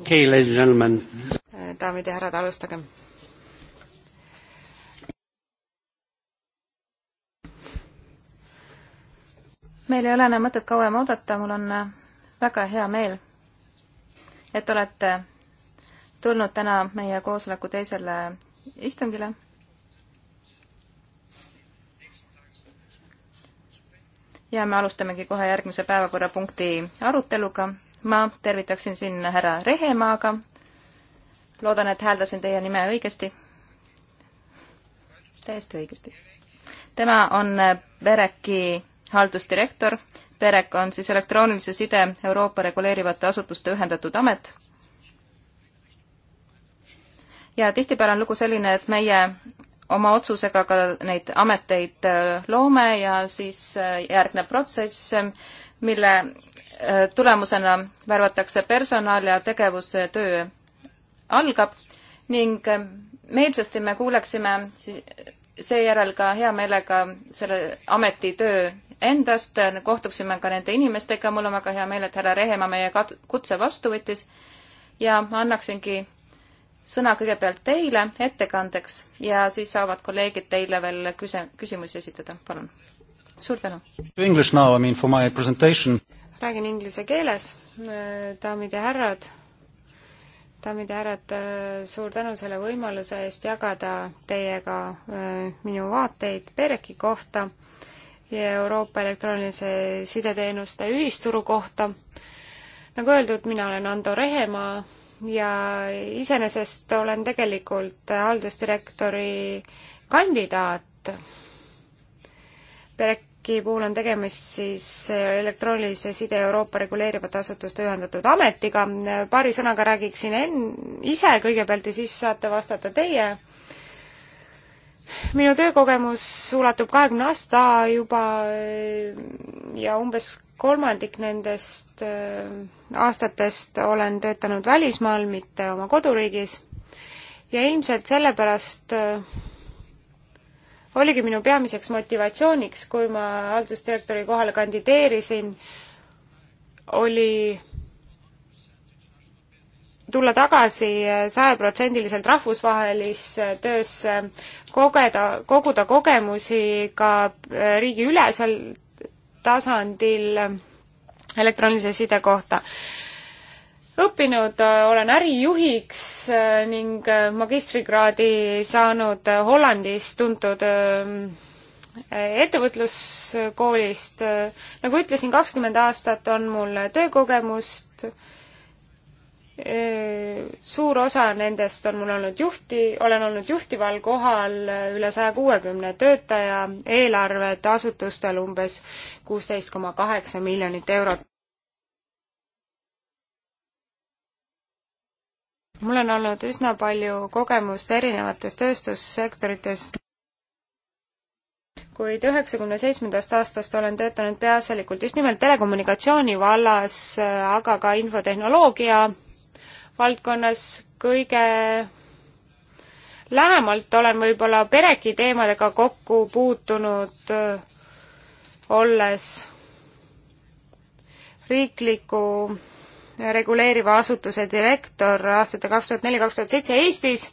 okay,. daamid ja härrad, alustagem. meil ei ole enam mõtet kauem oodata, mul on äh, väga hea meel, et olete tulnud täna meie koosoleku teisele istungile ja me alustamegi kohe järgmise päevakorrapunkti aruteluga ma tervitaksin siin härra Rehemaaga. loodan, et hääldasin teie nime õigesti. täiesti õigesti. tema on Bereki haldusdirektor. Berek on siis elektroonilise side Euroopa reguleerivate asutuste ühendatud amet. ja tihtipeale on lugu selline, et meie oma otsusega ka neid ameteid äh, loome ja siis äh, järgneb protsess mille äh, tulemusena värvatakse personal ja tegevuse töö algab ning äh, meelsasti me kuuleksime seejärel ka hea meelega selle ameti töö endast, kohtuksime ka nende inimestega, mul on väga hea meel, et härra Rehemaa meie kutse vastu võttis ja ma annaksingi sõna kõigepealt teile ettekandeks ja siis saavad kolleegid teile veel küse, küsimusi esitada, palun suur tänu! English now, I mean for my presentation. räägin inglise keeles, äh, daamid ja härrad, daamid ja härrad, äh, suur tänu selle võimaluse eest jagada teiega äh, minu vaateid Pereki kohta ja Euroopa elektroonilise sideteenuste ühisturu kohta. nagu öeldud, mina olen Ando Rehemaa ja iseenesest olen tegelikult haldusdirektori kandidaat Perek ELAK-i puhul on tegemist siis äh, elektroonilise side Euroopa reguleerivate asutuste ühendatud ametiga. paari sõnaga räägiksin enn-, ise kõigepealt ja siis saate vastata teie. minu töökogemus ulatub kahekümne aasta juba äh, ja umbes kolmandik nendest äh, aastatest olen töötanud välismaal, mitte oma koduriigis. ja ilmselt sellepärast oligi minu peamiseks motivatsiooniks, kui ma haldusdirektori kohale kandideerisin, oli tulla tagasi sajaprotsendiliselt rahvusvahelisse töösse, kogeda, koguda kogemusi ka äh, riigiülesel tasandil elektroonilise side kohta õppinud, äh, olen ärijuhiks äh, ning äh, magistrikraadi saanud Hollandis tuntud ähm, ettevõtluskoolist. nagu ütlesin, kakskümmend aastat on mul töökogemust. suur osa nendest on mul olnud juhti, olen olnud juhtival kohal üle saja kuuekümne töötaja, eelarved asutustel umbes kuusteist koma kaheksa miljonit eurot. mul on olnud üsna palju kogemust erinevates tööstussektorites, kuid üheksakümne seitsmendast aastast olen töötanud peaasjalikult just nimelt telekommunikatsiooni vallas, aga ka infotehnoloogia valdkonnas kõige lähemalt olen võib-olla pereki teemadega kokku puutunud, olles riikliku reguleeriva asutuse direktor aastatel kaks tuhat neli, kaks tuhat seitse Eestis.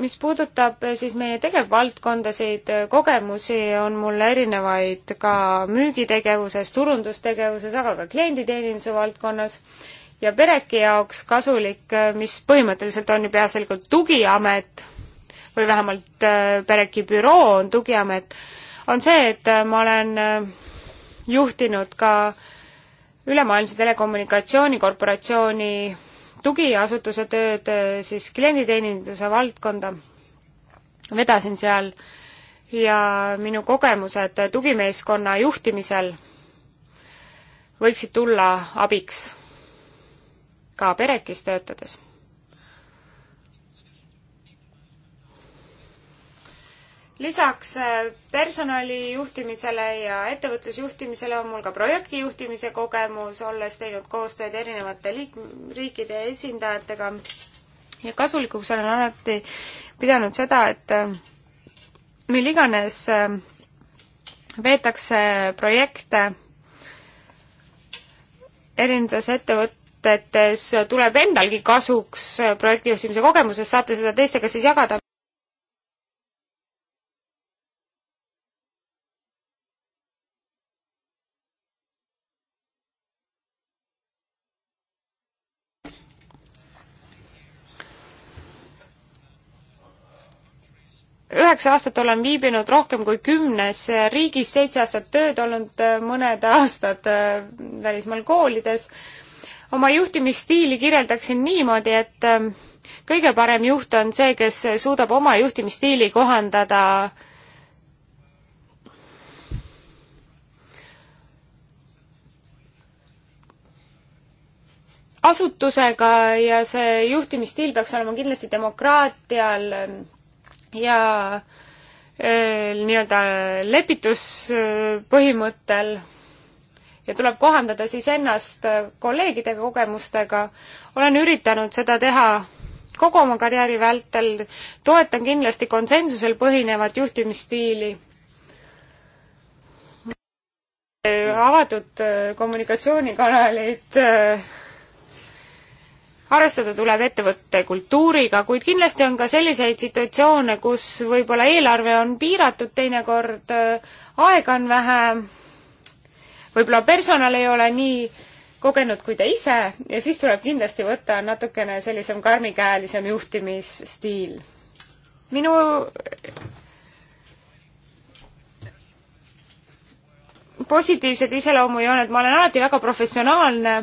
mis puudutab siis meie tegevvaldkondasid, kogemusi on mul erinevaid ka müügitegevuses, turundustegevuses, aga ka klienditeeninduse valdkonnas ja pereki jaoks kasulik, mis põhimõtteliselt on ju peaasjalikult tugiamet või vähemalt äh, pereki büroo on tugiamet, on see, et äh, ma olen äh, juhtinud ka äh, ülemaailmse telekommunikatsioonikorporatsiooni tugiasutuse tööd siis klienditeeninduse valdkonda. vedasin seal ja minu kogemused tugimeeskonna juhtimisel võiksid tulla abiks ka Perekis töötades lisaks äh, personalijuhtimisele ja ettevõtlusjuhtimisele on mul ka projektijuhtimise kogemus, olles teinud koostööd erinevate liik-, riikide esindajatega ja kasulikuks olen alati pidanud seda, et äh, mil iganes äh, veetakse projekte erinevates ettevõtetes, tuleb endalgi kasuks projektijuhtimise kogemusest, saate seda teistega siis jagada. üheksa aastat olen viibinud rohkem kui kümnes riigis, seitse aastat tööd olnud, mõned aastad äh, välismaal koolides. oma juhtimisstiili kirjeldaksin niimoodi, et äh, kõige parem juht on see, kes suudab oma juhtimisstiili kohandada asutusega ja see juhtimisstiil peaks olema kindlasti demokraatial ja eh, nii-öelda lepituspõhimõttel ja tuleb kohandada siis ennast eh, kolleegidega kogemustega. olen üritanud seda teha kogu oma karjääri vältel, toetan kindlasti konsensusel põhinevat juhtimisstiili. avatud eh, kommunikatsioonikanalid arvestada tuleb ettevõtte kultuuriga, kuid kindlasti on ka selliseid situatsioone, kus võib-olla eelarve on piiratud teinekord, äh, aega on vähe, võib-olla personal ei ole nii kogenud kui te ise ja siis tuleb kindlasti võtta natukene sellisem karmikäelisem juhtimisstiil. minu positiivsed iseloomujooned, ma olen alati väga professionaalne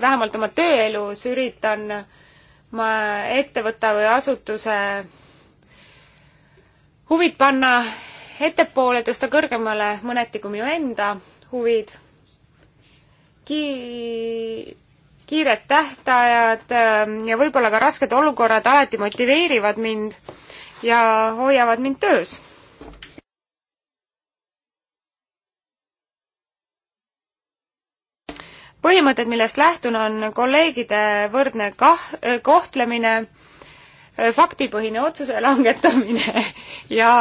vähemalt oma tööelus üritan ma ettevõtte või asutuse huvid panna ettepoole, tõsta kõrgemale mõneti kui minu enda huvid Ki. kiired tähtajad ähm, ja võib-olla ka rasked olukorrad alati motiveerivad mind ja hoiavad mind töös põhimõtted, millest lähtun, on kolleegide võrdne kah-, kohtlemine, faktipõhine otsuse langetamine ja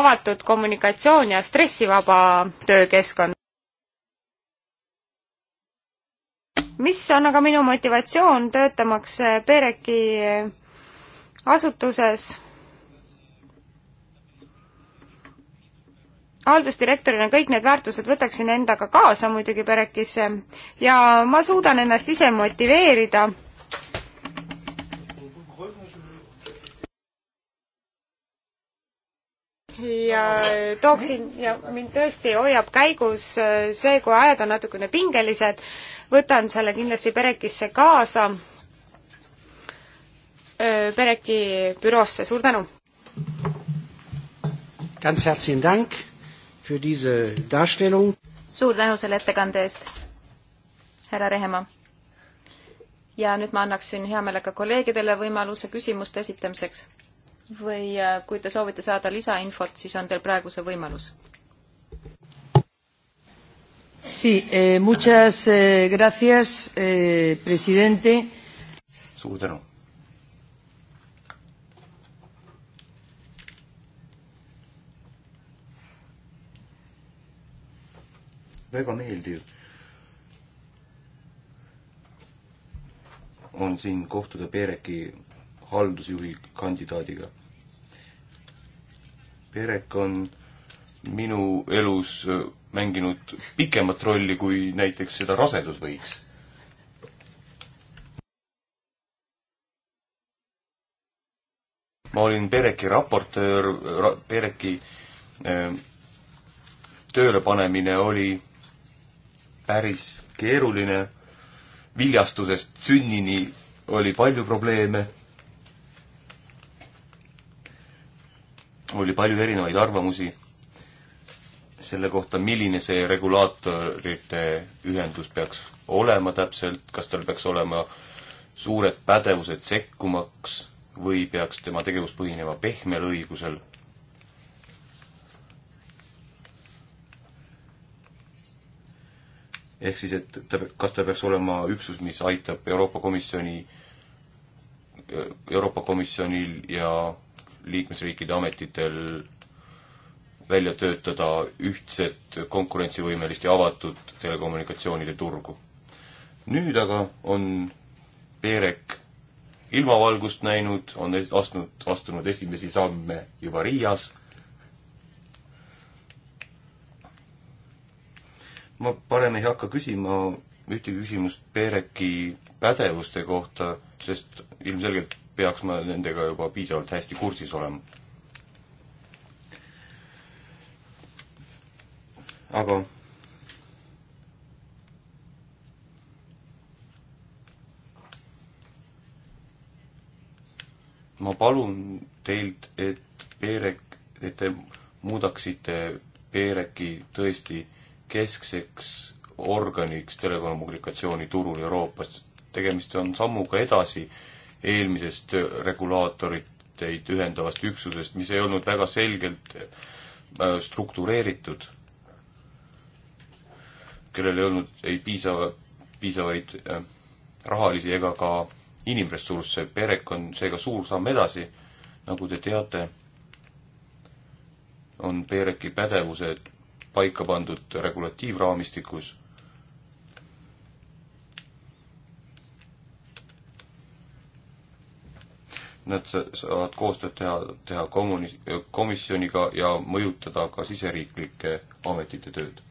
avatud kommunikatsioon ja stressivaba töökeskkond. mis on aga minu motivatsioon töötamaks Pereki asutuses haldusdirektorina kõik need väärtused võtaksin endaga kaasa muidugi perekisse ja ma suudan ennast ise motiveerida ja tooksin ja mind tõesti hoiab käigus äh, see, kui ajad on natukene pingelised, võtan selle kindlasti Perekisse kaasa, äh, Pereki büroosse, suur tänu! für diese Darstellung. suur tänu selle ettekande eest, härra Rehemaa. ja nüüd ma annaksin hea meelega kolleegidele võimaluse küsimuste esitamiseks või äh, kui te soovite saada lisainfot, siis on teil praegu see võimalus. Sí, eh, muchas eh, gracias, eh, presidente. Suur tänu väga meeldiv on siin kohtuda Pereki haldusjuhi kandidaadiga. Perek on minu elus mänginud pikemat rolli, kui näiteks seda rasedus võiks. ma olin Pereki raportöör ra,, Pereki öö, äh, töölepanemine oli päris keeruline, viljastusest sünnini oli palju probleeme, oli palju erinevaid arvamusi selle kohta, milline see regulaatorite ühendus peaks olema täpselt, kas tal peaks olema suured pädevused sekkumaks või peaks tema tegevus põhinema pehmel õigusel ehk siis, et ta, kas ta peaks olema üksus, mis aitab Euroopa Komisjoni, Euroopa Komisjonil ja liikmesriikide ametitel välja töötada ühtset konkurentsivõimelist ja avatud telekommunikatsioonide turgu. nüüd aga on Perek ilmavalgust näinud, on astunud, astunud esimesi samme juba Riias ma parem ei hakka küsima ühtegi küsimust Pereki pädevuste kohta, sest ilmselgelt peaks ma nendega juba piisavalt hästi kursis olema. aga ma palun teilt, et Perek, et te muudaksite Pereki tõesti keskseks organiks telekommunikatsiooni turul Euroopas. tegemist on sammuga edasi eelmisest regulaatorit ühendavast üksusest, mis ei olnud väga selgelt äh, struktureeritud, kellel ei olnud ei piisava, piisavaid äh, rahalisi ega ka inimressursse, perek on seega suur samm edasi, nagu te teate, on Pereki pädevused paika pandud regulatiivraamistikus. Nad saavad koostööd teha, teha kommuni-, komisjoniga ja mõjutada ka siseriiklike ametite tööd.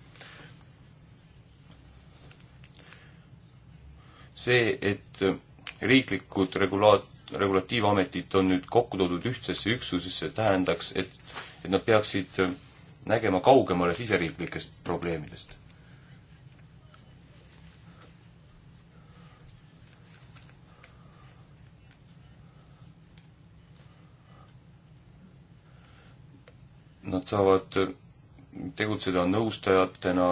see, et riiklikud regulaat-, regulatiivametid on nüüd kokku toodud ühtsesse üksusesse, tähendaks, et, et nad peaksid nägema kaugemale siseriiklikest probleemidest. Nad saavad tegutseda nõustajatena,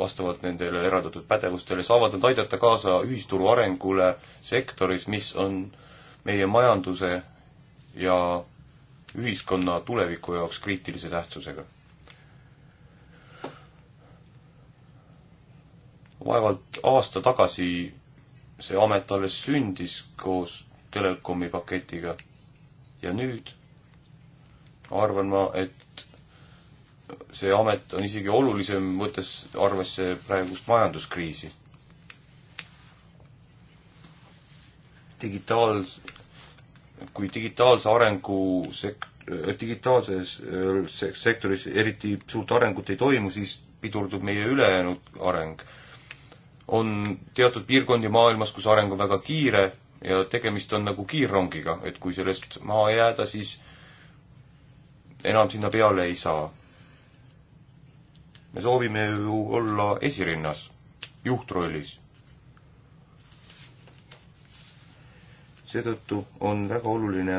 vastavalt nendele eraldatud pädevustele, saavad nad aidata kaasa ühisturu arengule sektoris, mis on äh, meie majanduse ja ühiskonna tuleviku jaoks kriitilise tähtsusega. vaevalt aasta tagasi see amet alles sündis koos telekomi paketiga ja nüüd arvan ma, et see amet on isegi olulisem, võttes arvesse praegust majanduskriisi digitaals-, kui digitaalse arengu sek-, äh, digitaalses äh, sektoris eriti suurt arengut ei toimu, siis pidurdub meie ülejäänud areng. on teatud piirkondi maailmas, kus areng on väga kiire ja tegemist on nagu kiirrongiga, et kui sellest maha jääda, siis enam sinna peale ei saa. me soovime ju olla esirinnas, juhtrollis seetõttu on väga oluline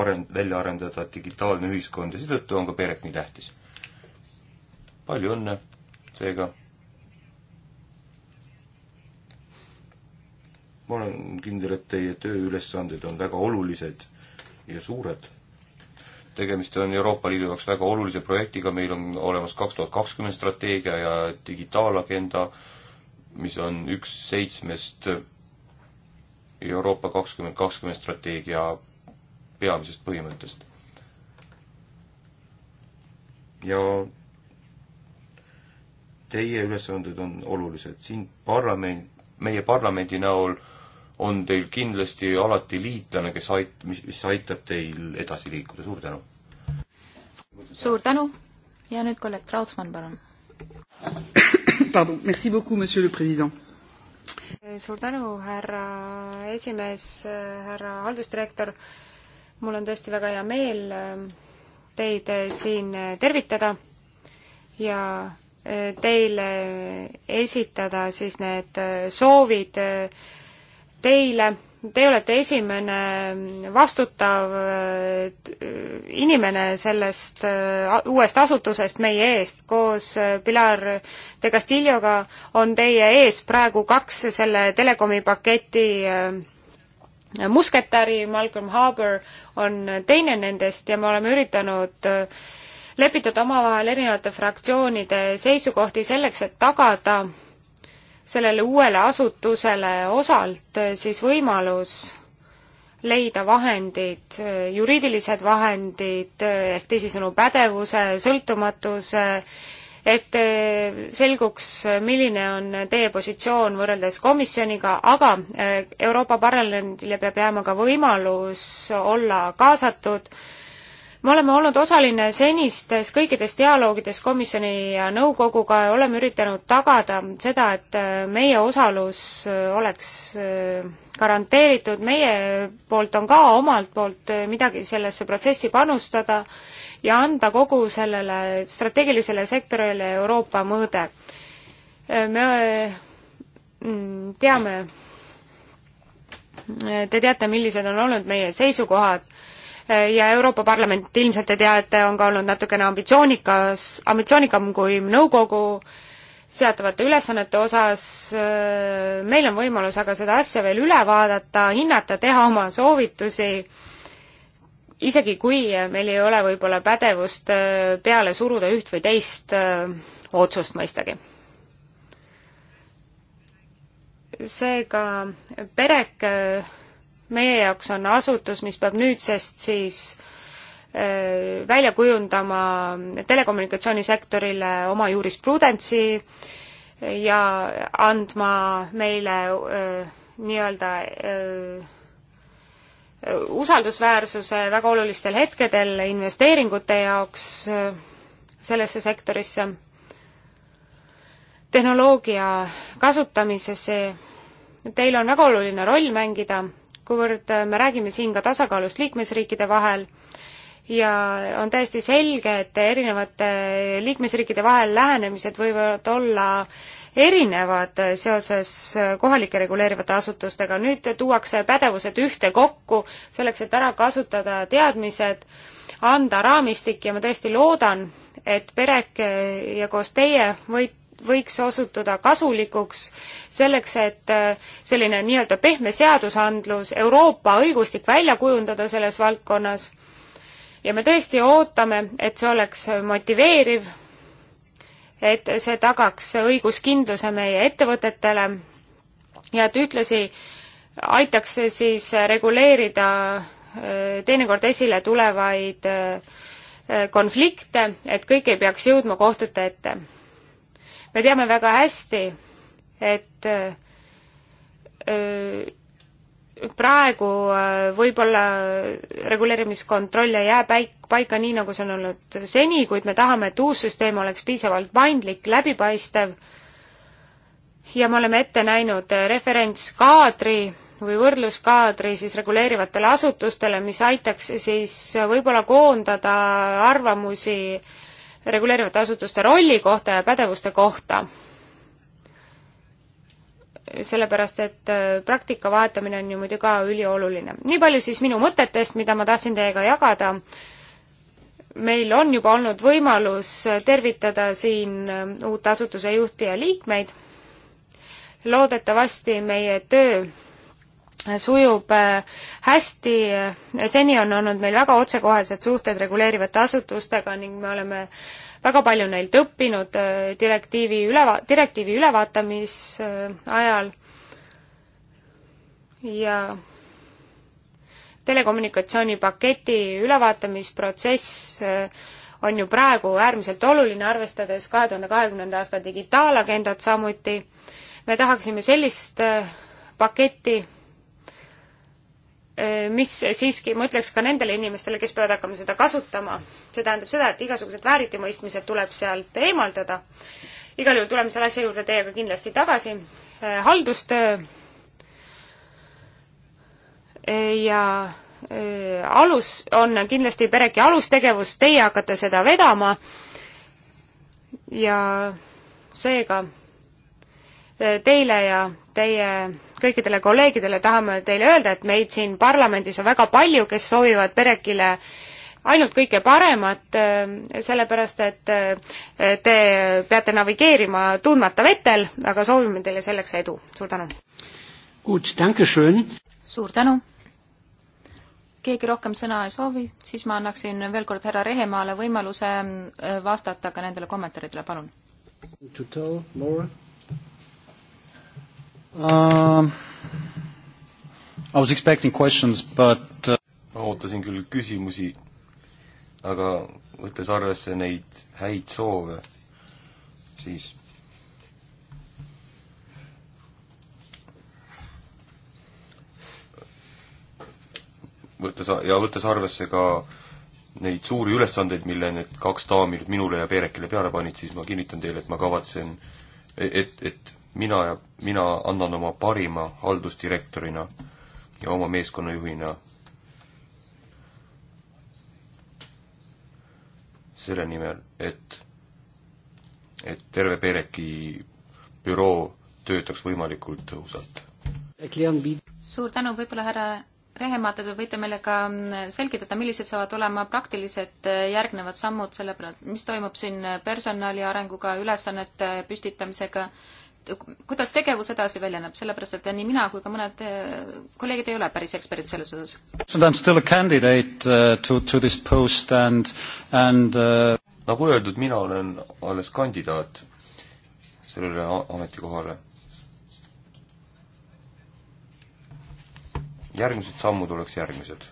arend-, välja arendada digitaalne ühiskond ja seetõttu on ka perek nii tähtis. palju õnne seega. ma olen kindel, et teie tööülesanded on väga olulised ja suured. tegemist on Euroopa Liidu jaoks väga olulise projektiga, meil on olemas kaks tuhat kakskümmend strateegia ja digitaalagenda, mis on üks seitsmest Euroopa kakskümmend kakskümmend strateegia peamisest põhimõttest. ja teie ülesanded on olulised, siin parlament, meie parlamendi näol on teil kindlasti alati liitlane, kes ait-, mis, mis aitab teil edasi liikuda, suur tänu! suur tänu ja nüüd kolleeg Trautmann, palun! Pardon, merci beaucoup, monsieur le president suur tänu, härra esimees, härra haldusdirektor. mul on tõesti väga hea meel ähm, teid äh, siin äh, tervitada ja äh, teile esitada siis need soovid teile Teie olete esimene vastutav äh, inimene sellest äh, uuest asutusest meie eest. koos äh, Pilar de Castilloga on teie ees praegu kaks selle telekomi paketi musketäri, Malcolm Harbour on teine nendest ja me oleme üritanud lepitada omavahel erinevate fraktsioonide seisukohti selleks, et tagada sellele uuele asutusele osalt eh, siis võimalus leida vahendid, eh, juriidilised vahendid eh, ehk teisisõnu pädevuse, sõltumatuse, et selguks, milline on teie positsioon võrreldes komisjoniga, aga Euroopa Parlamendile peab jääma ka võimalus olla kaasatud me oleme olnud osaline senistes kõikides dialoogides komisjoni ja nõukoguga ja oleme üritanud tagada seda, et äh, meie osalus äh, oleks äh, garanteeritud, meie poolt on ka omalt poolt midagi sellesse protsessi panustada ja anda kogu sellele strateegilisele sektorile Euroopa mõõde. me mm, teame, te teate, millised on olnud meie seisukohad ja Euroopa Parlament ilmselt te teate, on ka olnud natukene ambitsioonikas, ambitsioonikam kui nõukogu seatavate ülesannete osas. meil on võimalus aga seda asja veel üle vaadata, hinnata, teha oma soovitusi, isegi kui meil ei ole võib-olla pädevust peale suruda üht või teist otsust mõistagi seega PEREK meie jaoks on asutus, mis peab nüüdsest siis äh, välja kujundama telekommunikatsioonisektorile oma jurisprudentsi ja andma meile äh, nii-öelda äh, usaldusväärsuse väga olulistel hetkedel investeeringute jaoks sellesse sektorisse, tehnoloogia kasutamisesse. Teil on väga oluline roll mängida kuivõrd äh, me räägime siin ka tasakaalust liikmesriikide vahel ja on täiesti selge, et erinevate liikmesriikide vahel lähenemised võivad olla erinevad seoses äh, kohalike reguleerivate asutustega. nüüd tuuakse pädevused ühte kokku selleks, et ära kasutada teadmised, anda raamistik ja ma tõesti loodan, et Perek ja koos teie võit-, võiks osutuda kasulikuks selleks, et äh, selline nii-öelda pehme seadusandlus, Euroopa õigustik välja kujundada selles valdkonnas. ja me tõesti ootame, et see oleks motiveeriv, et see tagaks õiguskindluse meie ettevõtetele ja et ühtlasi aitaks see siis reguleerida äh, teinekord esile tulevaid äh, konflikte, et kõik ei peaks jõudma kohtute ette me teame väga hästi, et äh, äh, praegu äh, võib-olla reguleerimiskontroll ei jää päik-, paika nii, nagu see on olnud seni, kuid me tahame, et uus süsteem oleks piisavalt paindlik, läbipaistev ja me oleme ette näinud referentskaadri või võrdluskaadri siis reguleerivatele asutustele, mis aitaks siis võib-olla koondada arvamusi reguleerivate asutuste rolli kohta ja pädevuste kohta. sellepärast, et äh, praktika vahetamine on ju muidu ka ülioluline. nii palju siis minu mõtetest, mida ma tahtsin teiega jagada. meil on juba olnud võimalus tervitada siin äh, uut asutuse juhti ja liikmeid. loodetavasti meie töö sujub äh, hästi, seni on olnud meil väga otsekohesed suhted reguleerivate asutustega ning me oleme väga palju neilt õppinud äh, direktiivi üle, direktiivi ülevaatamisajal ja telekommunikatsioonipaketi ülevaatamisprotsess äh, on ju praegu äärmiselt oluline, arvestades kahe tuhande kahekümnenda aasta digitaalagendat samuti. me tahaksime sellist paketti, Äh, mis siiski, ma ütleks ka nendele inimestele, kes peavad hakkama seda kasutama, see tähendab seda, et igasugused vääritimõistmised tuleb sealt eemaldada. igal juhul tuleme selle asja juurde teiega kindlasti tagasi. Äh, haldustöö äh, ja alus on kindlasti pereki alustegevus, teie hakkate seda vedama ja seega teile ja teie kõikidele kolleegidele tahame teile öelda, et meid siin parlamendis on väga palju, kes soovivad Perekile ainult kõike paremat, äh, sellepärast et äh, te peate navigeerima tundmata vetel, aga soovime teile selleks edu, suur tänu! suur tänu! keegi rohkem sõna ei soovi, siis ma annaksin veel kord härra Rehemaale võimaluse äh, vastata ka nendele kommentaaridele, palun um,? I was expecting questions, but uh... ma ootasin küll küsimusi, aga võttes arvesse neid häid soove, siis võttes ja võttes arvesse ka neid suuri ülesandeid, mille need kaks daami nüüd minule ja Peerekile peale panid, siis ma kinnitan teile, et ma kavatsen, et, et mina ja mina annan oma parima haldusdirektorina ja oma meeskonnajuhina selle nimel, et, et terve Pereki büroo töötaks võimalikult tõhusalt. suur tänu, võib-olla härra Rehemaa, te võite meile ka selgitada, millised saavad olema praktilised järgnevad sammud selle peale, mis toimub siin personali arenguga, ülesannete püstitamisega kuidas tegevus edasi väljeneb, sellepärast et nii mina kui ka mõned eh, kolleegid ei ole päris eksperdid selles osas. I am still a candidate uh, to, to this post and, and uh... nagu öeldud, mina olen alles kandidaat sellele ametikohale. järgmised sammud oleks järgmised.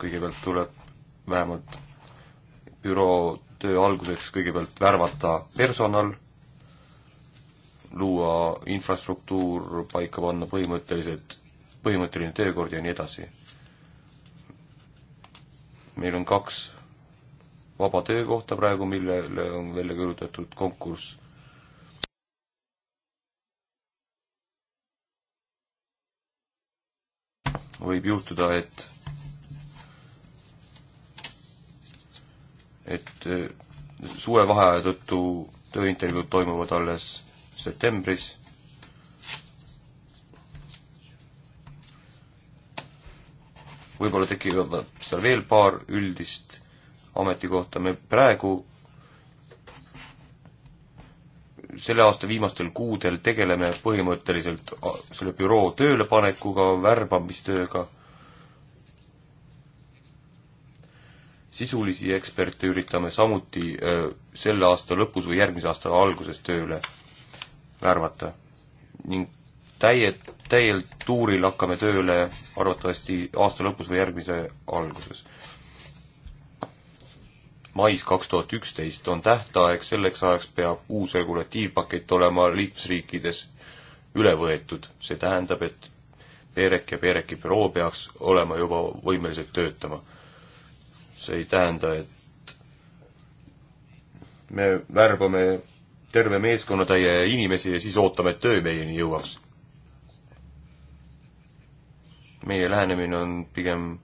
kõigepealt tuleb vähemalt büroo töö alguseks kõigepealt värvata personal luua infrastruktuur, paika panna põhimõttelised, põhimõtteline töökord ja nii edasi. meil on kaks vaba töökohta praegu, millele on välja kirjutatud konkurss. võib juhtuda, et et äh, suvevaheaja tõttu tööintervjuud toimuvad alles septembris. võib-olla tekivad seal veel paar üldist ametikohta, me praegu selle aasta viimastel kuudel tegeleme põhimõtteliselt selle büroo töölepanekuga, värbamistööga, sisulisi eksperte üritame samuti öö, selle aasta lõpus või järgmise aasta alguses tööle värvata ning täie, täiel tuuril hakkame tööle arvatavasti aasta lõpus või järgmise alguses. mais kaks tuhat üksteist on tähtaeg, selleks ajaks peab uus regulatiivpakett olema liikmesriikides üle võetud, see tähendab, et Perek ja Pereki büroo peaks olema juba võimelised töötama. see ei tähenda, et me värbame terve meeskonnatäie inimesi ja siis ootame, et töö meieni jõuaks. meie lähenemine on pigem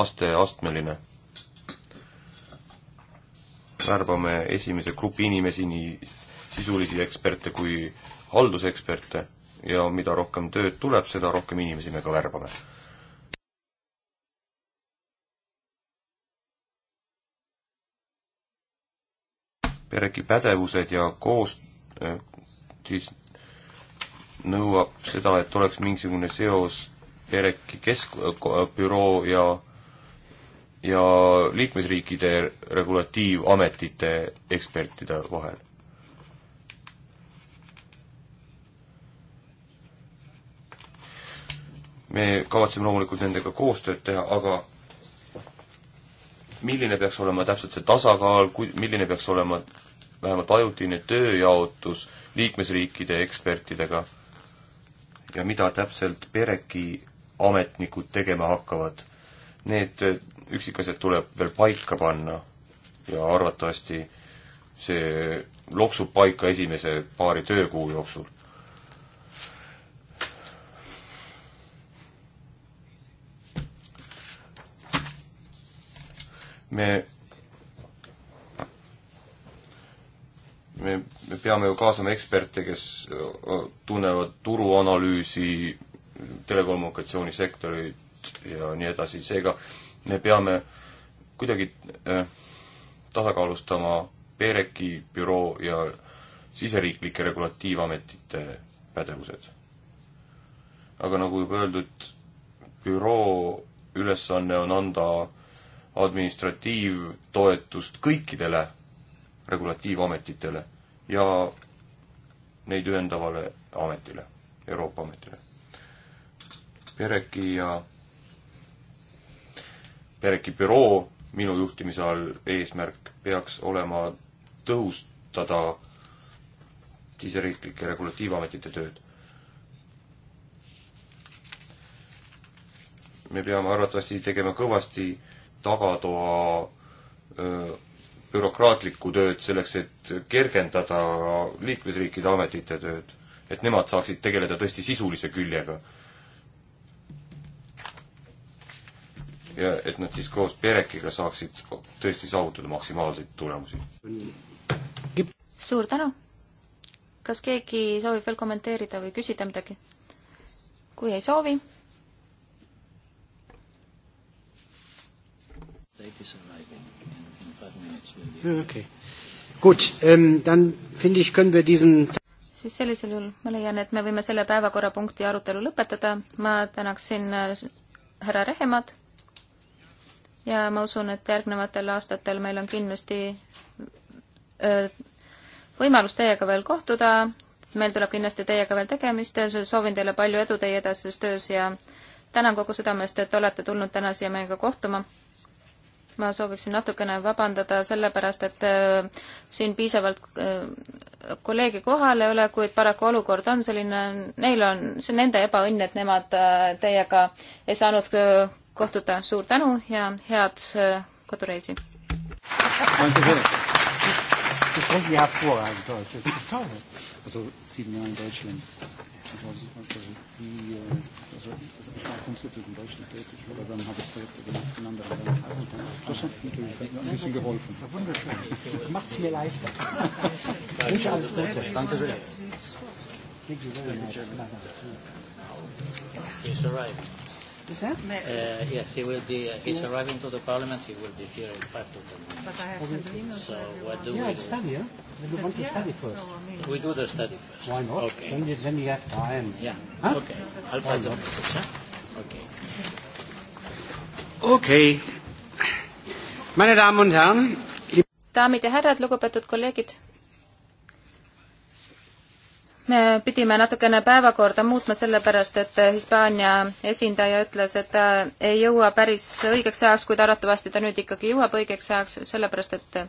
aste astmeline. värbame esimese grupi inimesi, nii sisulisi eksperte kui halduseksperte ja mida rohkem tööd tuleb, seda rohkem inimesi me ka värbame pereki pädevused ja koos äh, siis nõuab seda, et oleks mingisugune seos pereki keskbüroo äh, äh, ja, ja liikmesriikide regulatiivametite ekspertide vahel. me kavatseme loomulikult nendega koostööd teha, aga milline peaks olema täpselt see tasakaal, kui, milline peaks olema vähemalt ajutine tööjaotus liikmesriikide ekspertidega ja mida täpselt pereki ametnikud tegema hakkavad. Need üksikasjad tuleb veel paika panna ja arvatavasti see loksub paika esimese paari töökuu jooksul. me me, me peame ju kaasama eksperte, kes tunnevad turuanalüüsi, telekommunikatsioonisektorit ja nii edasi, seega me peame kuidagi tasakaalustama PEREC-i büroo ja siseriiklike regulatiivametite pädevused. aga nagu juba öeldud, büroo ülesanne on anda administratiivtoetust kõikidele regulatiivametitele ja neid ühendavale ametile, Euroopa ametile. Pereki ja Pereki büroo minu juhtimise all eesmärk peaks olema tõhustada siseriiklike regulatiivametite tööd. me peame arvatavasti tegema kõvasti tagatoa öö, bürokraatlikku tööd selleks, et kergendada liikmesriikide ametite tööd, et nemad saaksid tegeleda tõesti sisulise küljega. ja et nad siis koos Perekiga saaksid tõesti saavutada maksimaalseid tulemusi. suur tänu! kas keegi soovib veel kommenteerida või küsida midagi? kui ei soovi, Ah, okay. Gut, ähm, dann finde ich, können wir diesen siis sellisel juhul ma leian, et me võime selle päevakorrapunkti arutelu lõpetada. ma tänaksin äh, härra Rehemad ja ma usun, et järgnevatel aastatel meil on kindlasti äh, võimalus teiega veel kohtuda. meil tuleb kindlasti teiega veel tegemist. soovin teile palju edu teie edasises töös ja tänan kogu südamest, et olete tulnud täna siia meiega kohtuma ma sooviksin natukene vabandada sellepärast, et äh, siin piisavalt äh, kolleege kohal ei ole, kuid paraku olukord on selline, neil on, see on nende ebaõnn, et nemad äh, teiega ei saanud kohtuda. suur tänu ja head kodureisi! Ich spreche ja hervorragend Deutsch. Das ist toll. Also sieben Jahre in Deutschland. Also, also, die, also Dann kommst du für den deutschen tätig, oder dann habe ich den anderen Antrag. Das hat natürlich ein bisschen geholfen. Wunderschön. Macht es mir leichter. Wünsche alles Gute. Danke sehr. Thank you very much. He's arrived. Is that? Uh, yes, he will be. Uh, he's yeah. arriving to the parliament. He will be here in five to ten minutes. But I have some emails. So what do yeah, we do? study, yeah? We want to yeah, study first. So, I mean, we do the study first. Why not? Okay. Then, then you have time. Yeah. Huh? Okay. I'll pass the message. Huh? okei okay.. Meine Damen und Herren. daamid ja härrad, lugupeetud kolleegid. me pidime natukene päevakorda muutma sellepärast, et Hispaania esindaja ütles, et ta ei jõua päris õigeks ajaks, kuid arvatavasti ta nüüd ikkagi jõuab õigeks ajaks, sellepärast et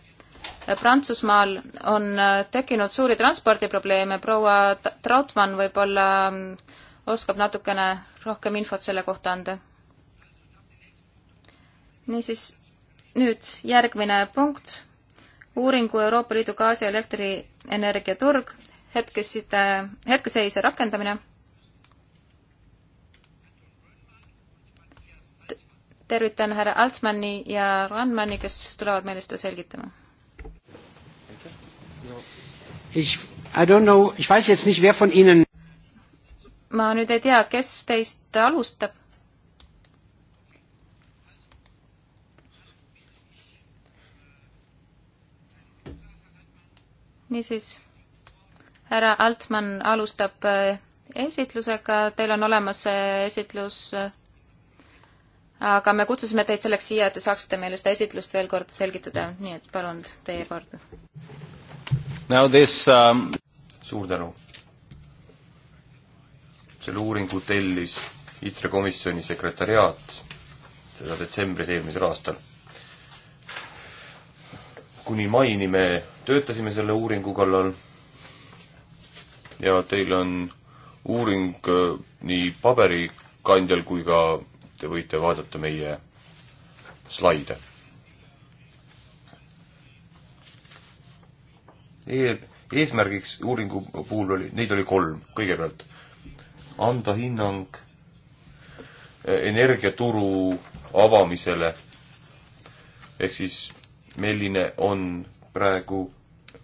Prantsusmaal on tekkinud suuri transpordiprobleeme, proua Trautmann võib-olla oskab natukene rohkem infot selle kohta anda. niisiis, nüüd järgmine punkt, uuringu Euroopa Liidu gaasi- ja elektrienergia turg, hetkeside, hetkeseis ja rakendamine tervitan härra Altmanni ja Randmanni, kes tulevad meile seda selgitama. Ich, I don't know, ich weiß jetzt nicht, wer von Ihnen ma nüüd ei tea, kes teist alustab. niisiis, härra Altmann alustab äh, esitlusega, teil on olemas äh, esitlus, äh, aga me kutsusime teid selleks siia, et te saaksite meile seda esitlust veel kord selgitada, nii et palun teie kord. Now this um... suur tänu selle uuringu tellis ITRE komisjoni sekretariaat, seda detsembris eelmisel aastal. kuni maini me töötasime selle uuringu kallal ja teil on uuring äh, nii paberikandjal kui ka te võite vaadata meie slaide e. eesmärgiks uuringu puhul oli, neid oli kolm, kõigepealt anda hinnang eh, energiaturu avamisele. ehk siis, milline on praegu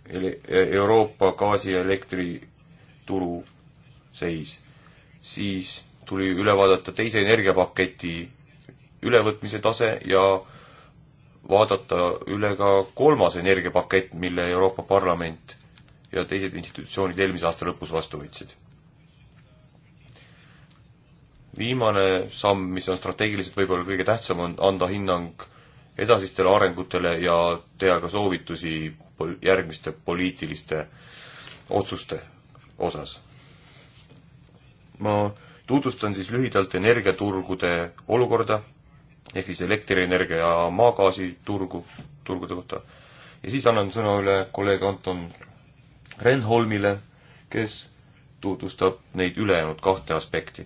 eh, Euroopa gaasi ja elektrituru seis. siis tuli üle vaadata teise energiapaketi ülevõtmise tase ja vaadata üle ka kolmas energiapakett, mille Euroopa Parlament ja teised institutsioonid eelmise aasta lõpus vastu võtsid viimane samm, mis on strateegiliselt võib-olla kõige tähtsam, on anda hinnang edasistele arengutele ja teha ka soovitusi pol-, järgmiste poliitiliste otsuste osas. ma tutvustan siis lühidalt energiaturgude olukorda, ehk siis elektrienergia ja maagaasi turgu, turgude kohta, ja siis annan sõna üle kolleeg Anton Renholmile, kes tutvustab neid ülejäänud kahte aspekti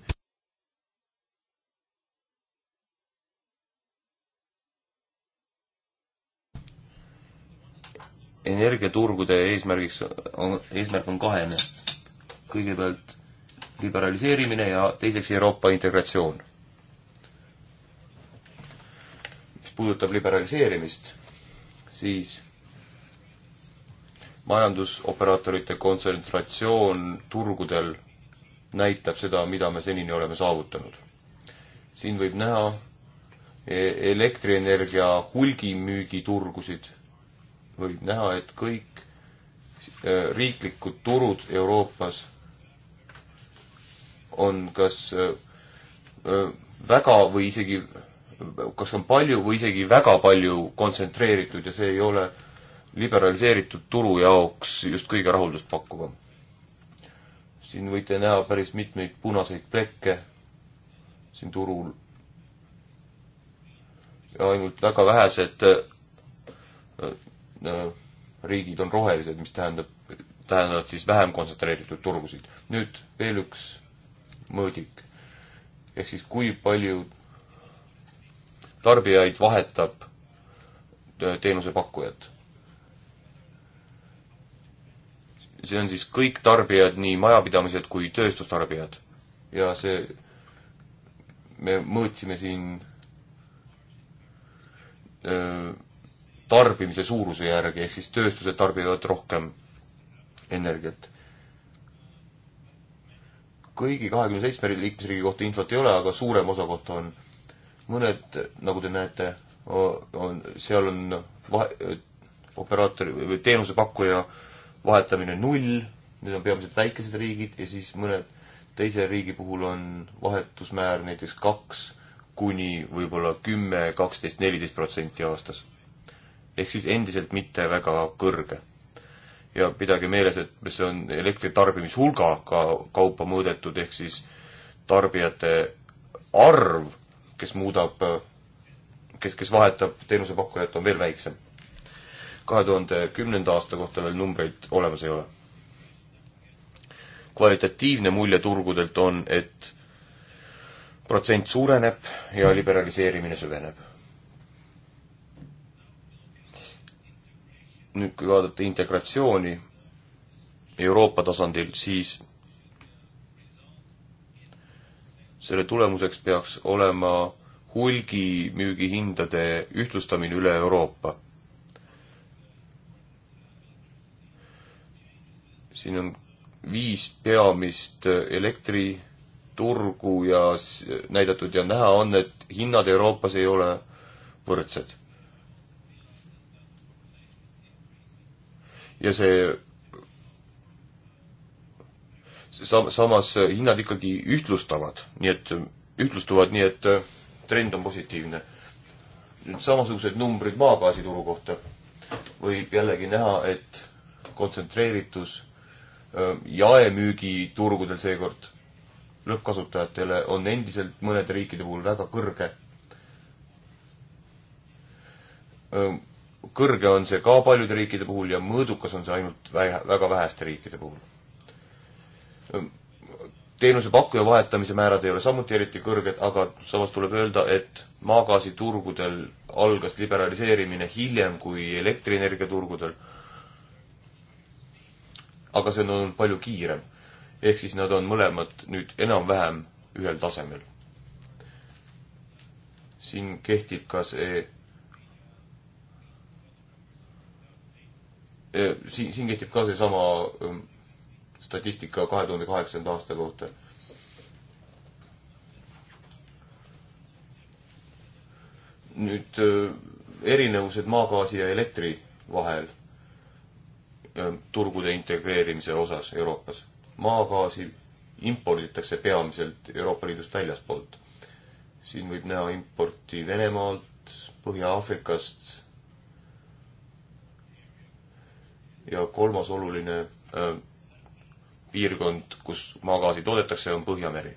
energiaturgude eesmärgiks on, eesmärk on kahene. kõigepealt liberaliseerimine ja teiseks Euroopa integratsioon. mis puudutab liberaliseerimist, siis majandusoperaatorite kontsentratsioon turgudel näitab seda, mida me senini oleme saavutanud. siin võib näha e-, elektrienergia hulgimüügiturgusid võib näha, et kõik äh, riiklikud turud Euroopas on kas äh, äh, väga või isegi, kas on palju või isegi väga palju kontsentreeritud ja see ei ole liberaliseeritud turu jaoks just kõige rahuldustpakkuvam. siin võite näha päris mitmeid punaseid plekke siin turul. ja ainult väga vähesed Äh, riigid on rohelised, mis tähendab, tähendavad siis vähem kontsentreeritud turgusid. nüüd veel üks mõõdik. ehk siis kui palju tarbijaid vahetab äh, teenusepakkujat. see on siis kõik tarbijad, nii majapidamised kui tööstustarbijad. ja see, me mõõtsime siin öö, äh, tarbimise suuruse järgi, ehk siis tööstused tarbivad rohkem energiat. kõigi kahekümne seitsme liikmesriigi kohta infot ei ole, aga suurema osa kohta on mõned, nagu te näete, on, seal on vahe, operaatori või teenusepakkuja vahetamine null, need on peamiselt väikesed riigid ja siis mõned teise riigi puhul on vahetusmäär näiteks kaks kuni võib-olla kümme, kaksteist, neliteist protsenti aastas ehk siis endiselt mitte väga kõrge. ja pidage meeles, et see on elektritarbimishulga ka kaupa mõõdetud, ehk siis tarbijate arv, kes muudab, kes, kes vahetab teenusepakkujat, on veel väiksem. kahe tuhande kümnenda aasta kohta veel numbreid olemas ei ole. kvalitatiivne mulje turgudelt on, et protsent suureneb ja liberaliseerimine süveneb nüüd kui vaadata integratsiooni Euroopa tasandil, siis selle tulemuseks peaks olema hulgimüügihindade ühtlustamine üle Euroopa. siin on viis peamist elektriturgu ja näidatud ja näha on, et hinnad Euroopas ei ole võrdsed ja see sam-, samas hinnad ikkagi ühtlustavad, nii et, ühtlustuvad, nii et äh, trend on positiivne. nüüd samasugused numbrid maagaasituru kohta võib jällegi näha, et kontsentreeritus äh, jaemüügiturgudel seekord lõppkasutajatele on endiselt mõnede riikide puhul väga kõrge äh, kõrge on see ka paljude riikide puhul ja mõõdukas on see ainult vähe, väga väheste riikide puhul. teenusepakkuja vahetamise määrad ei ole samuti eriti kõrged, aga samas tuleb öelda, et maagaasiturgudel algas liberaliseerimine hiljem kui elektrienergiaturgudel. aga see on olnud palju kiirem. ehk siis nad on mõlemad nüüd enam-vähem ühel tasemel. siin kehtib ka see siin, siin kehtib ka seesama ähm, statistika kahe tuhande kaheksanda aasta kohta. nüüd äh, erinevused maagaasi ja elektri vahel ähm, turgude integreerimise osas Euroopas. maagaasi imporditakse peamiselt Euroopa Liidust väljaspoolt. siin võib näha importi Venemaalt, Põhja-Aafrikast ja kolmas oluline öö, äh, piirkond, kus maagaasi toodetakse, on Põhjameri.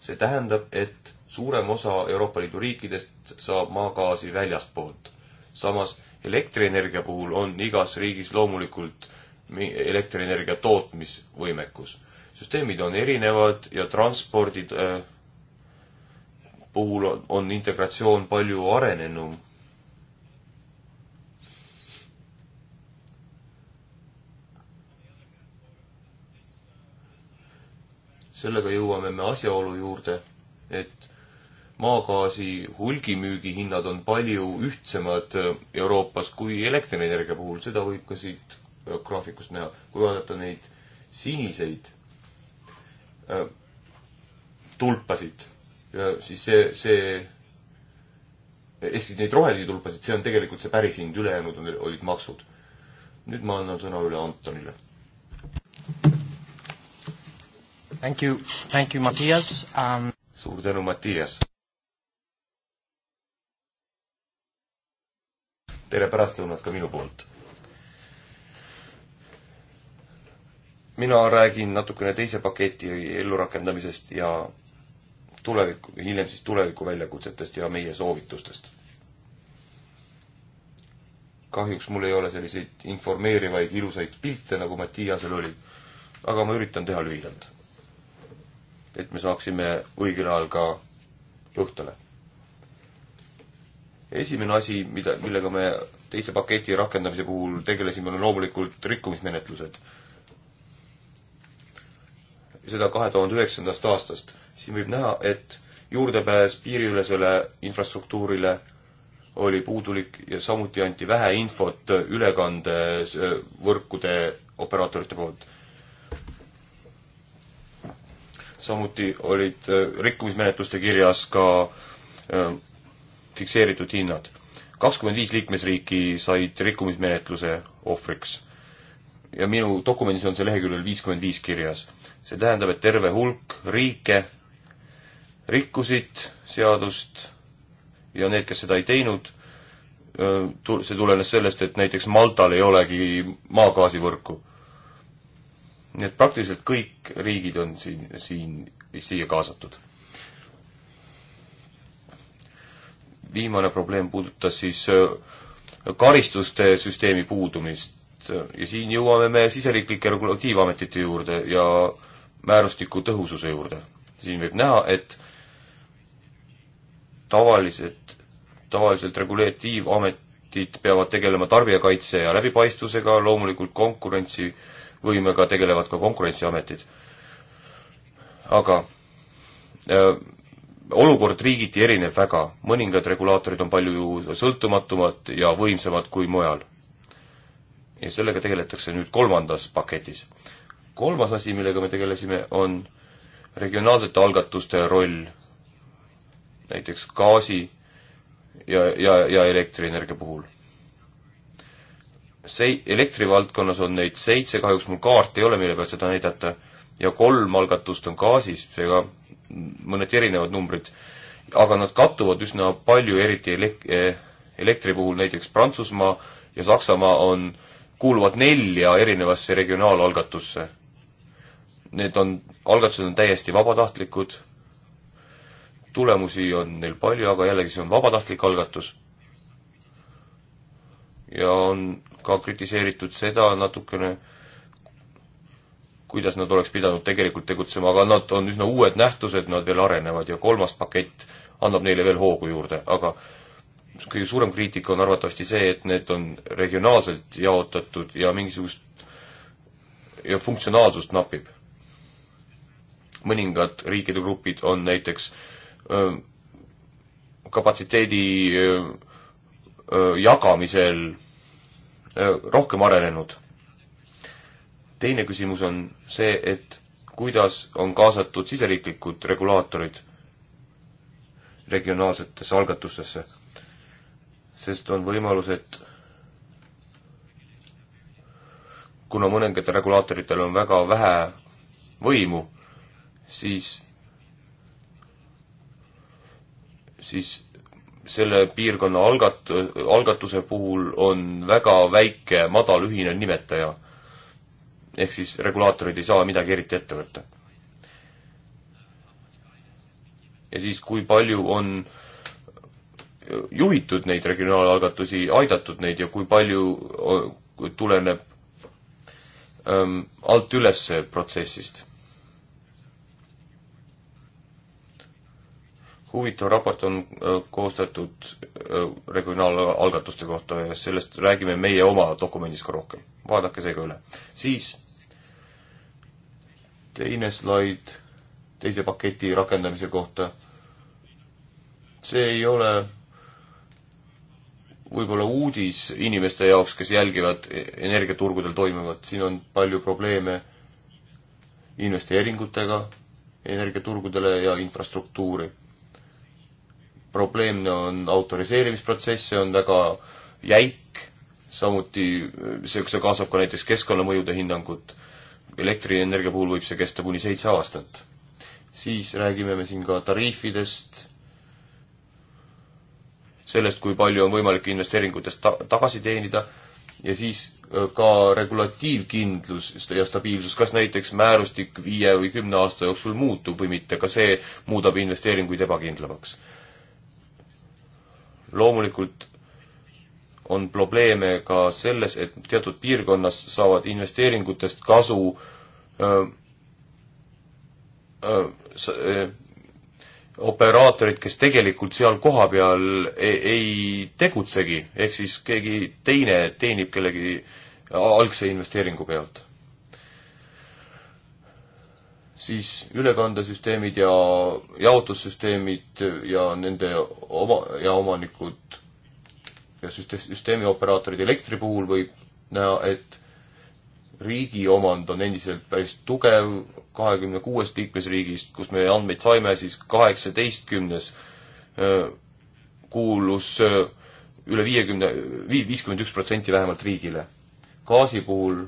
see tähendab, et suurem osa Euroopa Liidu riikidest saab maagaasi väljaspoolt. samas elektrienergia puhul on igas riigis loomulikult elektrienergia tootmisvõimekus. süsteemid on erinevad ja transpordid äh, puhul on, on integratsioon palju arenenum sellega jõuame me asjaolu juurde, et maagaasi hulgimüügi hinnad on palju ühtsemad äh, Euroopas kui elektrienergia puhul, seda võib ka siit äh, graafikust näha. kui vaadata neid siniseid äh, tulpasid, äh, siis see, see ehk siis neid rohelisi tulpasid, see on tegelikult see päris hind, ülejäänud olid maksud. nüüd ma annan sõna üle Antonile Thank you, thank you, Mattias um.... suur tänu, Mattias. tere pärastlõunat ka minu poolt. mina räägin natukene teise paketi ellurakendamisest ja tuleviku, hiljem siis tuleviku väljakutsetest ja meie soovitustest. kahjuks mul ei ole selliseid informeerivaid ilusaid pilte, nagu Mattiasel oli, aga ma üritan teha lühidalt et me saaksime õigel ajal ka õhtule. esimene asi, mida, millega me teise paketi rakendamise puhul tegelesime, on loomulikult rikkumismenetlused. seda kahe tuhande üheksandast aastast. siin võib näha, et juurdepääs piiriülesele infrastruktuurile oli puudulik ja samuti anti vähe infot ülekandevõrkude eh, operaatorite poolt samuti olid äh, rikkumismenetluste kirjas ka äh, fikseeritud hinnad. kakskümmend viis liikmesriiki said rikkumismenetluse ohvriks. ja minu dokumendis on see leheküljel viiskümmend viis kirjas. see tähendab, et terve hulk riike rikkusid seadust ja need, kes seda ei teinud, äh, see tulenes sellest, et näiteks Maltal ei olegi maagaasivõrku nii et praktiliselt kõik riigid on siin, siin, siia kaasatud. viimane probleem puudutas siis äh, karistuste süsteemi puudumist ja siin jõuame me siseriiklike regulatiivametite juurde ja määrustiku tõhususe juurde. siin võib näha, et tavaliselt, tavaliselt regulatiivametid peavad tegelema tarbijakaitse ja läbipaistvusega, loomulikult konkurentsi äh, võimega tegelevad ka Konkurentsiametid. aga öö, äh, olukord riigiti erineb väga, mõningad regulaatorid on palju sõltumatumad ja võimsamad kui mujal. ja sellega tegeletakse nüüd kolmandas paketis. kolmas asi, millega me tegelesime, on regionaalsete algatuste roll näiteks gaasi ja, ja, ja elektrienergia puhul sei-, elektrivaldkonnas on neid seitse, kahjuks mul kaarti ei ole, mille pealt seda näidata, ja kolm algatust on gaasis, seega mõneti erinevad numbrid. aga nad kattuvad üsna palju, eriti elek-, eh, elektri puhul näiteks Prantsusmaa ja Saksamaa on, kuuluvad nelja erinevasse regionaalalgatusse. Need on, algatused on täiesti vabatahtlikud, tulemusi on neil palju, aga jällegi see on vabatahtlik algatus ja on ka kritiseeritud seda natukene, kuidas nad oleks pidanud tegelikult tegutsema, aga nad on üsna uued nähtused, nad veel arenevad ja kolmas pakett annab neile veel hoogu juurde, aga kõige suurem kriitika on arvatavasti see, et need on regionaalselt jaotatud ja mingisugust ja funktsionaalsust napib. mõningad riikide grupid on näiteks öö, kapatsiteedi öö, jagamisel Äh, rohkem arenenud. teine küsimus on see, et kuidas on kaasatud siseriiklikud regulaatorid regionaalsetesse algatustesse, sest on võimalus, et kuna mõningatel regulaatoritel on väga vähe võimu, siis, siis selle piirkonna algat-, algatuse puhul on väga väike madal ühine nimetaja. ehk siis regulaatorid ei saa midagi eriti ette võtta. ja siis, kui palju on juhitud neid regionaalalgatusi, aidatud neid ja kui palju äh, tuleneb ähm, alt üles protsessist huvitav raport on äh, koostatud äh, regionaalalgatuste kohta ja sellest räägime meie oma dokumendis ka rohkem. vaadake see ka üle. siis teine slaid teise paketi rakendamise kohta. see ei ole võib-olla uudis inimeste jaoks, kes jälgivad e-, energiaturgudel toimuvat, siin on palju probleeme investeeringutega energiaturgudele ja infrastruktuuri probleemne on autoriseerimisprotsess, see on väga jäik, samuti äh, see, see kaasab ka näiteks keskkonnamõjude hinnangut, elektrienergia puhul võib see kesta kuni seitse aastat. siis räägime me siin ka tariifidest, sellest, kui palju on võimalik investeeringutest ta-, tagasi teenida, ja siis äh, ka regulatiivkindlus ja stabiilsus, kas näiteks määrustik viie või kümne aasta jooksul muutub või mitte, ka see muudab investeeringuid ebakindlamaks loomulikult on probleeme ka selles, et teatud piirkonnas saavad investeeringutest kasu öö, öö, öö, operaatorid, kes tegelikult seal kohapeal ei, ei tegutsegi, ehk siis keegi teine teenib kellegi algse investeeringu pealt siis ülekandesüsteemid ja jaotussüsteemid ja nende oma, ja omanikud ja süste-, süsteemioperaatorid elektri puhul võib näha, et riigi omand on endiselt päris tugev, kahekümne kuuest liikmesriigist, kust me andmeid saime, siis kaheksateistkümnes kuulus üle viiekümne, viis, viiskümmend üks protsenti vähemalt riigile. gaasi puhul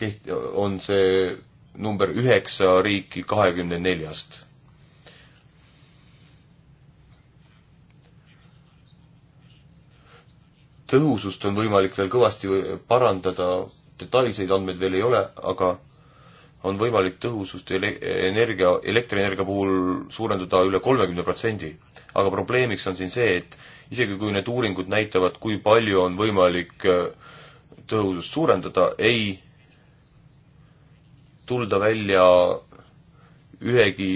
keht-, on see number üheksa riiki kahekümne neljast. tõhusust on võimalik veel kõvasti parandada, detailseid andmeid veel ei ole, aga on võimalik tõhusust ele-, energia, elektrienergia puhul suurendada üle kolmekümne protsendi. aga probleemiks on siin see, et isegi kui need uuringud näitavad, kui palju on võimalik äh, tõhusust suurendada, ei tulda välja ühegi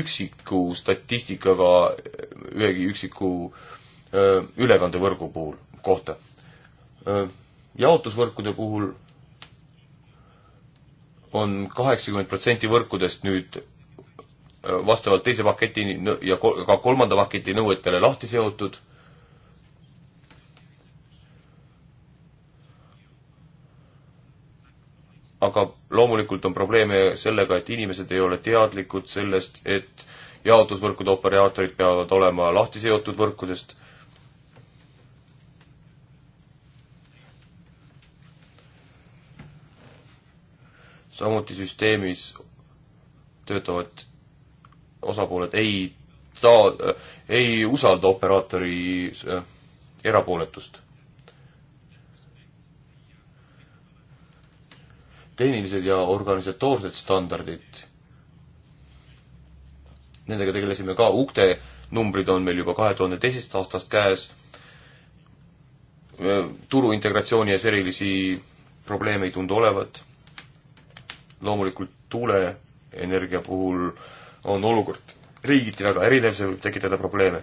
üksiku statistikaga ühegi üksiku ülekandevõrgu puhul, kohta. jaotusvõrkude puhul on kaheksakümmend protsenti võrkudest nüüd vastavalt teise paketi ja ka kolmanda paketi nõuetele lahti seotud aga loomulikult on probleeme sellega, et inimesed ei ole teadlikud sellest, et jaotusvõrkude operaatorid peavad olema lahti seotud võrkudest. samuti süsteemis töötavad osapooled ei ta-, ei usalda operaatori äh, erapooletust tehnilised ja organisatoorsed standardid. Nendega tegelesime ka, ukte numbrid on meil juba kahe tuhande teisest aastast käes. turuintegratsiooni ees erilisi probleeme ei tundu olevat. loomulikult tuuleenergia puhul on olukord riigiti väga erinev, see võib tekitada probleeme.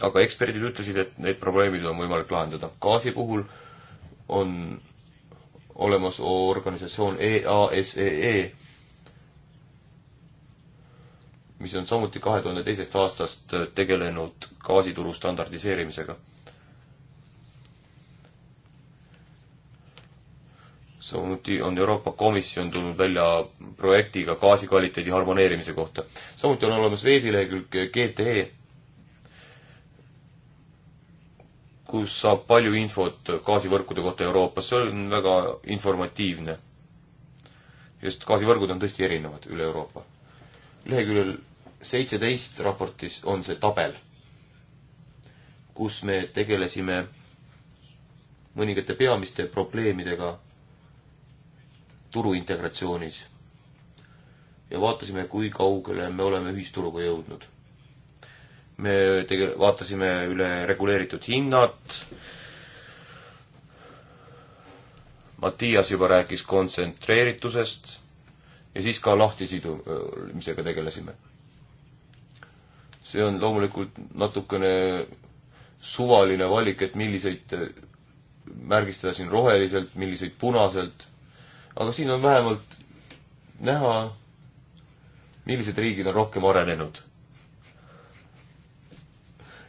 aga eksperdid ütlesid, et need probleemid on võimalik lahendada. gaasi puhul on olemas organisatsioon EASEE, e, mis on samuti kahe tuhande teisest aastast tegelenud gaasituru standardiseerimisega. samuti on Euroopa Komisjon tulnud välja projektiga gaasi kvaliteedi harmoneerimise kohta. samuti on olemas veebilehekülg GTE kus saab palju infot gaasivõrkude kohta Euroopas, see on väga informatiivne. sest gaasivõrgud on tõesti erinevad üle Euroopa. leheküljel seitseteist raportis on see tabel, kus me tegelesime mõningate peamiste probleemidega turu integratsioonis ja vaatasime, kui kaugele me oleme ühisturuga jõudnud me tege-, vaatasime üle reguleeritud hinnad, Mattias juba rääkis kontsentreeritusest ja siis ka lahtisidumisega tegelesime. see on loomulikult natukene suvaline valik, et milliseid eh, märgistada siin roheliselt, milliseid punaselt, aga siin on vähemalt näha, millised riigid on rohkem arenenud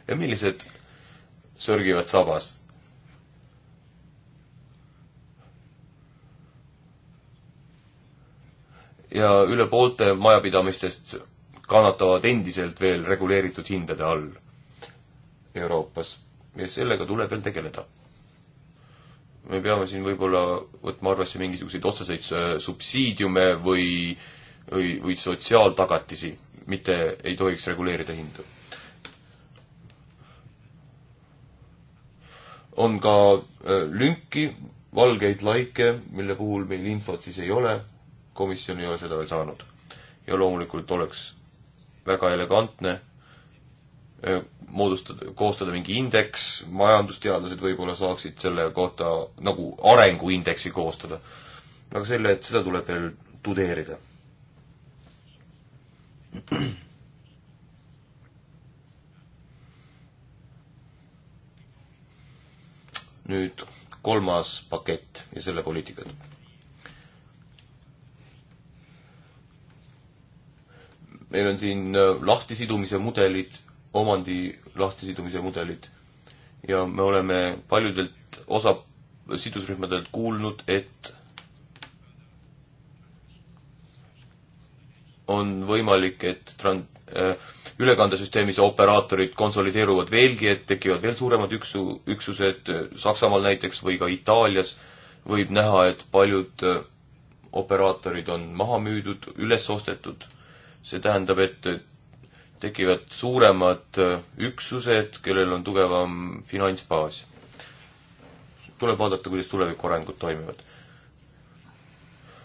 ja millised sörgivad sabas? ja üle poolte majapidamistest kannatavad endiselt veel reguleeritud hindade all Euroopas ja sellega tuleb veel tegeleda. me peame siin võib-olla võtma arvesse mingisuguseid otseseid subsiidiume või, või, või sotsiaaltagatisi, mitte ei tohiks reguleerida hindu on ka äh, lünki, valgeid laike, mille puhul meil infot siis ei ole, komisjon ei ole seda veel saanud. ja loomulikult oleks väga elegantne äh, moodustada, koostada mingi indeks, majandusteadlased võib-olla saaksid selle kohta nagu arenguindeksi koostada. aga selle, et seda tuleb veel tudeerida nüüd kolmas pakett ja selle poliitikad. meil on siin äh, lahtisidumise mudelid, omandi lahtisidumise mudelid ja me oleme paljudelt osa, sidusrühmadelt kuulnud, et on võimalik, et tran-, Äh, ülekandesüsteemis operaatorid konsolideeruvad veelgi, et tekivad veel suuremad üksu, üksused äh, Saksamaal näiteks või ka Itaalias, võib näha, et paljud äh, operaatorid on maha müüdud, üles ostetud, see tähendab, et tekivad suuremad üksused, kellel on tugevam finantsbaas. tuleb vaadata, kuidas tuleviku arengud toimivad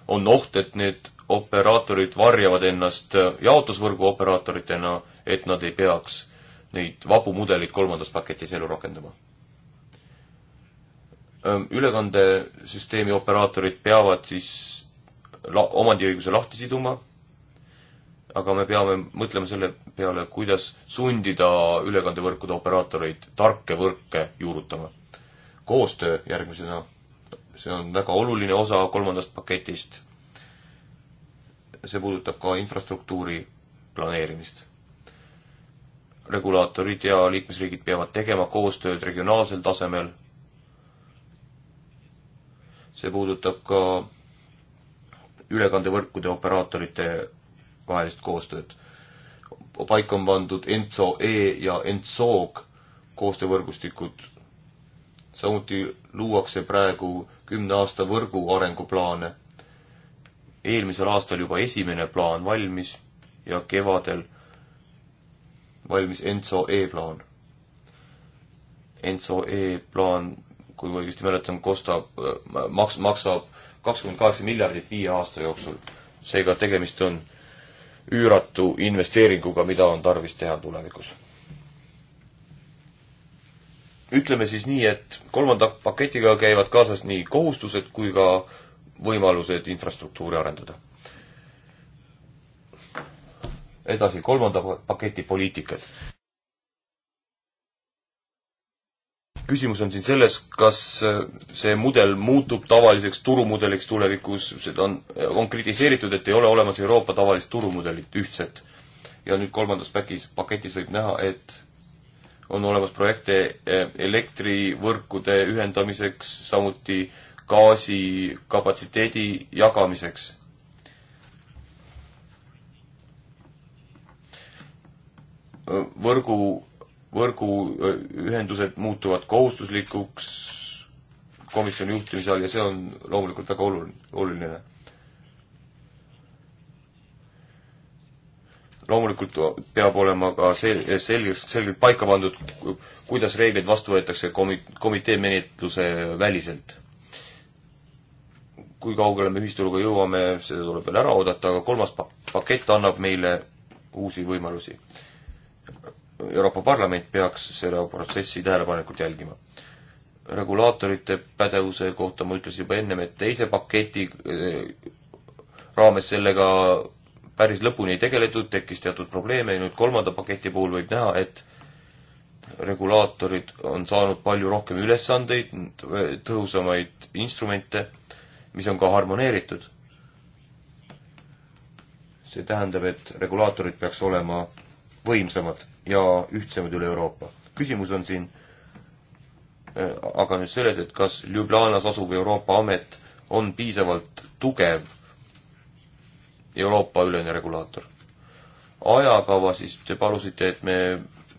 on oht, et need operaatorid varjavad ennast äh, jaotusvõrgu operaatoritena, et nad ei peaks neid vabu mudeleid kolmandas paketis elu rakendama. Ülekandesüsteemi operaatorid peavad siis la-, omandiõiguse lahti siduma, aga me peame mõtlema selle peale, kuidas sundida ülekandevõrkude operaatoreid tarke võrke juurutama. koostöö järgmisena see on väga oluline osa kolmandast paketist. see puudutab ka infrastruktuuri planeerimist. regulaatorid ja liikmesriigid peavad tegema koostööd regionaalsel tasemel. see puudutab ka ülekandevõrkude operaatorite vahelist koostööd. paika on pandud ENTSO-E ja ENTSO-G koostöövõrgustikud samuti luuakse praegu kümne aasta võrgu arenguplaane. eelmisel aastal juba esimene plaan valmis ja kevadel valmis ENTSO E-plaan. ENTSO E-plaan, kui ma õigesti mäletan, kostab, äh, maks-, maksab kakskümmend kaheksa miljardit viie aasta jooksul. seega tegemist on üüratu investeeringuga, mida on tarvis teha tulevikus ütleme siis nii, et kolmanda paketiga käivad kaasas nii kohustused kui ka võimalused infrastruktuuri arendada. edasi, kolmanda paketi poliitikad. küsimus on siin selles, kas äh, see mudel muutub tavaliseks turumudeliks tulevikus, seda on, äh, on kritiseeritud, et ei ole olemas Euroopa tavalist turumudelit, ühtset. ja nüüd kolmandas pakis, paketis võib näha, et on olemas projekte e, elektrivõrkude ühendamiseks, samuti gaasi kapatsiteedi jagamiseks. võrgu, võrguühendused e, muutuvad kohustuslikuks komisjoni juhtimise all ja see on loomulikult väga oluline, oluline loomulikult peab olema ka sel-, selgeks, selgelt paika pandud, kuidas reegleid vastu võetakse komi-, komitee menetluse väliselt. kui kaugele me ühisturuga jõuame, seda tuleb veel ära oodata, aga kolmas pa-, pakett annab meile uusi võimalusi. Euroopa Parlament peaks seda protsessi tähelepanelikult jälgima. regulaatorite pädevuse kohta ma ütlesin juba ennem, et teise paketi eh, raames sellega päris lõpuni ei tegeletud, tekkis teatud probleeme ja nüüd kolmanda paketi puhul võib näha, et regulaatorid on saanud palju rohkem ülesandeid, tõhusamaid instrumente, mis on ka harmoneeritud. see tähendab, et regulaatorid peaks olema võimsamad ja ühtsemad üle Euroopa. küsimus on siin aga nüüd selles, et kas Ljubljanas asuv Euroopa amet on piisavalt tugev Euroopa-ülene regulaator. ajakava siis, te palusite, et me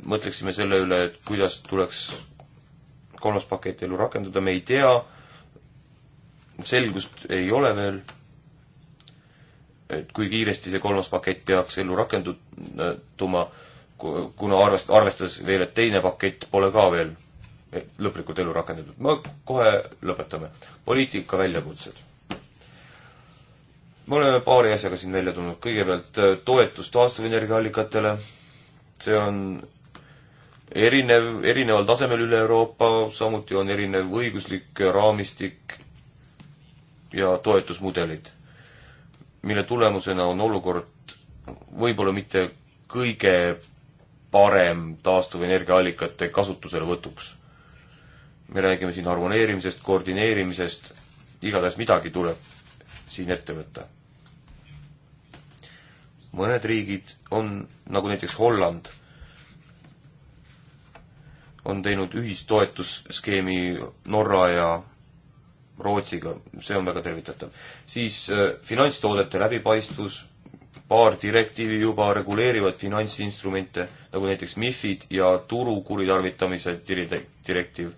mõtleksime selle üle, et kuidas tuleks kolmas pakett elu rakendada, me ei tea, selgust ei ole veel, et kui kiiresti see kolmas pakett peaks ellu rakenduma, kuna arvest-, arvestades veel, et teine pakett pole ka veel eh, lõplikult ellu rakendatud. ma kohe lõpetame. poliitika väljakutsed me oleme paari asjaga siin välja tulnud, kõigepealt äh, toetus taastuvenergiaallikatele, see on erinev, erineval tasemel üle Euroopa, samuti on erinev õiguslik raamistik ja toetusmudelid, mille tulemusena on olukord võib-olla mitte kõige parem taastuvenergiaallikate kasutuselevõtuks. me räägime siin harmoneerimisest, koordineerimisest, igatahes midagi tuleb siin ette võtta mõned riigid on, nagu näiteks Holland, on teinud ühistoetusskeemi Norra ja Rootsiga, see on väga tervitatav. siis äh, finantstoodete läbipaistvus, paar direktiivi juba reguleerivad finantsinstrumente, nagu näiteks MIFID ja turu kuritarvitamise direktiiv.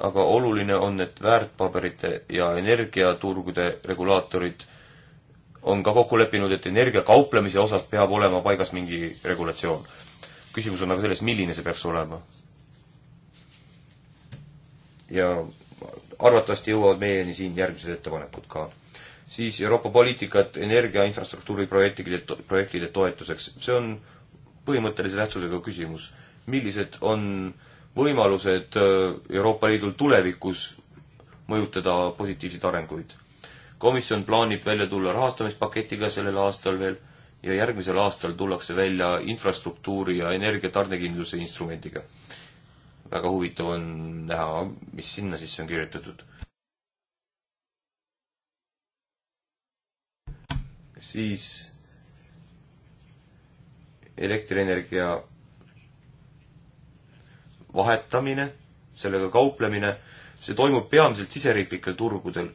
aga oluline on, et väärtpaberite ja energiaturgude regulaatorid äh, on ka kokku leppinud, et energia kauplemise osas peab olema paigas mingi regulatsioon. küsimus on aga selles, milline see peaks olema. ja arvatavasti jõuavad meieni siin järgmised ettepanekud ka. siis Euroopa poliitikat energia infrastruktuuri projektide, projektide toetuseks, see on põhimõttelise tähtsusega küsimus. millised on võimalused Euroopa Liidul tulevikus mõjutada positiivseid arenguid? komisjon plaanib välja tulla rahastamispaketiga sellel aastal veel ja järgmisel aastal tullakse välja infrastruktuuri ja energia tarnekindluse instrumendiga. väga huvitav on näha, mis sinna sisse on kirjutatud. siis elektrienergia vahetamine, sellega kauplemine, see toimub peamiselt siseriiklikel turgudel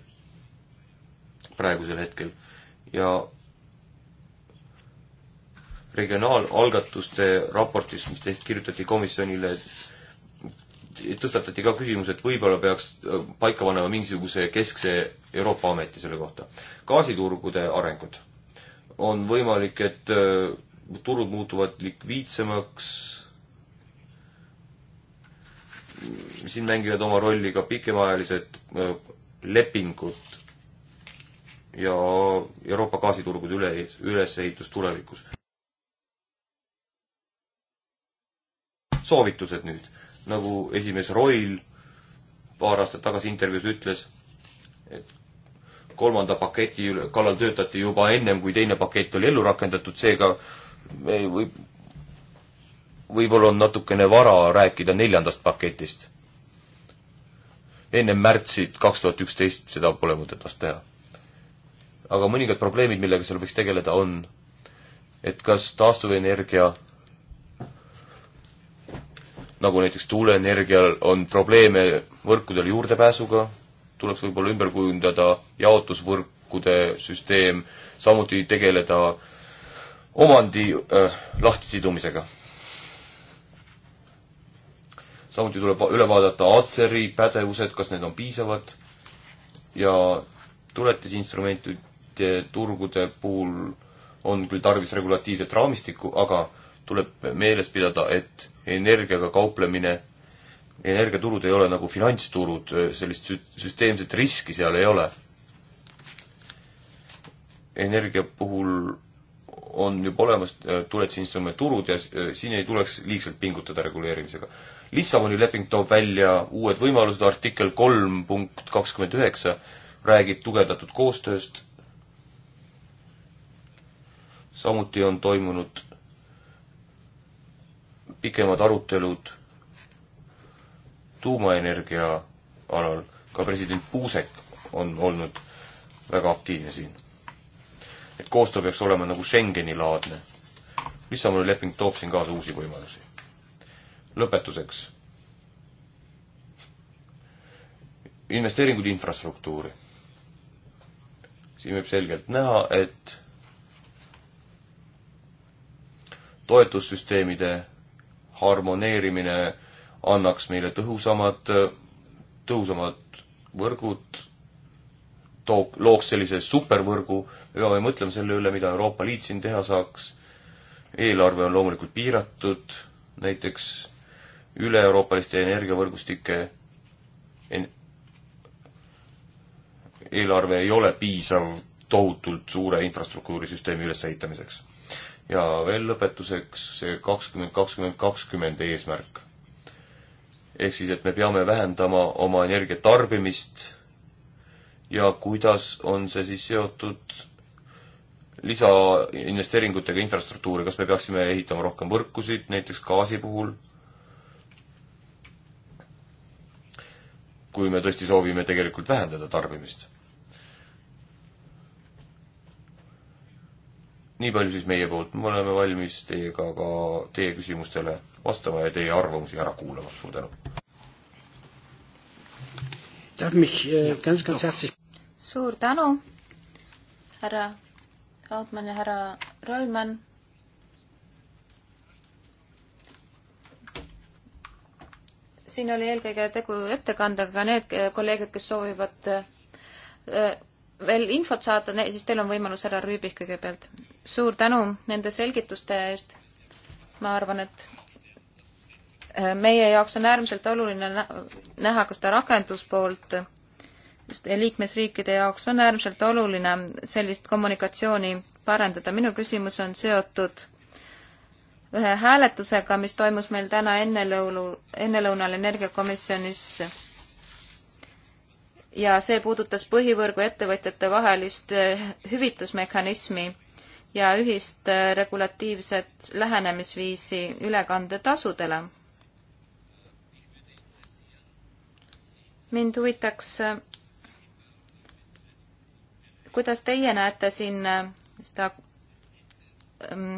praegusel hetkel ja regionaalalgatuste raportis, mis tehti, kirjutati komisjonile, tõstatati ka küsimus, et võib-olla peaks äh, paika panema mingisuguse keskse Euroopa ameti selle kohta. gaasiturgude arengud. on võimalik, et äh, turud muutuvad likviidsemaks, siin mängivad oma rolli ka pikemaajalised äh, lepingud ja Euroopa gaasiturgude üle, ülesehitus tulevikus. soovitused nüüd, nagu esimees Roil paar aastat tagasi intervjuus ütles, et kolmanda paketi üle, kallal töötati juba ennem, kui teine pakett oli ellu rakendatud, seega me võib, võib-olla on natukene vara rääkida neljandast paketist. ennem märtsit kaks tuhat üksteist seda pole mõtet vast teha aga mõningad probleemid, millega seal võiks tegeleda, on, et kas taastuvenergia nagu näiteks tuuleenergial on probleeme võrkudel juurdepääsuga, tuleks võib-olla ümber kujundada jaotusvõrkude süsteem, samuti tegeleda omandi äh, lahtisidumisega. samuti tuleb üle vaadata Atseri pädevused, kas need on piisavad ja tuletisinstrumentid, finantsturgude puhul on küll tarvis regulatiivset raamistikku, aga tuleb meeles pidada, et energiaga kauplemine, energiaturud ei ole nagu finantsturud, sellist süsteemset riski seal ei ole. energia puhul on juba olemas äh, tuletisinstrumendi turud ja äh, siin ei tuleks liigselt pingutada reguleerimisega. Lissaboni leping toob välja uued võimalused, artikkel kolm punkt kakskümmend üheksa räägib tugevdatud koostööst samuti on toimunud pikemad arutelud tuumaenergia alal, ka president Puusek on olnud väga aktiivne siin. et koostöö peaks olema nagu Schengeni laadne. Lissaboni leping toob siin kaasa uusi võimalusi. lõpetuseks. investeeringud infrastruktuuri. siin võib selgelt näha, et toetussüsteemide harmoneerimine annaks meile tõhusamad, tõhusamad võrgud, too-, looks sellise supervõrgu, me peame mõtlema selle üle, mida Euroopa Liit siin teha saaks, eelarve on loomulikult piiratud, näiteks üle-euroopaliste energiavõrgustike en-, eelarve ei ole piisav tohutult suure infrastruktuurisüsteemi ülesehitamiseks ja veel lõpetuseks see kakskümmend, kakskümmend, kakskümmend eesmärk. ehk siis, et me peame vähendama oma energia tarbimist ja kuidas on see siis seotud lisainvesteeringutega infrastruktuuri, kas me peaksime ehitama rohkem võrkusid, näiteks gaasi puhul, kui me tõesti soovime tegelikult vähendada tarbimist nii palju siis meie poolt, me oleme valmis teiega ka teie küsimustele vastama ja teie arvamusi ära kuulama, suur tänu. Äh, suur tänu, härra Raudmann ja härra Rollmann. siin oli eelkõige tegu ettekandega, aga need äh, kolleegid, kes soovivad äh, veel infot saada, siis teil on võimalus härra Rüübih kõigepealt suur tänu nende selgituste eest. ma arvan, et äh, meie jaoks on äärmiselt oluline näha ka seda rakenduspoolt, sest liikmesriikide jaoks on äärmiselt oluline sellist kommunikatsiooni parendada. minu küsimus on seotud ühe hääletusega, mis toimus meil täna ennelõulu, ennelõunal energiakomisjonis ja see puudutas põhivõrgu ettevõtjate vahelist äh, hüvitusmehhanismi ja ühist äh, regulatiivset lähenemisviisi ülekandetasudele. mind huvitaks, äh, kuidas teie näete siin äh, seda ähm,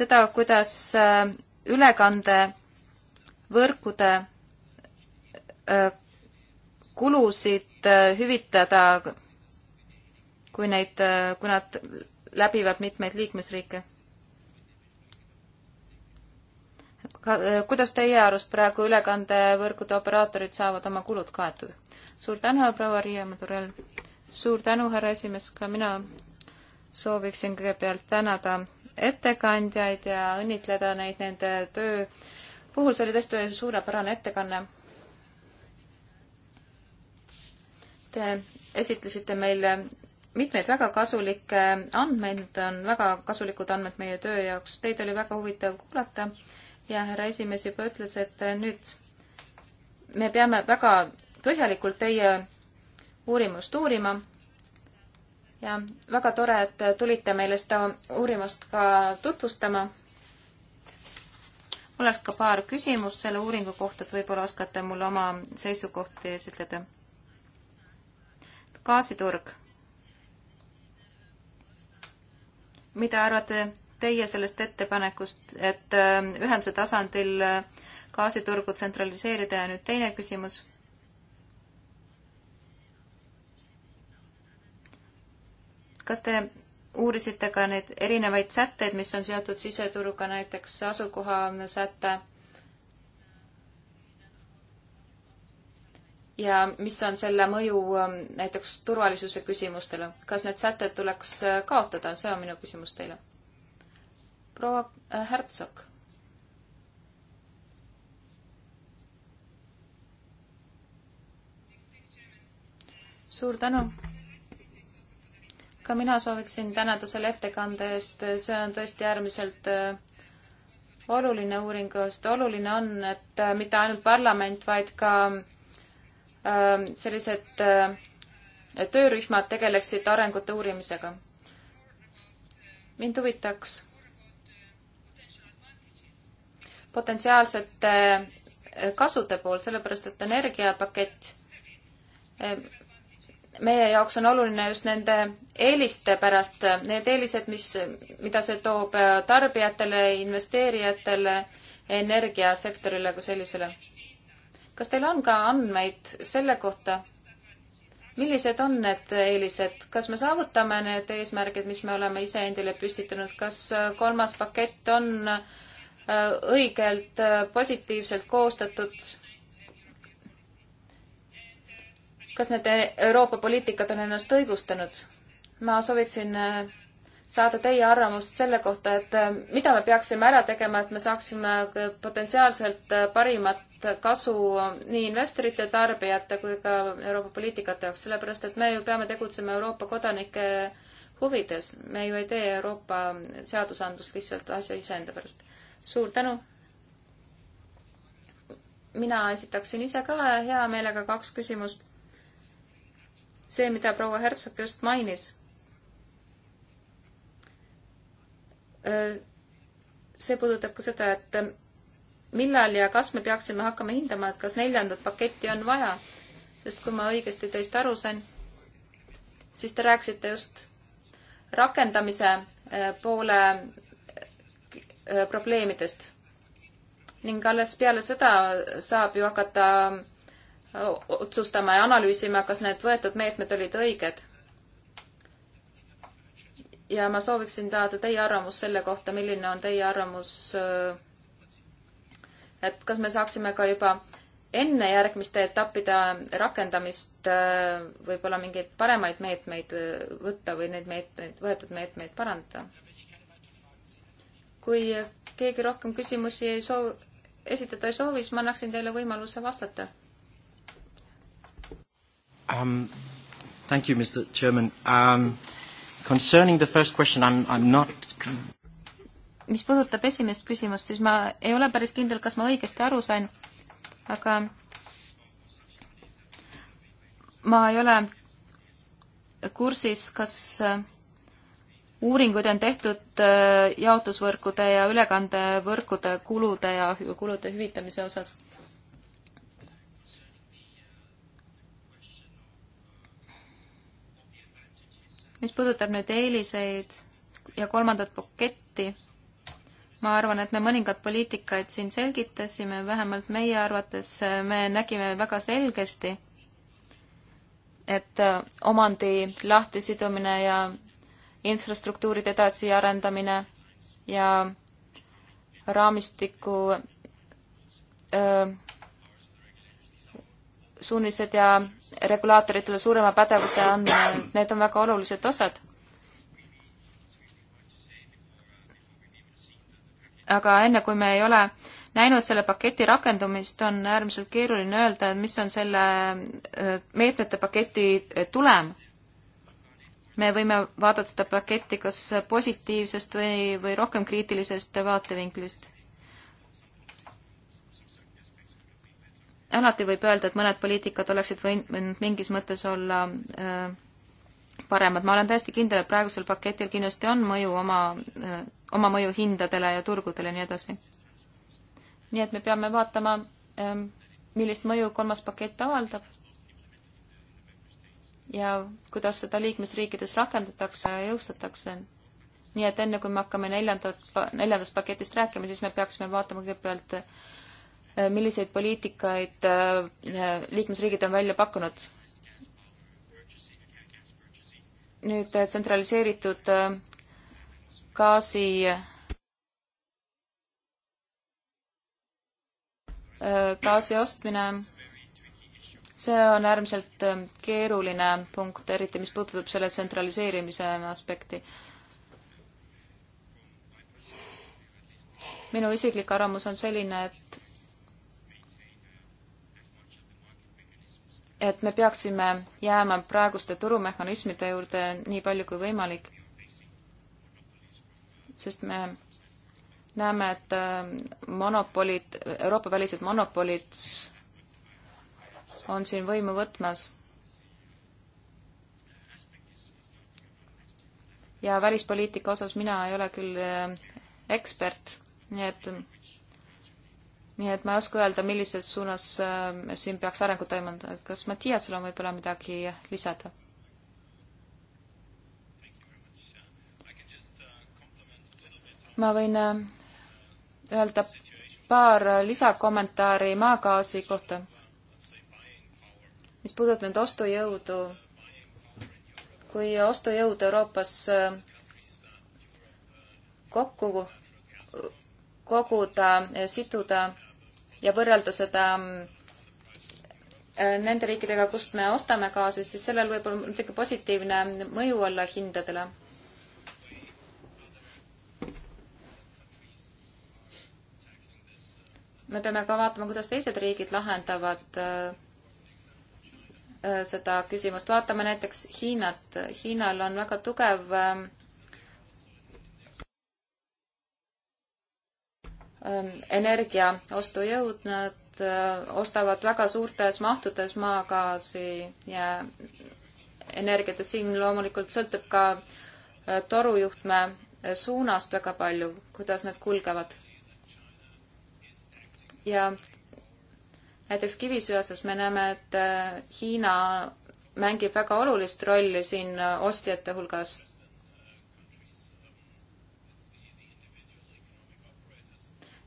seda, kuidas ülekandevõrkude kulusid hüvitada kui neid, kui nad läbivad mitmeid liikmesriike. kuidas teie arust praegu ülekandevõrgude operaatorid saavad oma kulud kaetud? suur tänu, proua Riia Madurell. suur tänu, härra esimees, ka mina sooviksin kõigepealt tänada ettekandjaid ja õnnitleda neid nende töö puhul, see oli tõesti suurepärane ettekanne. Te esitlesite meile mitmeid väga kasulikke andmeid, on väga kasulikud andmed meie töö jaoks. Teid oli väga huvitav kuulata ja härra esimees juba ütles, et nüüd me peame väga põhjalikult teie uurimust uurima. ja väga tore, et tulite meile seda uurimust ka tutvustama. mul oleks ka paar küsimust selle uuringu kohta, et võib-olla oskate mulle oma seisukohti esitleda. gaasiturg mida arvate teie sellest ettepanekust, et äh, ühenduse tasandil äh, gaasiturgu tsentraliseerida ja nüüd teine küsimus. kas te uurisite ka neid erinevaid sätteid, mis on seotud siseturuga, näiteks asukoha säte ja mis on selle mõju ähm, näiteks turvalisuse küsimustele. kas need sätted tuleks äh, kaotada, see on minu küsimus teile. proua äh, Hertsog. suur tänu. ka mina sooviksin tänada selle ettekande eest, see on tõesti äärmiselt äh, oluline uuring, sest oluline on, et mitte ainult parlament, vaid ka Ehm, sellised ehm, töörühmad tegeleksid arengute uurimisega. mind huvitaks potentsiaalsete ehm, kasude pool, sellepärast et energiapakett meie jaoks on oluline just nende eeliste pärast, need eelised, mis, mida see toob tarbijatele, investeerijatele, energiasektorile kui sellisele kas teil on ka andmeid selle kohta, millised on need eelised, kas me saavutame need eesmärgid, mis me oleme ise endile püstitanud, kas äh, kolmas pakett on äh, õigelt äh, positiivselt koostatud? kas need Euroopa poliitikad on ennast õigustanud? ma soovitasin saada teie arvamust selle kohta, et äh, mida me peaksime ära tegema, et me saaksime äh, potentsiaalselt äh, parimat kasu nii investorite, tarbijate kui ka Euroopa poliitikate jaoks, sellepärast et me ju peame tegutsema Euroopa kodanike huvides, me ju ei tee Euroopa seadusandlust lihtsalt asja iseenda pärast. suur tänu! mina esitaksin ise ka hea meelega kaks küsimust. see, mida proua Hertsog just mainis Äh, see puudutab ka seda, et millal ja kas me peaksime hakkama hindama, et kas neljandat paketti on vaja. sest kui ma õigesti teist aru sain, siis te rääkisite just rakendamise äh, poole äh, probleemidest. ning alles peale seda saab ju hakata otsustama ja analüüsima, kas need võetud meetmed olid õiged ja ma sooviksin teada teie arvamust selle kohta, milline on teie arvamus, et kas me saaksime ka juba enne järgmiste etappide rakendamist võib-olla mingeid paremaid meetmeid võtta või neid meetmeid, võetud meetmeid parandada? kui keegi rohkem küsimusi ei soov-, esitada ei soovi, siis ma annaksin teile võimaluse vastata um,. Thank you, Mr Chairman um,. Concerning the first question, I'm, I'm not mis puudutab esimest küsimust, siis ma ei ole päris kindel, kas ma õigesti aru sain, aga ma ei ole kursis, kas äh, uuringuid on tehtud äh, jaotusvõrkude ja ülekandevõrkude kulude ja kulude hüvitamise osas mis puudutab nüüd eeliseid ja kolmandat paketti, ma arvan, et me mõningad poliitikaid siin selgitasime, vähemalt meie arvates äh, me nägime väga selgesti, et äh, omandi lahtisidumine ja infrastruktuuride edasiarendamine ja raamistiku öö, äh, suunised ja regulaatoritele suurema pädevuse andmine, need on väga olulised osad. aga enne, kui me ei ole näinud selle paketi rakendumist, on äärmiselt keeruline öelda, et mis on selle äh, meetmete paketi äh, tulem. me võime vaadata seda paketti kas positiivsest või, või rohkem kriitilisest vaatevinklist alati võib öelda, et mõned poliitikad oleksid võinud mingis mõttes olla äh, paremad. ma olen täiesti kindel, et praegusel paketil kindlasti on mõju oma, äh, oma mõju hindadele ja turgudele ja nii edasi. nii et me peame vaatama, ähm, millist mõju kolmas pakett avaldab ja kuidas seda liikmesriikides rakendatakse ja jõustatakse nii et enne, kui me hakkame neljandat, neljandast paketist rääkima, siis me peaksime vaatama kõigepealt, Äh, milliseid poliitikaid äh, liikmesriigid on välja pakkunud. nüüd äh, tsentraliseeritud gaasi gaasi ostmine, see on äärmiselt keeruline punkt, eriti mis puudutab selle tsentraliseerimise aspekti minu isiklik arvamus on selline, et et me peaksime jääma praeguste turumehhanismide juurde nii palju kui võimalik, sest me näeme, et äh, monopolid, Euroopa välised monopolid on siin võimu võtmas. ja välispoliitika osas mina ei ole küll äh, ekspert, nii et nii et ma ei oska öelda, millises suunas äh, siin peaks arengud toimuma, et kas Mattiasel on võib-olla midagi lisada? ma võin äh, öelda paar lisakommentaari maagaasi kohta, mis puudutab nüüd ostujõudu. kui ostujõud Euroopas äh, kokku koguda, siduda ja võrrelda seda mm, äh, nende riikidega, kust me ostame gaasi, siis sellel võib muidugi positiivne mõju olla hindadele. me peame ka vaatama, kuidas teised riigid lahendavad äh, äh, seda küsimust. vaatame näiteks Hiinat. Hiinal on väga tugev Ähm, energia ostujõud, nad äh, ostavad väga suurtes mahtudes maagaasi ja energiat ja siin loomulikult sõltub ka äh, torujuhtme äh, suunast väga palju, kuidas need kulgevad. ja näiteks kivisöösas me näeme, et Hiina mängib väga olulist rolli siin ostjate hulgas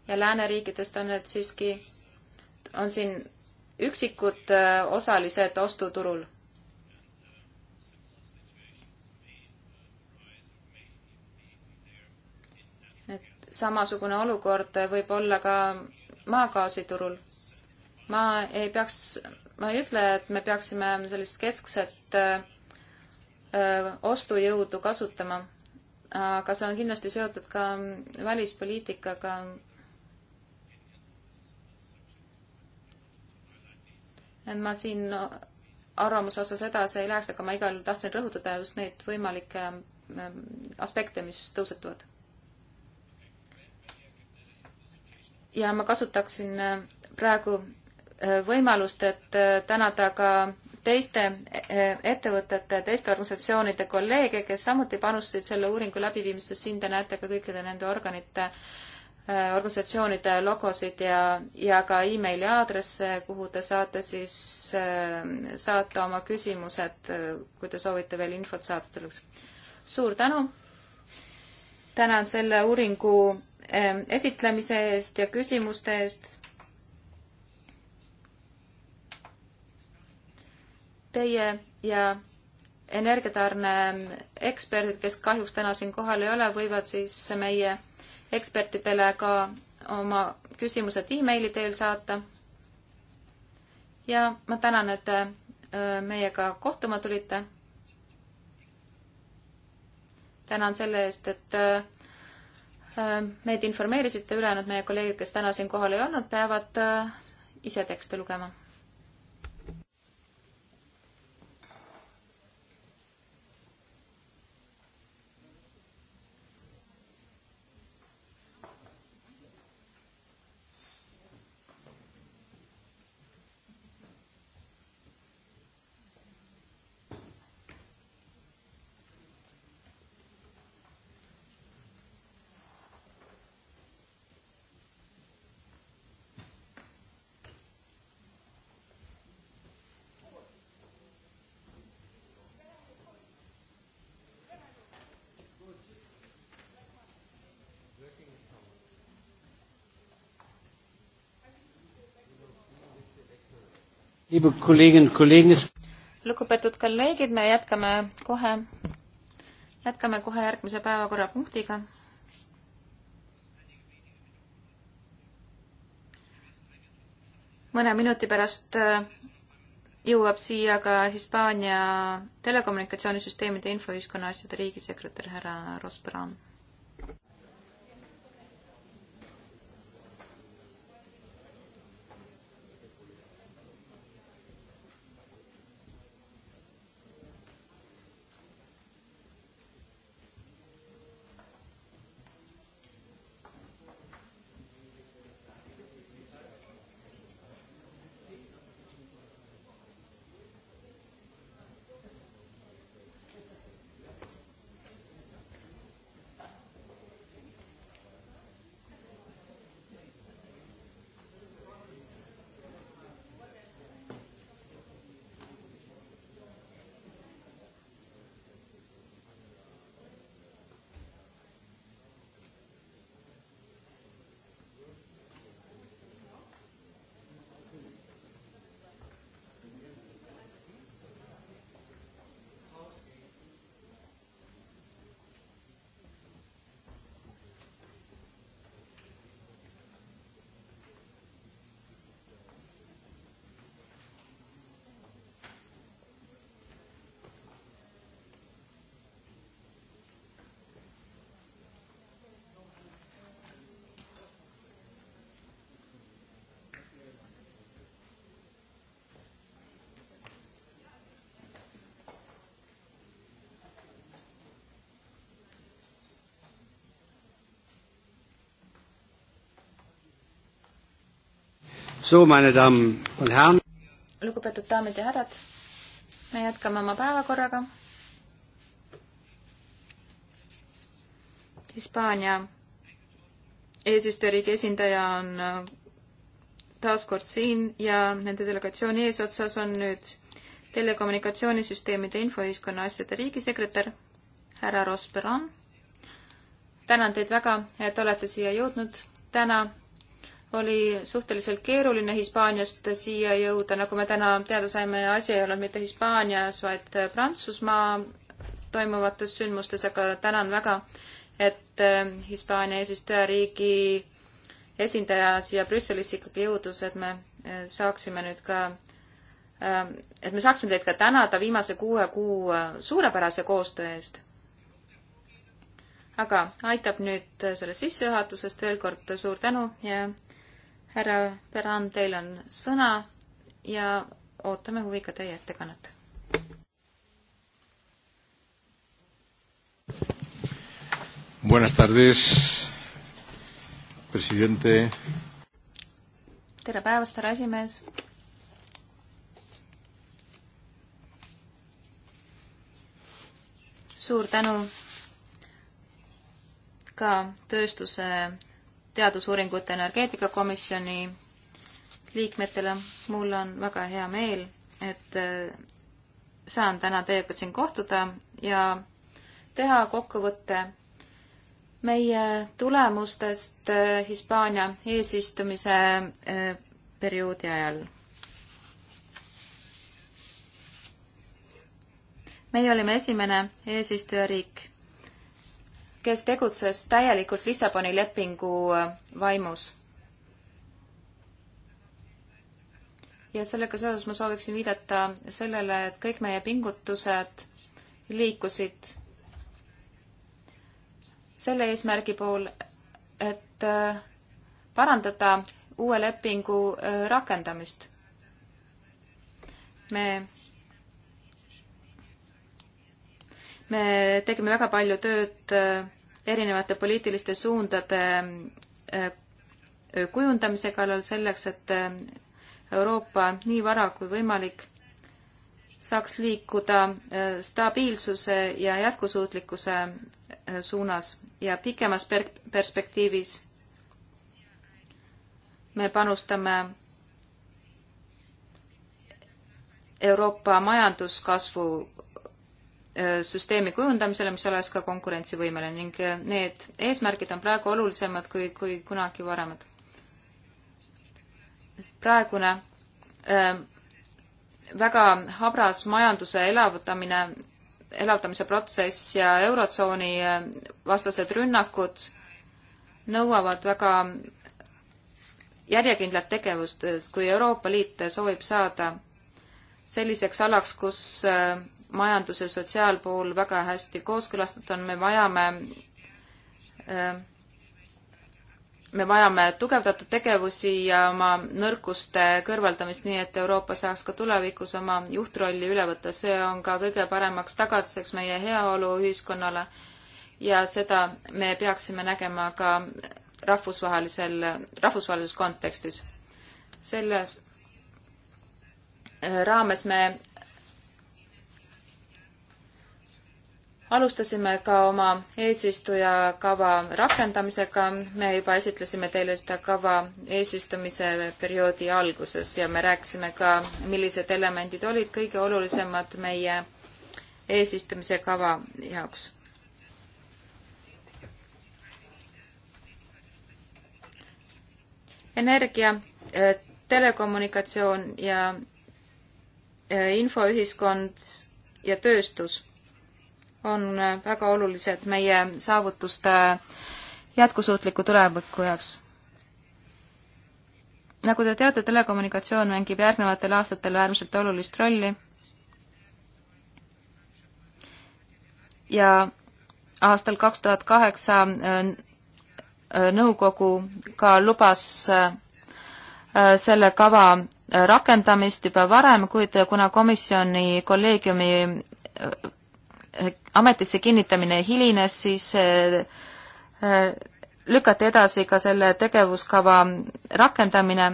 ja lääneriikidest on need siiski, on siin üksikud äh, osalised ostuturul samasugune olukord võib olla ka maagaasiturul. ma ei peaks, ma ei ütle, et me peaksime sellist keskset äh, äh, ostujõudu kasutama, aga see on kindlasti seotud ka välispoliitikaga et ma siin arvamuse osas edasi ei läheks, aga ma igal juhul tahtsin rõhutada just neid võimalikke ähm, ähm, aspekte, mis tõusetuvad. ja ma kasutaksin äh, praegu äh, võimalust, et äh, tänada ka teiste ettevõtete, teiste organisatsioonide kolleege, kes samuti panustasid selle uuringu läbiviimisesse, siin te näete ka kõikide nende organite äh, Äh, organisatsioonide logosid ja, ja ka emaili aadresse, kuhu te saate siis äh, saata oma küsimused, äh, kui te soovite veel infot saada tuleks. suur tänu! tänan selle uuringu ähm, esitlemise eest ja küsimuste eest. Teie ja energiatarne eksperdid, kes kahjuks täna siin kohal ei ole, võivad siis meie ekspertidele ka oma küsimused emaili teel saata. ja ma tänan, et äh, meiega kohtuma tulite. tänan selle eest, et äh, äh, meid informeerisite, ülejäänud meie kolleegid, kes täna siin kohal ei olnud, peavad ise tekste lugema lugupeetud kolleegid, me jätkame kohe, jätkame kohe järgmise päevakorrapunktiga. mõne minuti pärast äh, jõuab siia ka Hispaania telekommunikatsioonisüsteemide infoühiskonna asjade riigisekretär härra Rospran lugupeetud daamid ja härrad, me jätkame oma päevakorraga. Hispaania eesistujariigi esindaja on äh, taas kord siin ja nende delegatsiooni eesotsas on nüüd telekommunikatsioonisüsteemide infoühiskonna asjade riigisekretär härra Rosperon. tänan teid väga, et olete siia jõudnud täna oli suhteliselt keeruline Hispaaniast siia jõuda, nagu me täna teada saime, asi ei olnud mitte Hispaanias, vaid Prantsusmaa toimuvates sündmustes, aga tänan väga, et äh, Hispaania eesistujariigi esindaja siia Brüsselisse ikkagi jõudus, et me äh, saaksime nüüd ka äh, et me saaksime teid ka tänada viimase kuue kuu suurepärase koostöö eest. aga aitab nüüd sellest sissejuhatusest veel kord suur tänu ja härra Peran, teil on sõna ja ootame huviga teie ettekannet. Buenas tardes, presidente. tere päevast, härra esimees. suur tänu ka tööstuse teadusuuringute energeetikakomisjoni liikmetele. mul on väga hea meel, et äh, saan täna teiega siin kohtuda ja teha kokkuvõtte meie tulemustest äh, Hispaania eesistumise äh, perioodi ajal. meie olime esimene eesistujariik kes tegutses täielikult Lissaboni lepingu äh, vaimus. ja sellega seoses ma sooviksin viidata sellele, et kõik meie pingutused liikusid selle eesmärgi pool, et äh, parandada uue lepingu äh, rakendamist. me me tegime väga palju tööd erinevate poliitiliste suundade äh, äh, kujundamise kallal selleks, et äh, Euroopa nii vara kui võimalik saaks liikuda stabiilsuse ja jätkusuutlikkuse suunas ja pikemas perspektiivis me panustame Euroopa majanduskasvu Äh, süsteemi kujundamisele, mis oleks ka konkurentsivõimeline ning äh, need eesmärgid on praegu olulisemad kui, kui kunagi varemad. praegune äh, väga habras majanduse elavdamine, elavdamise protsess ja Eurotsooni äh, vastased rünnakud nõuavad väga järjekindlat tegevust, kui Euroopa Liit soovib saada selliseks alaks, kus äh, majanduse sotsiaalpool väga hästi kooskõlastatud on, me vajame, äh, me vajame tugevdatud tegevusi ja oma nõrkuste kõrvaldamist, nii et Euroopa saaks ka tulevikus oma juhtrolli üle võtta, see on ka kõige paremaks tagatiseks meie heaoluühiskonnale ja seda me peaksime nägema ka rahvusvahelisel, rahvusvahelises kontekstis. selles raames me alustasime ka oma eesistuja kava rakendamisega, me juba esitlesime teile seda kava eesistumise perioodi alguses ja me rääkisime ka, millised elemendid olid kõige olulisemad meie eesistumise kava jaoks energia, telekommunikatsioon ja infoühiskond ja tööstus on väga olulised meie saavutuste jätkusuutliku tuleviku jaoks. nagu te teate, telekommunikatsioon mängib järgnevatel aastatel äärmiselt olulist rolli ja aastal kaks tuhat kaheksa äh, äh, nõukogu ka lubas äh, selle kava rakendamist juba varem, kuid kuna komisjoni kolleegiumi eh, ametisse kinnitamine hilines, siis eh, eh, lükati edasi ka selle tegevuskava rakendamine.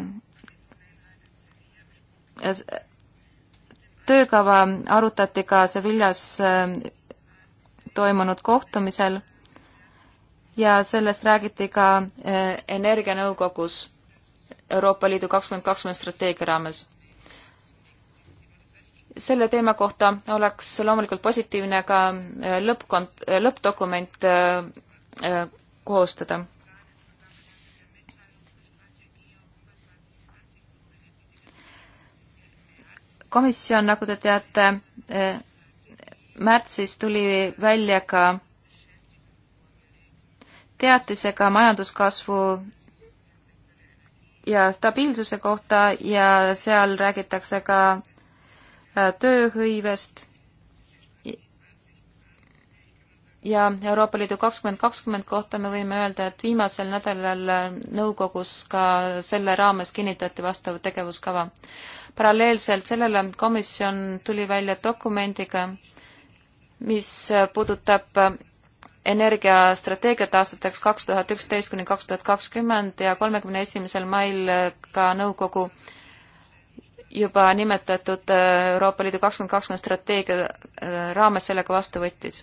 töökava arutati ka Sevillas toimunud kohtumisel ja sellest räägiti ka energianõukogus Euroopa Liidu kakskümmend kakskümmend strateegia raames. selle teema kohta oleks loomulikult positiivne ka äh, lõppkont-, äh, lõppdokument äh, koostada. komisjon, nagu te teate, märtsis tuli välja ka teatisega majanduskasvu ja stabiilsuse kohta ja seal räägitakse ka äh, tööhõivest ja Euroopa Liidu kakskümmend kakskümmend kohta me võime öelda, et viimasel nädalal äh, nõukogus ka selle raames kinnitati vastav tegevuskava. paralleelselt sellele komisjon tuli välja dokumendiga, mis puudutab energiastrateegiat aastateks kaks tuhat üksteist kuni kaks tuhat kakskümmend ja kolmekümne esimesel mail ka nõukogu juba nimetatud äh, Euroopa Liidu kakskümmend kakskümmend strateegia äh, raames sellega vastu võttis.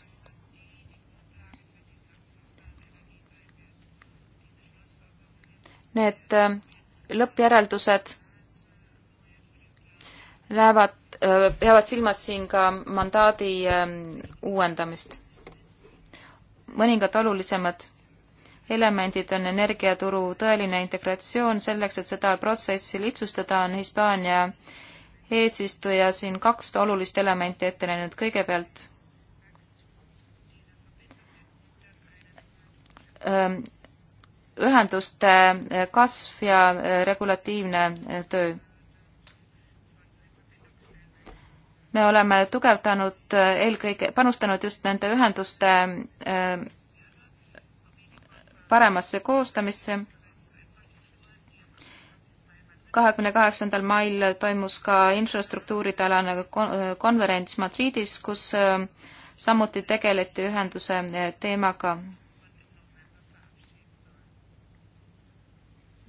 Need äh, lõppjäreldused näevad, peavad silmas siin ka mandaadi uuendamist mõningad olulisemad elemendid on energiaturu tõeline integratsioon, selleks et seda protsessi lihtsustada, on Hispaania eesistuja siin kaks olulist elementi ette näinud, kõigepealt ähm, ühenduste kasv ja regulatiivne töö. me oleme tugevdanud eelkõige, panustanud just nende ühenduste äh, paremasse koostamisse. kahekümne kaheksandal mail toimus ka infrastruktuuride alane konverents Madridis, kus äh, samuti tegeleti ühenduse äh, teemaga.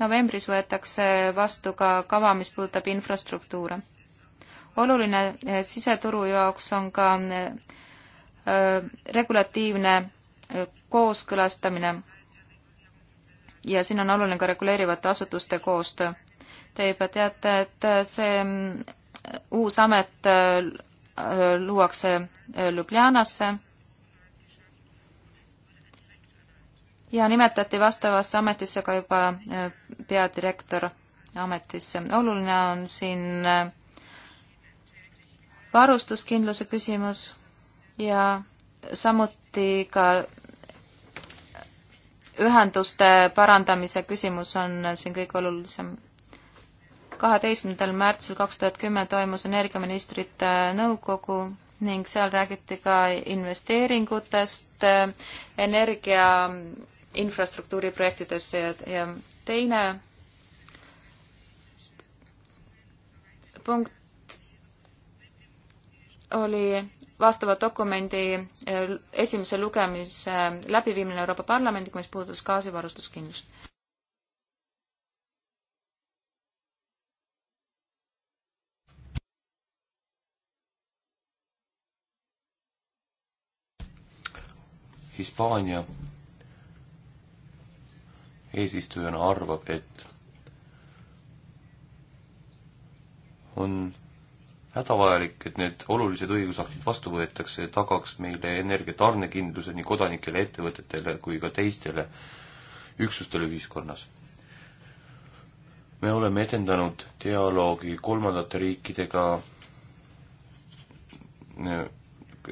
novembris võetakse vastu ka kava, mis puudutab infrastruktuure oluline eh, siseturu jaoks on ka eh, eh, regulatiivne kooskõlastamine ja siin on oluline ka reguleerivate asutuste koostöö. Te juba teate, et see uus amet luuakse Ljubljanasse ja nimetati vastavasse ametisse ka juba peadirektor ametisse. oluline on siin varustuskindluse küsimus ja samuti ka ühenduste parandamise küsimus on siin kõige olulisem. kaheteistkümnendal märtsil kaks tuhat kümme toimus energiaministrite nõukogu ning seal räägiti ka investeeringutest energia infrastruktuuri projektidesse ja, ja teine punkt oli vastava dokumendi äh, esimese lugemise läbiviimine Euroopa Parlamendiga, mis puudutas gaasivarustuskindlust. Hispaania eesistujana arvab, et on hädavajalik, et need olulised õigusaktid vastu võetakse ja tagaks meile energia tarnekindluse nii kodanikele, ettevõtetele kui ka teistele üksustele ühiskonnas. me oleme edendanud dialoogi kolmandate riikidega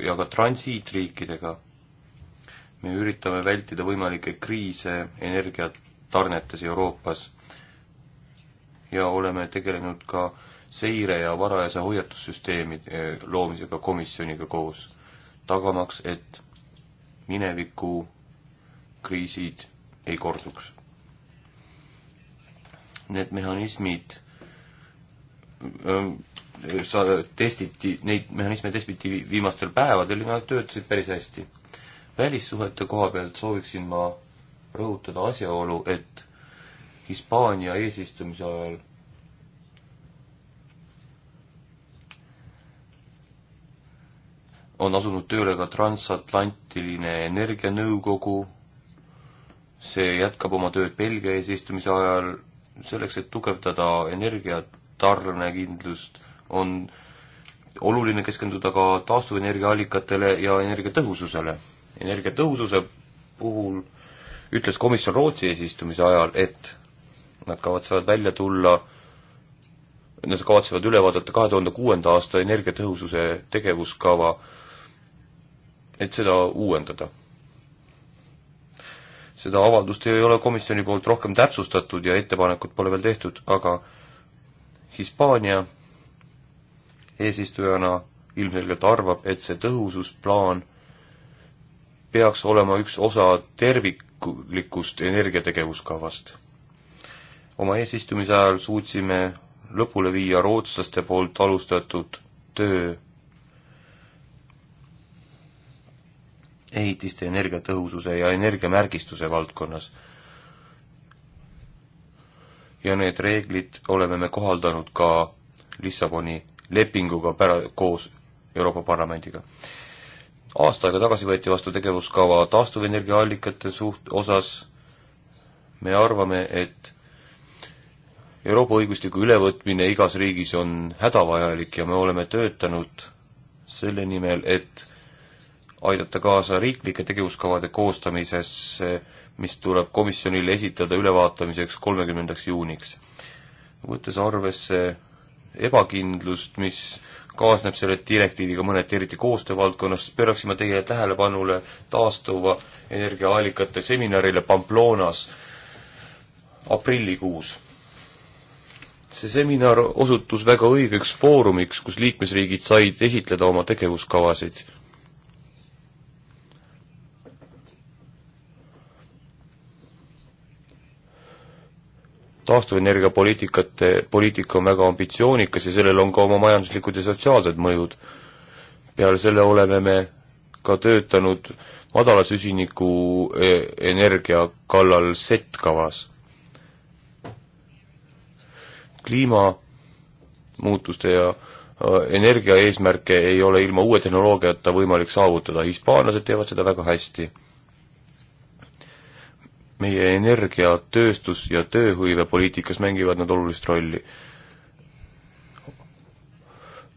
ja ka transiitriikidega. me üritame vältida võimalikke kriise energiatarnetes Euroopas ja oleme tegelenud ka äh, seire- ja varajase hoiatussüsteemi eh, loomisega komisjoniga koos, tagamaks, et mineviku kriisid ei korduks. Need mehhanismid eh, sa testiti, neid mehhanisme testiti viimastel päevadel ja nad töötasid päris hästi. välissuhete koha pealt sooviksin ma rõhutada asjaolu, et Hispaania eesistumise ajal on asunud tööle ka Transatlantiline Energianõukogu, see jätkab oma tööd Belgia eesistumise ajal, selleks, et tugevdada energiatarnekindlust, on oluline keskenduda ka taastuvenergiaallikatele ja energiatõhususele. energiatõhususe puhul ütles komisjon Rootsi eesistumise ajal, et nad kavatsevad välja tulla, nad kavatsevad üle vaadata kahe tuhande kuuenda aasta energiatõhususe tegevuskava, et seda uuendada. seda avaldust ei ole komisjoni poolt rohkem täpsustatud ja ettepanekut pole veel tehtud, aga Hispaania eesistujana ilmselgelt arvab, et see tõhususplaan peaks olema üks osa terviklikust energiategevuskavast. oma eesistumise ajal suutsime lõpule viia rootslaste poolt alustatud töö ehitiste energiatõhususe ja energiamärgistuse valdkonnas. ja need reeglid oleme me kohaldanud ka Lissaboni lepinguga pära-, koos Euroopa Parlamendiga. aasta aega tagasi võeti vastu tegevuskava taastuvenergiaallikate suht-, osas me arvame, et Euroopa õigustiku ülevõtmine igas riigis on hädavajalik ja me oleme töötanud selle nimel, et aidata kaasa riiklike tegevuskavade koostamises, mis tuleb komisjonil esitada ülevaatamiseks kolmekümnendaks juuniks. võttes arvesse ebakindlust, mis kaasneb selle direktiiviga mõneti, eriti koostöövaldkonnas, pööraksime teie tähelepanule taastuva energiaallikate seminarile Pamplonas aprillikuus. see seminar osutus väga õigeks foorumiks, kus liikmesriigid said esitleda oma tegevuskavasid taastuvenergiapoliitikate, poliitika on väga ambitsioonikas ja sellel on ka oma majanduslikud ja sotsiaalsed mõjud. peale selle oleme me ka töötanud madala süsiniku e, energia kallal SET kavas. kliimamuutuste ja e, energiaeesmärke ei ole ilma uue tehnoloogiata võimalik saavutada, hispaanlased teevad seda väga hästi meie energia, tööstus ja tööhõivepoliitikas mängivad nad olulist rolli.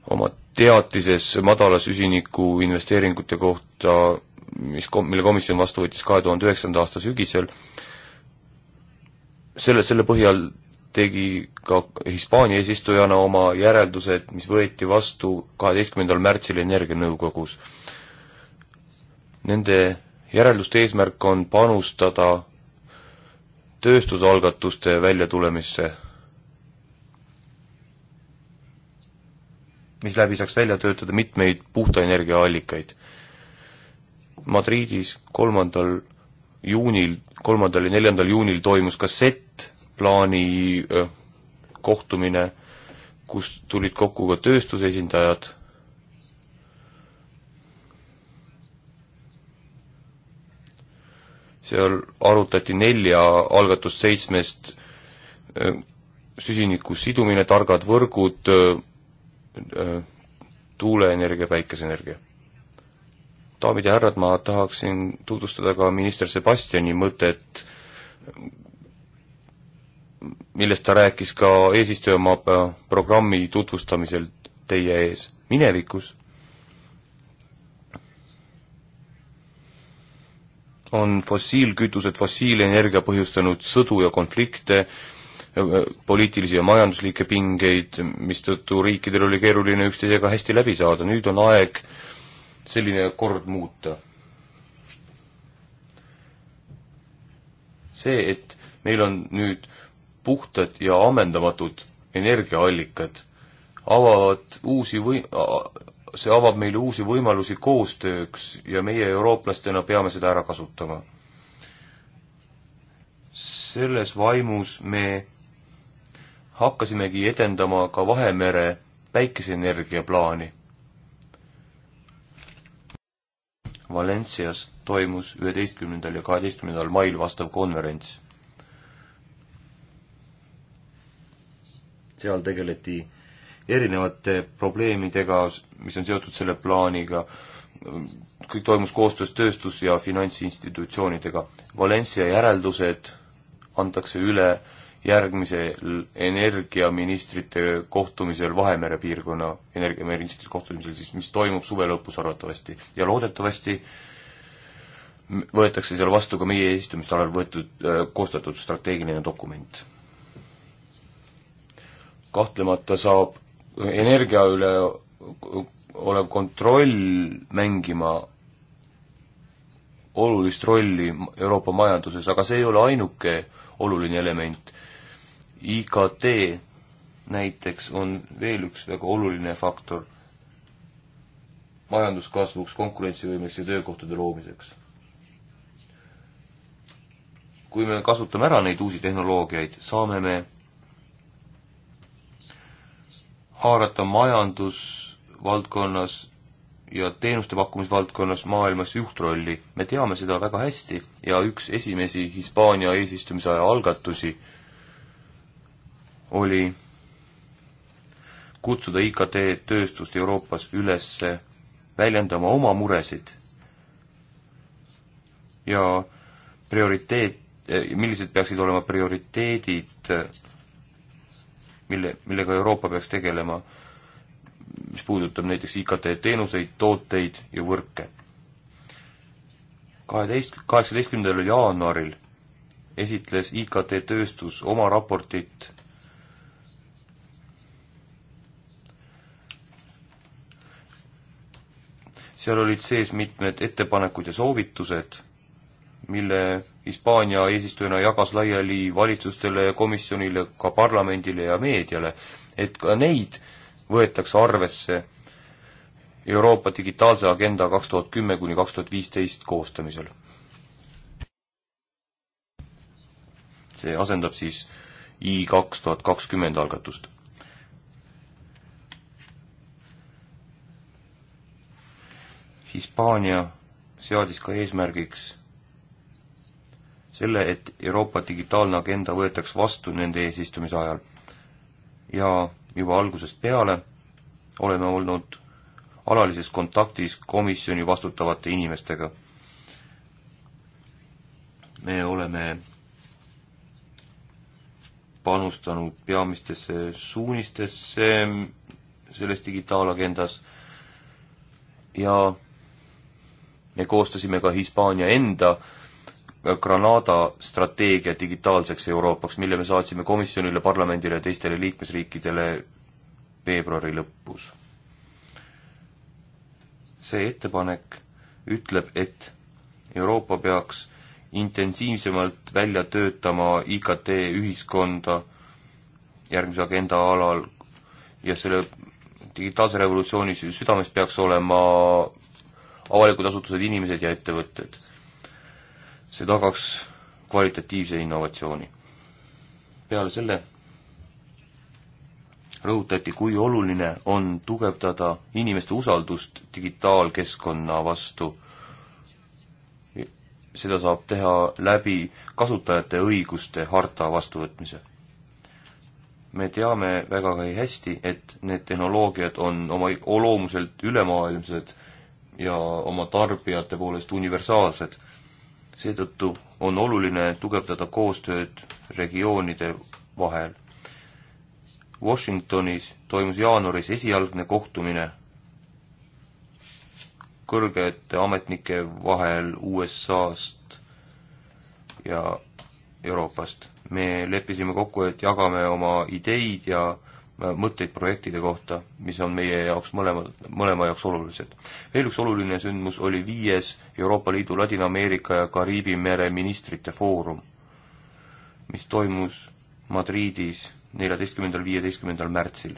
oma teatises madala süsiniku investeeringute kohta, mis kom-, mille komisjon vastu võttis kahe tuhande üheksanda aasta sügisel, selle, selle põhjal tegi ka Hispaania eesistujana oma järeldused, mis võeti vastu kaheteistkümnendal märtsil Energianõukogus. Nende järelduste eesmärk on panustada tööstusalgatuste väljatulemisse, misläbi saaks välja töötada mitmeid puhta energiaallikaid. Madridis kolmandal juunil, kolmandal ja neljandal juunil toimus kassettplaani kohtumine, kus tulid kokku ka tööstuse esindajad seal arutati nelja algatust seitsmest, äh, süsiniku sidumine, targad võrgud, äh, äh, tuuleenergia, päikeseenergia. daamid ja härrad, ma tahaksin tutvustada ka minister Sebastiani mõtet, millest ta rääkis ka eesistujamaa programmi tutvustamisel teie ees. minevikus on fossiilkütused, fossiilenergia põhjustanud sõdu ja konflikte, äh, äh, poliitilisi ja majanduslikke pingeid, mistõttu riikidel oli keeruline üksteisega hästi läbi saada, nüüd on aeg selline kord muuta. see, et meil on nüüd puhtad ja ammendamatud energiaallikad, avavad uusi või-, see avab meile uusi võimalusi koostööks ja meie eurooplastena peame seda ära kasutama. selles vaimus me hakkasimegi edendama ka Vahemere päikeseenergia plaani. Valencias toimus üheteistkümnendal ja kaheteistkümnendal mail vastav konverents. seal tegeleti erinevate probleemidega, mis on seotud selle plaaniga, kõik toimus koostöös tööstus- ja finantsinstitutsioonidega. Valencia järeldused antakse üle järgmisel energiaministrite kohtumisel Vahemere piirkonna energiaministrite kohtumisel siis, mis toimub suve lõpus arvatavasti ja loodetavasti võetakse seal vastu ka meie eesistumistalal võetud, äh, koostatud strateegiline dokument. kahtlemata saab energia üle olev kontroll mängima olulist rolli Euroopa majanduses, aga see ei ole ainuke oluline element. IKT näiteks on veel üks väga oluline faktor majanduskasvuks, konkurentsivõimeks ja töökohtade loomiseks. kui me kasutame ära neid uusi tehnoloogiaid, saame me haarata majandusvaldkonnas ja teenuste pakkumisvaldkonnas maailmas juhtrolli. me teame seda väga hästi ja üks esimesi Hispaania eesistumise aja algatusi oli kutsuda IKT tööstust Euroopas üles väljendama oma muresid ja prioriteet, millised peaksid olema prioriteedid mille, millega Euroopa peaks tegelema, mis puudutab näiteks IKT teenuseid, tooteid ja võrke. kaheteist, kaheksateistkümnendal jaanuaril esitles IKT tööstus oma raportit seal olid sees mitmed ettepanekud ja soovitused, mille Hispaania eesistujana jagas laiali valitsustele ja komisjonile, ka parlamendile ja meediale, et ka neid võetakse arvesse Euroopa digitaalse agenda kaks tuhat kümme kuni kaks tuhat viisteist koostamisel. see asendab siis I kaks tuhat kakskümmend algatust. Hispaania seadis ka eesmärgiks selle, et Euroopa digitaalne agenda võetaks vastu nende eesistumise ajal. ja juba algusest peale oleme olnud alalises kontaktis komisjoni vastutavate inimestega. me oleme panustanud peamistesse suunistesse selles digitaalagendas ja me koostasime ka Hispaania enda äh, Granada strateegia digitaalseks Euroopaks, mille me saatsime komisjonile, parlamendile ja teistele liikmesriikidele veebruari lõpus. see ettepanek ütleb, et Euroopa peaks intensiivsemalt välja töötama IKT ühiskonda järgmise agenda alal ja selle digitaalse revolutsiooni südames peaks olema avalikud asutused, inimesed ja ettevõtted see tagaks kvalitatiivse innovatsiooni. peale selle rõhutati, kui oluline on tugevdada inimeste usaldust digitaalkeskkonna vastu. seda saab teha läbi kasutajate õiguste harta vastuvõtmise. me teame väga hästi, et need tehnoloogiad on oma loomuselt ülemaailmsed ja oma tarbijate poolest universaalsed seetõttu on oluline tugevdada koostööd regioonide vahel. Washingtonis toimus jaanuaris esialgne kohtumine kõrgete ametnike vahel USA-st ja Euroopast. me leppisime kokku, et jagame oma ideid ja Äh, mõtteid projektide kohta, mis on meie jaoks mõlema, mõlema jaoks olulised. veel üks oluline sündmus oli viies Euroopa Liidu Ladina-Ameerika ja Kariibi mere ministrite foorum, mis toimus Madridis neljateistkümnendal, viieteistkümnendal märtsil.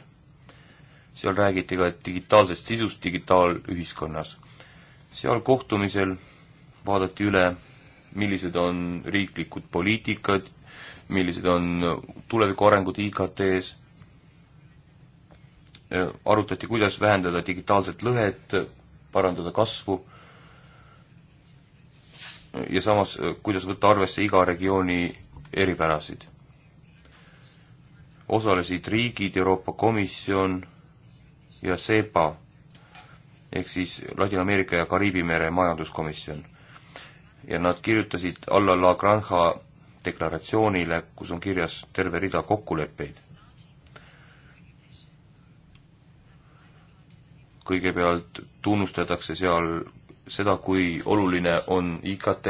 seal räägiti ka digitaalsest sisust digitaalühiskonnas. seal kohtumisel vaadati üle, millised on riiklikud poliitikad, millised on tuleviku arengud IKT-s Äh, arutati, kuidas vähendada digitaalset lõhet, parandada kasvu ja samas, äh, kuidas võtta arvesse iga regiooni eripärasid. osalesid riigid, Euroopa Komisjon ja SEPA ehk siis Ladina-Ameerika ja Kariibi mere majanduskomisjon. ja nad kirjutasid alla La Granja deklaratsioonile, kus on kirjas terve rida kokkuleppeid kõigepealt tunnustatakse seal seda, kui oluline on IKT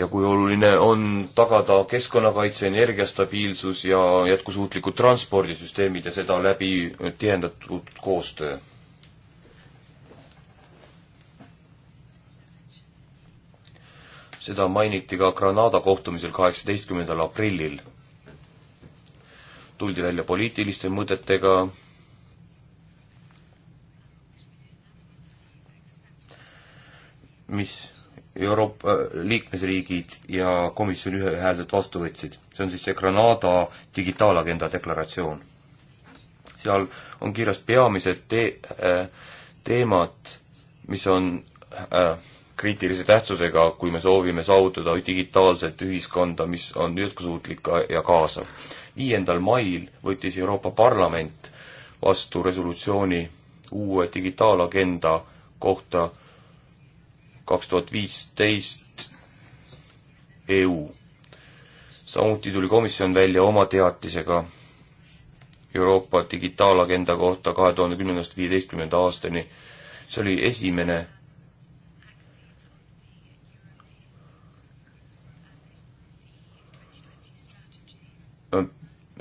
ja kui oluline on tagada keskkonnakaitse, energiastabiilsus ja jätkusuutlikud transpordisüsteemid ja seda läbi tihendatud koostöö. seda mainiti ka Granada kohtumisel kaheksateistkümnendal aprillil. tuldi välja poliitiliste mõtetega, mis Euroopa äh, liikmesriigid ja komisjon ühehäälselt vastu võtsid. see on siis see Granada digitaalagenda deklaratsioon. seal on kirjas peamised te-, äh, teemad, mis on äh, kriitilise tähtsusega, kui me soovime saavutada digitaalset ühiskonda, mis on jätkusuutlik ja kaasav. viiendal mail võttis Euroopa Parlament vastu resolutsiooni uue digitaalagenda kohta kaks tuhat viisteist EU. samuti tuli komisjon välja oma teatisega Euroopa digitaalagenda kohta kahe tuhande kümnendast viieteistkümnenda aastani. see oli esimene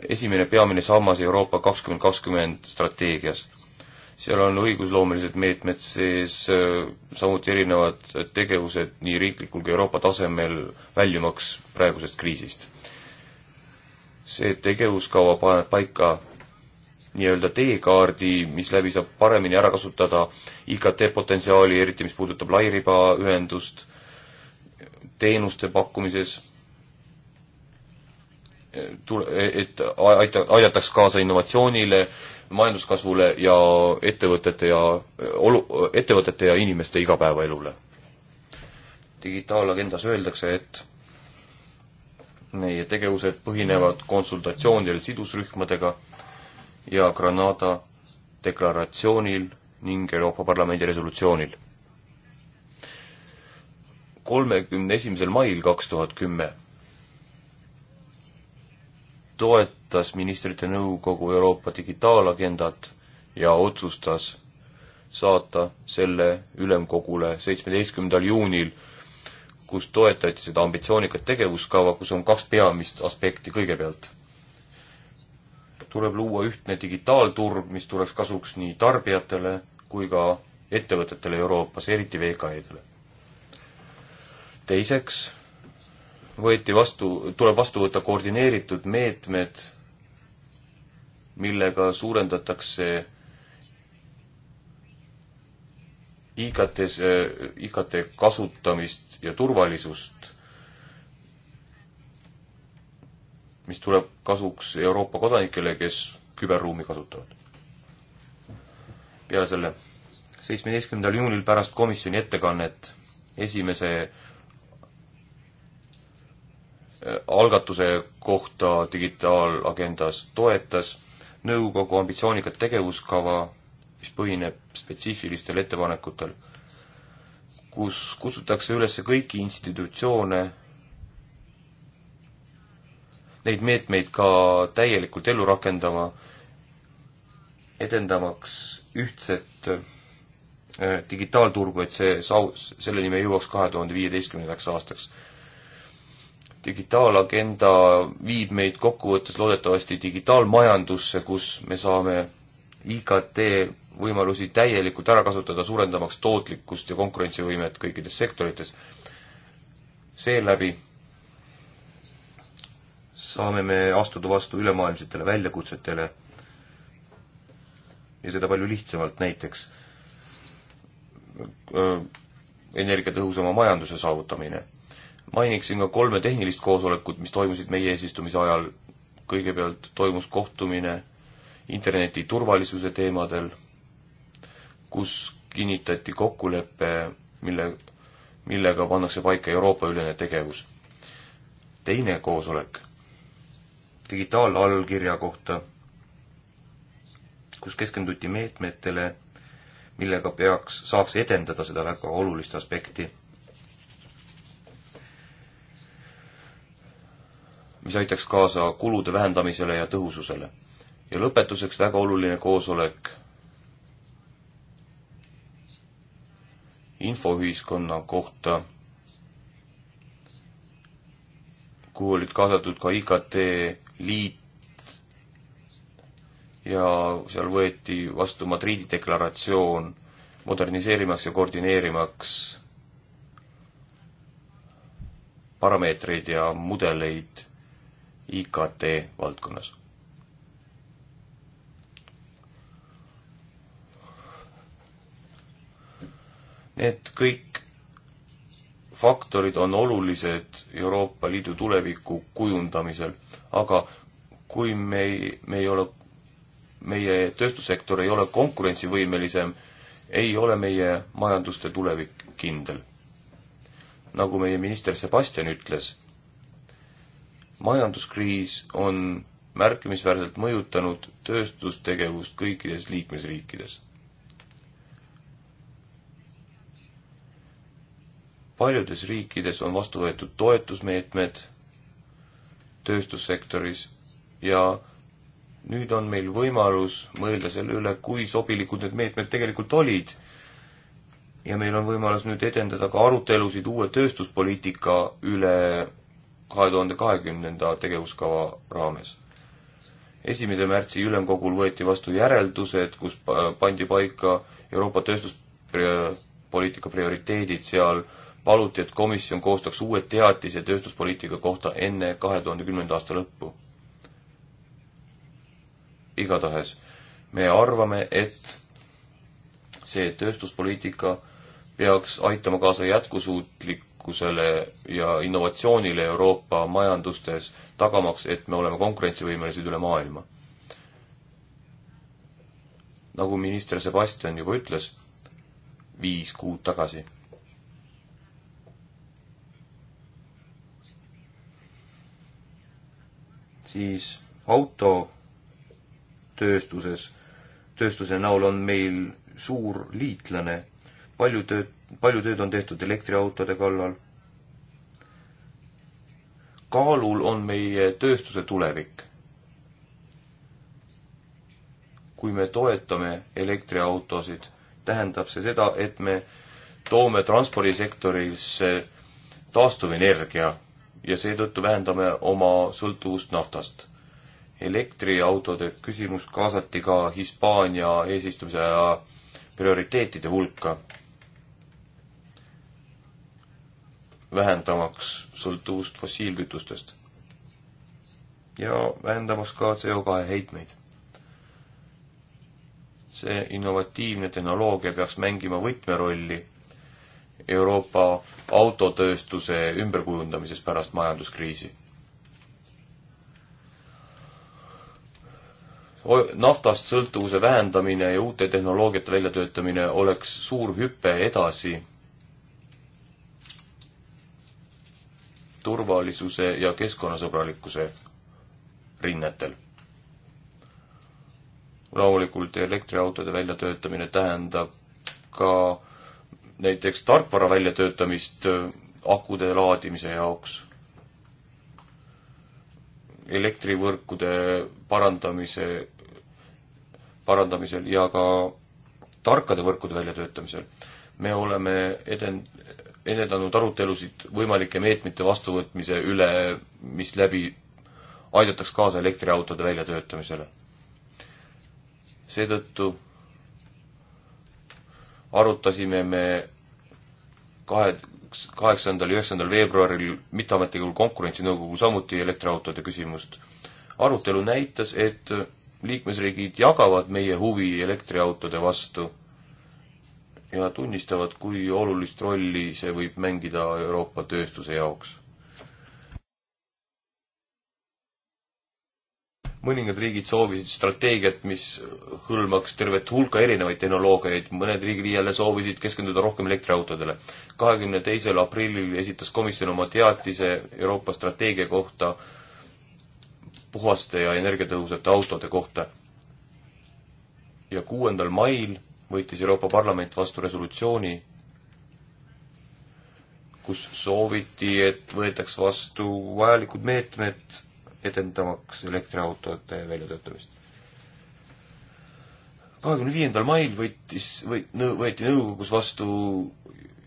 esimene peamine sammas Euroopa kakskümmend kakskümmend strateegias seal on õigusloomelised meetmed sees, äh, samuti erinevad tegevused nii riiklikul kui Euroopa tasemel, väljumaks praegusest kriisist. see tegevuskava paneb paika nii-öelda teekaardi, mis läbi saab paremini ära kasutada IKT potentsiaali, eriti mis puudutab lairibaühendust, teenuste pakkumises, äh, tule, et aita, aidataks kaasa innovatsioonile, majanduskasvule ja ettevõtete ja olu, ettevõtete ja inimeste igapäevaelule. digitaalagendas öeldakse, et meie tegevused põhinevad konsultatsioonidel sidusrühmadega ja Granada deklaratsioonil ning Euroopa Parlamendi resolutsioonil. kolmekümne esimesel mail kaks tuhat kümme toetas ministrite nõukogu Euroopa digitaalagendat ja otsustas saata selle ülemkogule seitsmeteistkümnendal juunil, kus toetati seda ambitsioonikat tegevuskava, kus on kaks peamist aspekti kõigepealt. tuleb luua ühtne digitaalturg, mis tuleks kasuks nii tarbijatele kui ka ettevõtetele Euroopas, eriti VKE-dele. teiseks võeti vastu, tuleb vastu võtta koordineeritud meetmed, millega suurendatakse IKT-s, eh, IKT kasutamist ja turvalisust, mis tuleb kasuks Euroopa kodanikele, kes küberruumi kasutavad. peale selle, seitsmeteistkümnendal juunil pärast komisjoni ettekannet esimese Äh, algatuse kohta digitaalagendas toetas nõukogu ambitsioonikat tegevuskava, mis põhineb spetsiifilistel ettepanekutel, kus kutsutakse üles kõiki institutsioone neid meetmeid ka täielikult ellu rakendama, edendamaks ühtset äh, digitaalturgu, et see sau-, selleni me jõuaks kahe tuhande viieteistkümnendaks aastaks digitaalagenda viib meid kokkuvõttes loodetavasti digitaalmajandusse, kus me saame IKT võimalusi täielikult ära kasutada, suurendamaks tootlikkust ja konkurentsivõimet kõikides sektorites. seeläbi saame me astuda vastu ülemaailmsetele väljakutsetele ja seda palju lihtsamalt, näiteks äh, energiatõhusama majanduse saavutamine mainiksin ka kolme tehnilist koosolekut, mis toimusid meie eesistumise ajal. kõigepealt toimus kohtumine interneti turvalisuse teemadel, kus kinnitati kokkulepe, mille, millega pannakse paika Euroopa-ülene tegevus. teine koosolek digitaalallkirja kohta, kus keskenduti meetmetele, millega peaks, saaks edendada seda väga olulist aspekti mis aitaks kaasa kulude vähendamisele ja tõhususele. ja lõpetuseks väga oluline koosolek infoühiskonna kohta, kuhu olid kaasatud ka IKT liit ja seal võeti vastu Madridi deklaratsioon moderniseerimaks ja koordineerimaks parameetreid ja mudeleid IKT valdkonnas. Need kõik faktorid on olulised Euroopa Liidu tuleviku kujundamisel, aga kui me ei, me ei ole, meie tööstussektor ei ole konkurentsivõimelisem, ei ole meie majanduste tulevik kindel. nagu meie minister Sebastian ütles majanduskriis on märkimisväärselt mõjutanud tööstustegevust kõikides liikmesriikides. paljudes riikides on vastu võetud toetusmeetmed tööstussektoris ja nüüd on meil võimalus mõelda selle üle, kui sobilikud need meetmed tegelikult olid. ja meil on võimalus nüüd edendada ka arutelusid uue tööstuspoliitika üle kahe tuhande kahekümnenda tegevuskava raames. esimese märtsi ülemkogul võeti vastu järeldused, kus pandi paika Euroopa tööstuspoliitika prioriteedid, seal paluti, et komisjon koostaks uue teatise tööstuspoliitika kohta enne kahe tuhande kümnenda aasta lõppu. igatahes me arvame, et see tööstuspoliitika peaks aitama kaasa jätkusuutlik tarkusele ja innovatsioonile Euroopa majandustes, tagamaks, et me oleme konkurentsivõimelised üle maailma. nagu minister Sebastian juba ütles, viis kuud tagasi. siis autotööstuses, tööstuse näol on meil suur liitlane, palju tööd palju tööd on tehtud elektriautode kallal. kaalul on meie tööstuse tulevik. kui me toetame elektriautosid, tähendab see seda, et me toome transpordisektorisse taastuvenergia ja seetõttu vähendame oma sõltuvust naftast. elektriautode küsimus kaasati ka Hispaania eesistumise aja prioriteetide hulka vähendamaks sõltuvust fossiilkütustest ja vähendamaks ka CO2 heitmeid. see innovatiivne tehnoloogia peaks mängima võtmerolli Euroopa autotööstuse ümberkujundamises pärast majanduskriisi. naftast sõltuvuse vähendamine ja uute tehnoloogiate väljatöötamine oleks suur hüpe edasi turvalisuse ja keskkonnasõbralikkuse rinnetel. loomulikult elektriautode väljatöötamine tähendab ka näiteks tarkvara väljatöötamist äh, akude laadimise jaoks, elektrivõrkude parandamise, parandamisel ja ka tarkade võrkude väljatöötamisel. me oleme eden-, edendanud arutelusid võimalike meetmete vastuvõtmise üle, mis läbi aidataks kaasa elektriautode väljatöötamisele. seetõttu arutasime me kahe, kaheksandal ja üheksandal veebruaril mitteametlikul konkurentsinõukogul samuti elektriautode küsimust. arutelu näitas, et liikmesriigid jagavad meie huvi elektriautode vastu ja tunnistavad, kui olulist rolli see võib mängida Euroopa tööstuse jaoks. mõningad riigid soovisid strateegiat, mis hõlmaks tervet hulka erinevaid tehnoloogiaid, mõned riigid jälle soovisid keskenduda rohkem elektriautodele. kahekümne teisel aprillil esitas komisjon oma teatise Euroopa strateegia kohta puhaste ja energiatõhusate autode kohta. ja kuuendal mail võttis Euroopa Parlament vastu resolutsiooni, kus sooviti, et võetaks vastu vajalikud meetmed, edendamaks elektriautode väljatöötamist. kahekümne viiendal mail võttis, või nõ-, võeti nõukogus vastu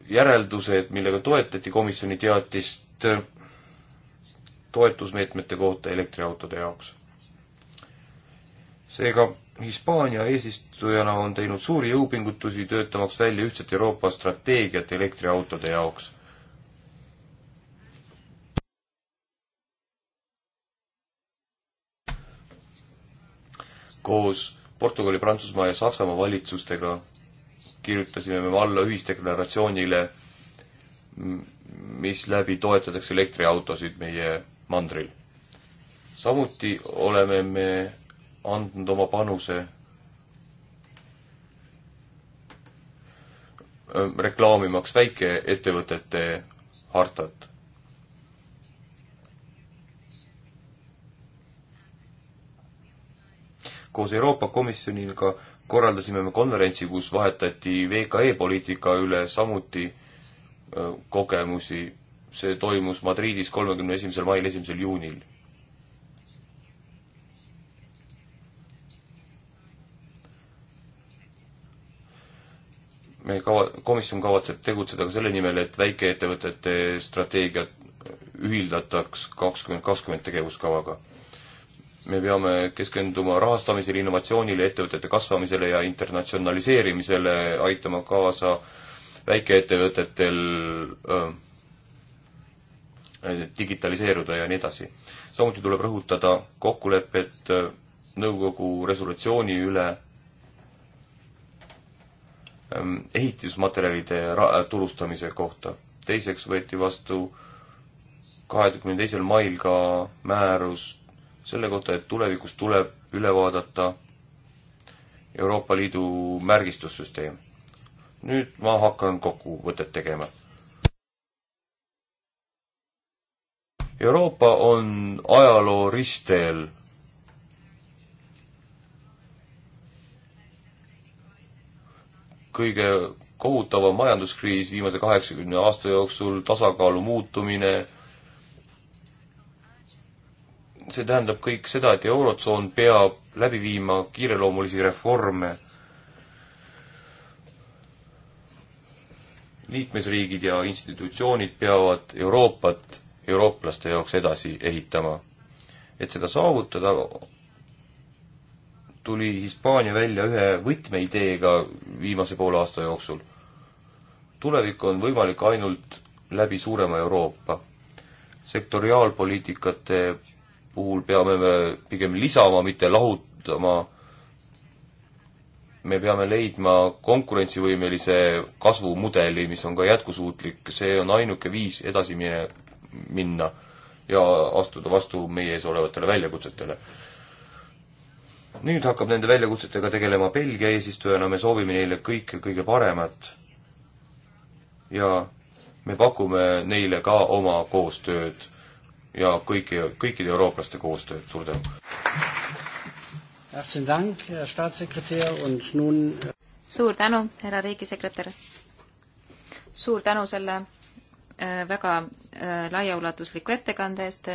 järeldused, millega toetati komisjoni teatist toetusmeetmete kohta elektriautode jaoks. seega Hispaania eesistujana on teinud suuri jõupingutusi töötamaks välja ühtset Euroopa strateegiat elektriautode jaoks. koos Portugali, Prantsusmaa ja Saksamaa valitsustega kirjutasime me alla ühisdeklaratsioonile, mis läbi toetatakse elektriautosid meie mandril. samuti oleme me andnud oma panuse reklaamimaks väikeettevõtete hartat. koos Euroopa Komisjoniga korraldasime me konverentsi, kus vahetati VKE poliitika üle samuti kogemusi. see toimus Madridis kolmekümne esimesel mail, esimesel juunil me kava, komisjon kavatseb tegutseda ka selle nimel, et väikeettevõtete strateegiat ühildataks kakskümmend kakskümmend tegevuskavaga. me peame keskenduma rahastamisele, innovatsioonile, ettevõtete kasvamisele ja internatsionaliseerimisele, aitama kaasa väikeettevõtetel öö, ähm, digitaliseeruda ja nii edasi. samuti tuleb rõhutada kokkulepet äh, nõukogu resolutsiooni üle Ähm, ehitusmaterjalide äh, turustamise kohta. teiseks võeti vastu kahekümne teisel mail ka määrus selle kohta, et tulevikus tuleb üle vaadata Euroopa Liidu märgistussüsteem. nüüd ma hakkan kokkuvõtet tegema. Euroopa on ajaloo ristteel kõige kohutavam majanduskriis viimase kaheksakümne aasta jooksul, tasakaalu muutumine, see tähendab kõik seda, et Eurotsoon peab läbi viima kiireloomulisi reforme. liikmesriigid ja institutsioonid peavad Euroopat eurooplaste jaoks edasi ehitama. et seda saavutada, tuli Hispaania välja ühe võtmeideega viimase poole aasta jooksul. tulevik on võimalik ainult läbi suurema Euroopa. sektoriaalpoliitikate puhul peame me pigem lisama, mitte lahutama. me peame leidma konkurentsivõimelise kasvumudeli, mis on ka jätkusuutlik, see on ainuke viis edasi mine, minna ja astuda vastu meie ees olevatele väljakutsetele nüüd hakkab nende väljakutsetega tegelema Belgia eesistujana, me soovime neile kõike kõige paremat ja me pakume neile ka oma koostööd ja kõiki, kõikide eurooplaste koostööd, suur tänu! Äh, suur tänu, härra riigisekretär! suur tänu selle äh, väga äh, laiaulatusliku ettekande eest,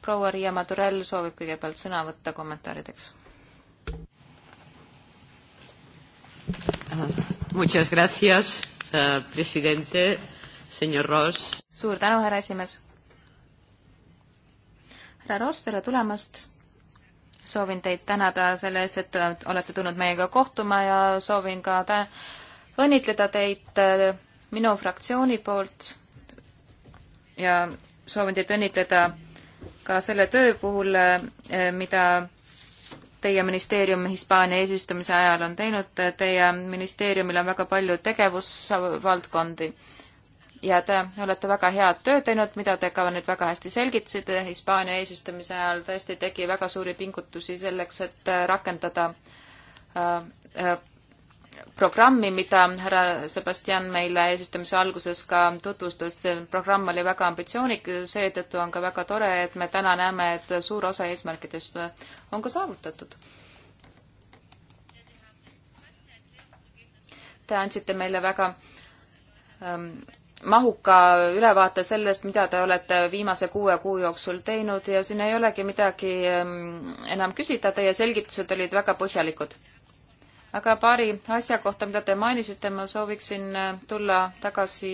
proua Riia Madurell soovib kõigepealt sõna võtta kommentaarideks Muchas gracias, eh, presidente, senor Ross. suur tänu, härra esimees. härra Ross, tere tulemast. soovin teid tänada selle eest, et olete tulnud meiega kohtuma ja soovin ka tä-, õnnitleda teid äh, minu fraktsiooni poolt ja soovin teid õnnitleda ka selle töö puhul, äh, mida teie ministeerium Hispaania eesistumise ajal on teinud, teie ministeeriumil on väga palju tegevusvaldkondi ja te olete väga head tööd teinud, mida te ka nüüd väga hästi selgitasite. Hispaania eesistumise ajal tõesti tegi väga suuri pingutusi selleks, et rakendada äh, äh, programmi, mida härra Sebastian meile eesistumise alguses ka tutvustas, see programm oli väga ambitsioonikas, seetõttu on ka väga tore, et me täna näeme, et suur osa eesmärkidest on ka saavutatud. Te andsite meile väga ähm, mahuka ülevaate sellest, mida te olete viimase kuue kuu jooksul teinud ja siin ei olegi midagi ähm, enam küsida, teie selgitused olid väga põhjalikud aga paari asja kohta, mida te mainisite, ma sooviksin äh, tulla tagasi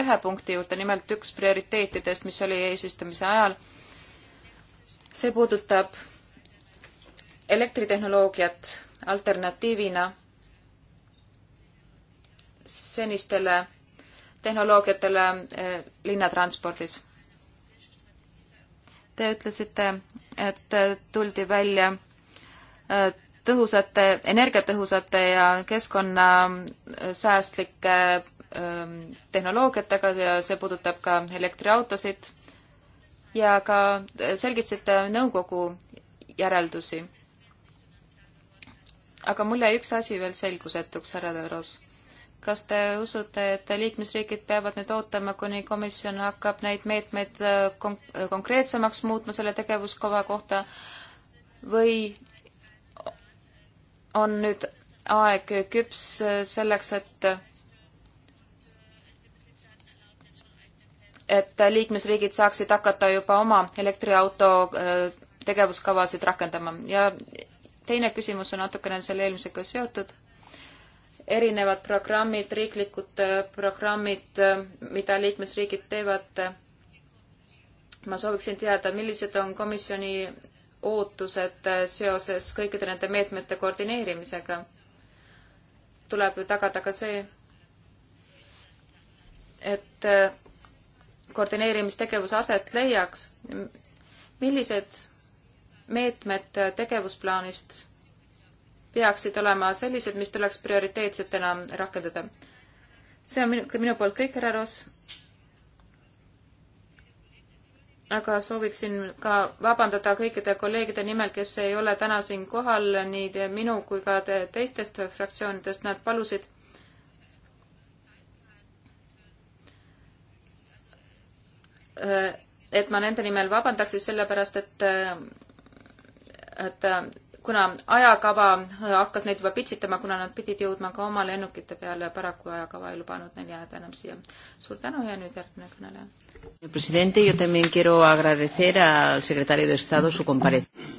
ühe punkti juurde, nimelt üks prioriteetidest, mis oli eesistumise ajal. see puudutab elektritehnoloogiat alternatiivina senistele tehnoloogiatele äh, linnatranspordis. Te ütlesite, et äh, tuldi välja tõhusate, energiatõhusate ja keskkonnasäästlike ähm, tehnoloogiatega ja see puudutab ka elektriautosid ja ka äh, selgitasite nõukogu järeldusi. aga mul jäi üks asi veel selgusetuks, härra Tõros. kas te usute, et liikmesriigid peavad nüüd ootama, kuni komisjon hakkab neid meetmeid äh, konk konkreetsemaks muutma selle tegevuskava kohta või on nüüd aeg küps selleks, et et liikmesriigid saaksid hakata juba oma elektriauto äh, tegevuskavasid rakendama ja teine küsimus on natukene selle eelmisega seotud. erinevad programmid, riiklikud äh, programmid, äh, mida liikmesriigid teevad. ma sooviksin teada, millised on komisjoni ootused seoses kõikide nende meetmete koordineerimisega. tuleb ju tagada ka see, et äh, koordineerimistegevus aset leiaks. millised meetmed tegevusplaanist peaksid olema sellised, mis tuleks prioriteetsetena rakendada? see on minu, minu poolt kõik, härra Roos aga sooviksin ka vabandada kõikide kolleegide nimel, kes ei ole täna siin kohal, nii minu kui ka te teistest fraktsioonidest, nad palusid äh, et ma nende nimel vabandaksin, sellepärast et, äh, et äh, kuna ajakava äh, hakkas neid juba pitsitama, kuna nad pidid jõudma ka oma lennukite peale, paraku ajakava ei lubanud neil jääda enam siia. suur tänu ja nüüd järgmine kõneleja. Presidente, yo también quiero agradecer al secretario de Estado su comparecencia.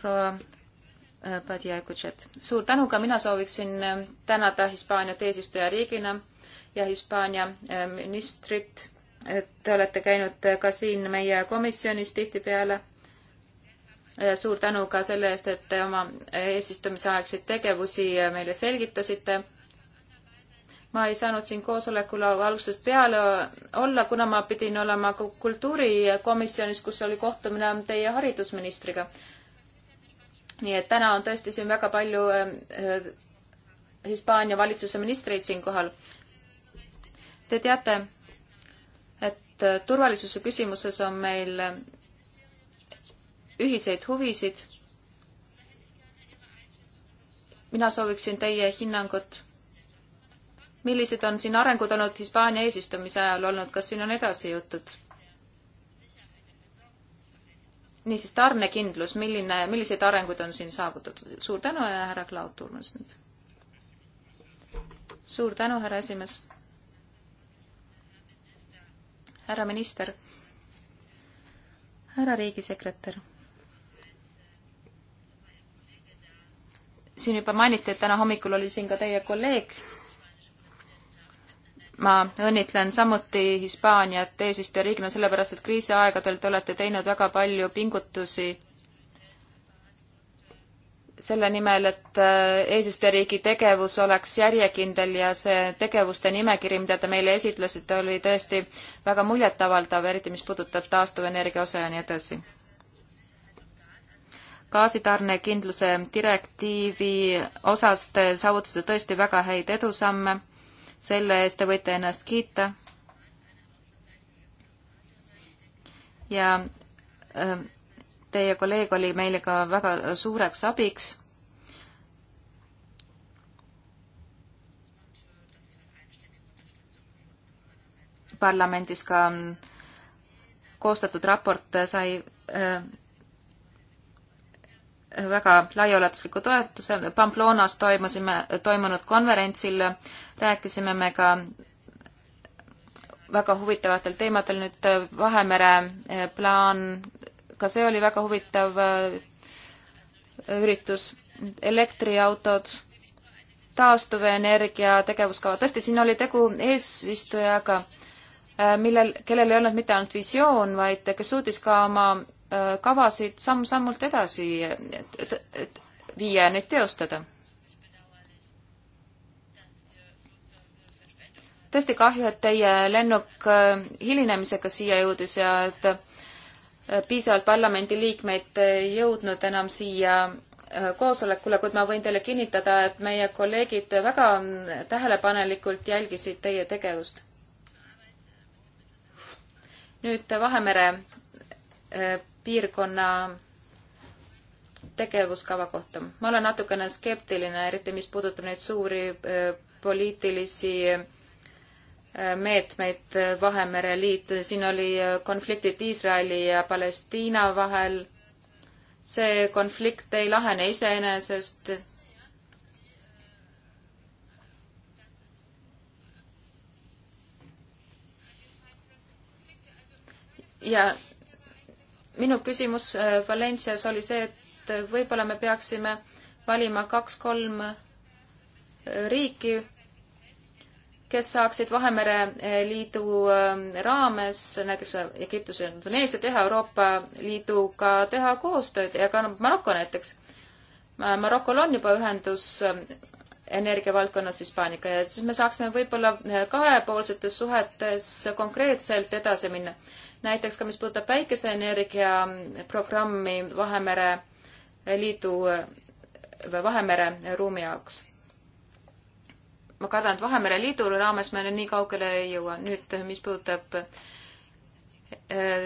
proua äh, Padja Kutšet, suur tänu ka mina sooviksin äh, tänada Hispaaniat eesistujariigina ja Hispaania ministrit, et te olete käinud ka siin meie komisjonis tihtipeale suur tänu ka selle eest, et te oma eesistumisaegseid tegevusi meile selgitasite. ma ei saanud siin koosolekul algusest peale olla, kuna ma pidin olema kultuurikomisjonis, kus oli kohtumine teie haridusministriga. nii et täna on tõesti siin väga palju eh, Hispaania valitsuse ministreid siinkohal. Te teate, et turvalisuse küsimuses on meil ühiseid huvisid. mina sooviksin teie hinnangut. millised on siin arengud olnud Hispaania eesistumise ajal olnud, kas siin on edasi jõutud? niisiis, tarnekindlus, milline, milliseid arenguid on siin saavutatud? suur tänu ja härra Klaud Turmas nüüd. suur tänu, härra esimees. härra minister härra riigisekretär. siin juba mainiti, et täna hommikul oli siin ka teie kolleeg. ma õnnitlen samuti Hispaaniat eesistujariigina, sellepärast et kriisiaegadel te olete teinud väga palju pingutusi selle nimel, et äh, eesistujariigi tegevus oleks järjekindel ja see tegevuste nimekiri, mida te meile esitlesite, oli tõesti väga muljetavaldav, eriti mis puudutab taastuvenergia osa ja nii edasi gaasitarnekindluse direktiivi osas te saavutasite tõesti väga häid edusamme. selle eest te võite ennast kiita. ja ähm, teie kolleeg oli meile ka väga suureks abiks. parlamendis ka ähm, koostatud raport sai äh, väga laiaulatusliku toetuse, Pamplonas toimusime, toimunud konverentsil rääkisime me ka väga huvitavatel teemadel, nüüd Vahemere eh, plaan, ka see oli väga huvitav eh, üritus, elektriautod, taastuvenergia tegevuskava, tõesti, siin oli tegu eesistujaga, eh, millel, kellel ei olnud mitte ainult visioon, vaid kes suutis ka oma Äh, kavasid samm-sammult edasi viia ja neid teostada. tõesti kahju, et teie lennuk äh, hilinemisega siia jõudis ja et äh, piisavalt parlamendiliikmeid ei jõudnud enam siia koosolekule, kuid ma võin teile kinnitada, et meie kolleegid väga tähelepanelikult jälgisid teie tegevust. nüüd Vahemere piirkonna tegevuskava kohta. ma olen natukene skeptiline, eriti mis puudutab neid suuri äh, poliitilisi äh, meetmeid äh, Vahemere liit, siin oli konfliktid Iisraeli ja Palestiina vahel. see konflikt ei lahene iseenesest. ja minu küsimus äh, Valencias oli see, et äh, võib-olla me peaksime valima kaks-kolm äh, riiki, kes saaksid Vahemere Liidu raames, näiteks Egiptuse ja Tuneesia, teha Euroopa Liiduga teha koostööd ja ka Maroko näiteks. Marokol on juba ühendus energiavaldkonnas Hispaaniaga ja siis me saaksime võib-olla kahepoolsetes suhetes konkreetselt edasi minna näiteks ka, mis puudutab päikeseenergia programmi Vahemere Liidu või Vahemere ruumi jaoks. ma kardan, et Vahemere Liidu raames me nii kaugele ei jõua. nüüd, mis puudutab äh,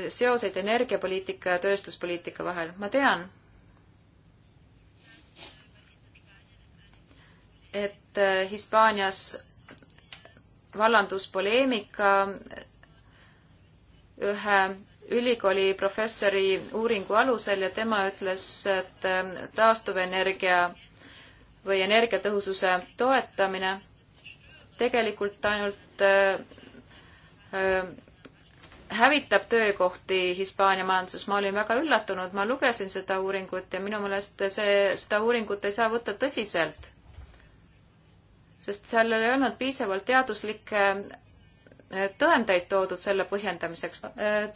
seoseid energiapoliitika ja tööstuspoliitika vahel. ma tean, et äh, Hispaanias vallandus poleemika ühe ülikooli professori uuringu alusel ja tema ütles, et ähm, taastuvenergia või energiatõhususe toetamine tegelikult ainult äh, äh, hävitab töökohti Hispaania majanduses. ma olin väga üllatunud, ma lugesin seda uuringut ja minu meelest see, seda uuringut ei saa võtta tõsiselt. sest seal ei olnud piisavalt teaduslikke tõendeid toodud selle põhjendamiseks.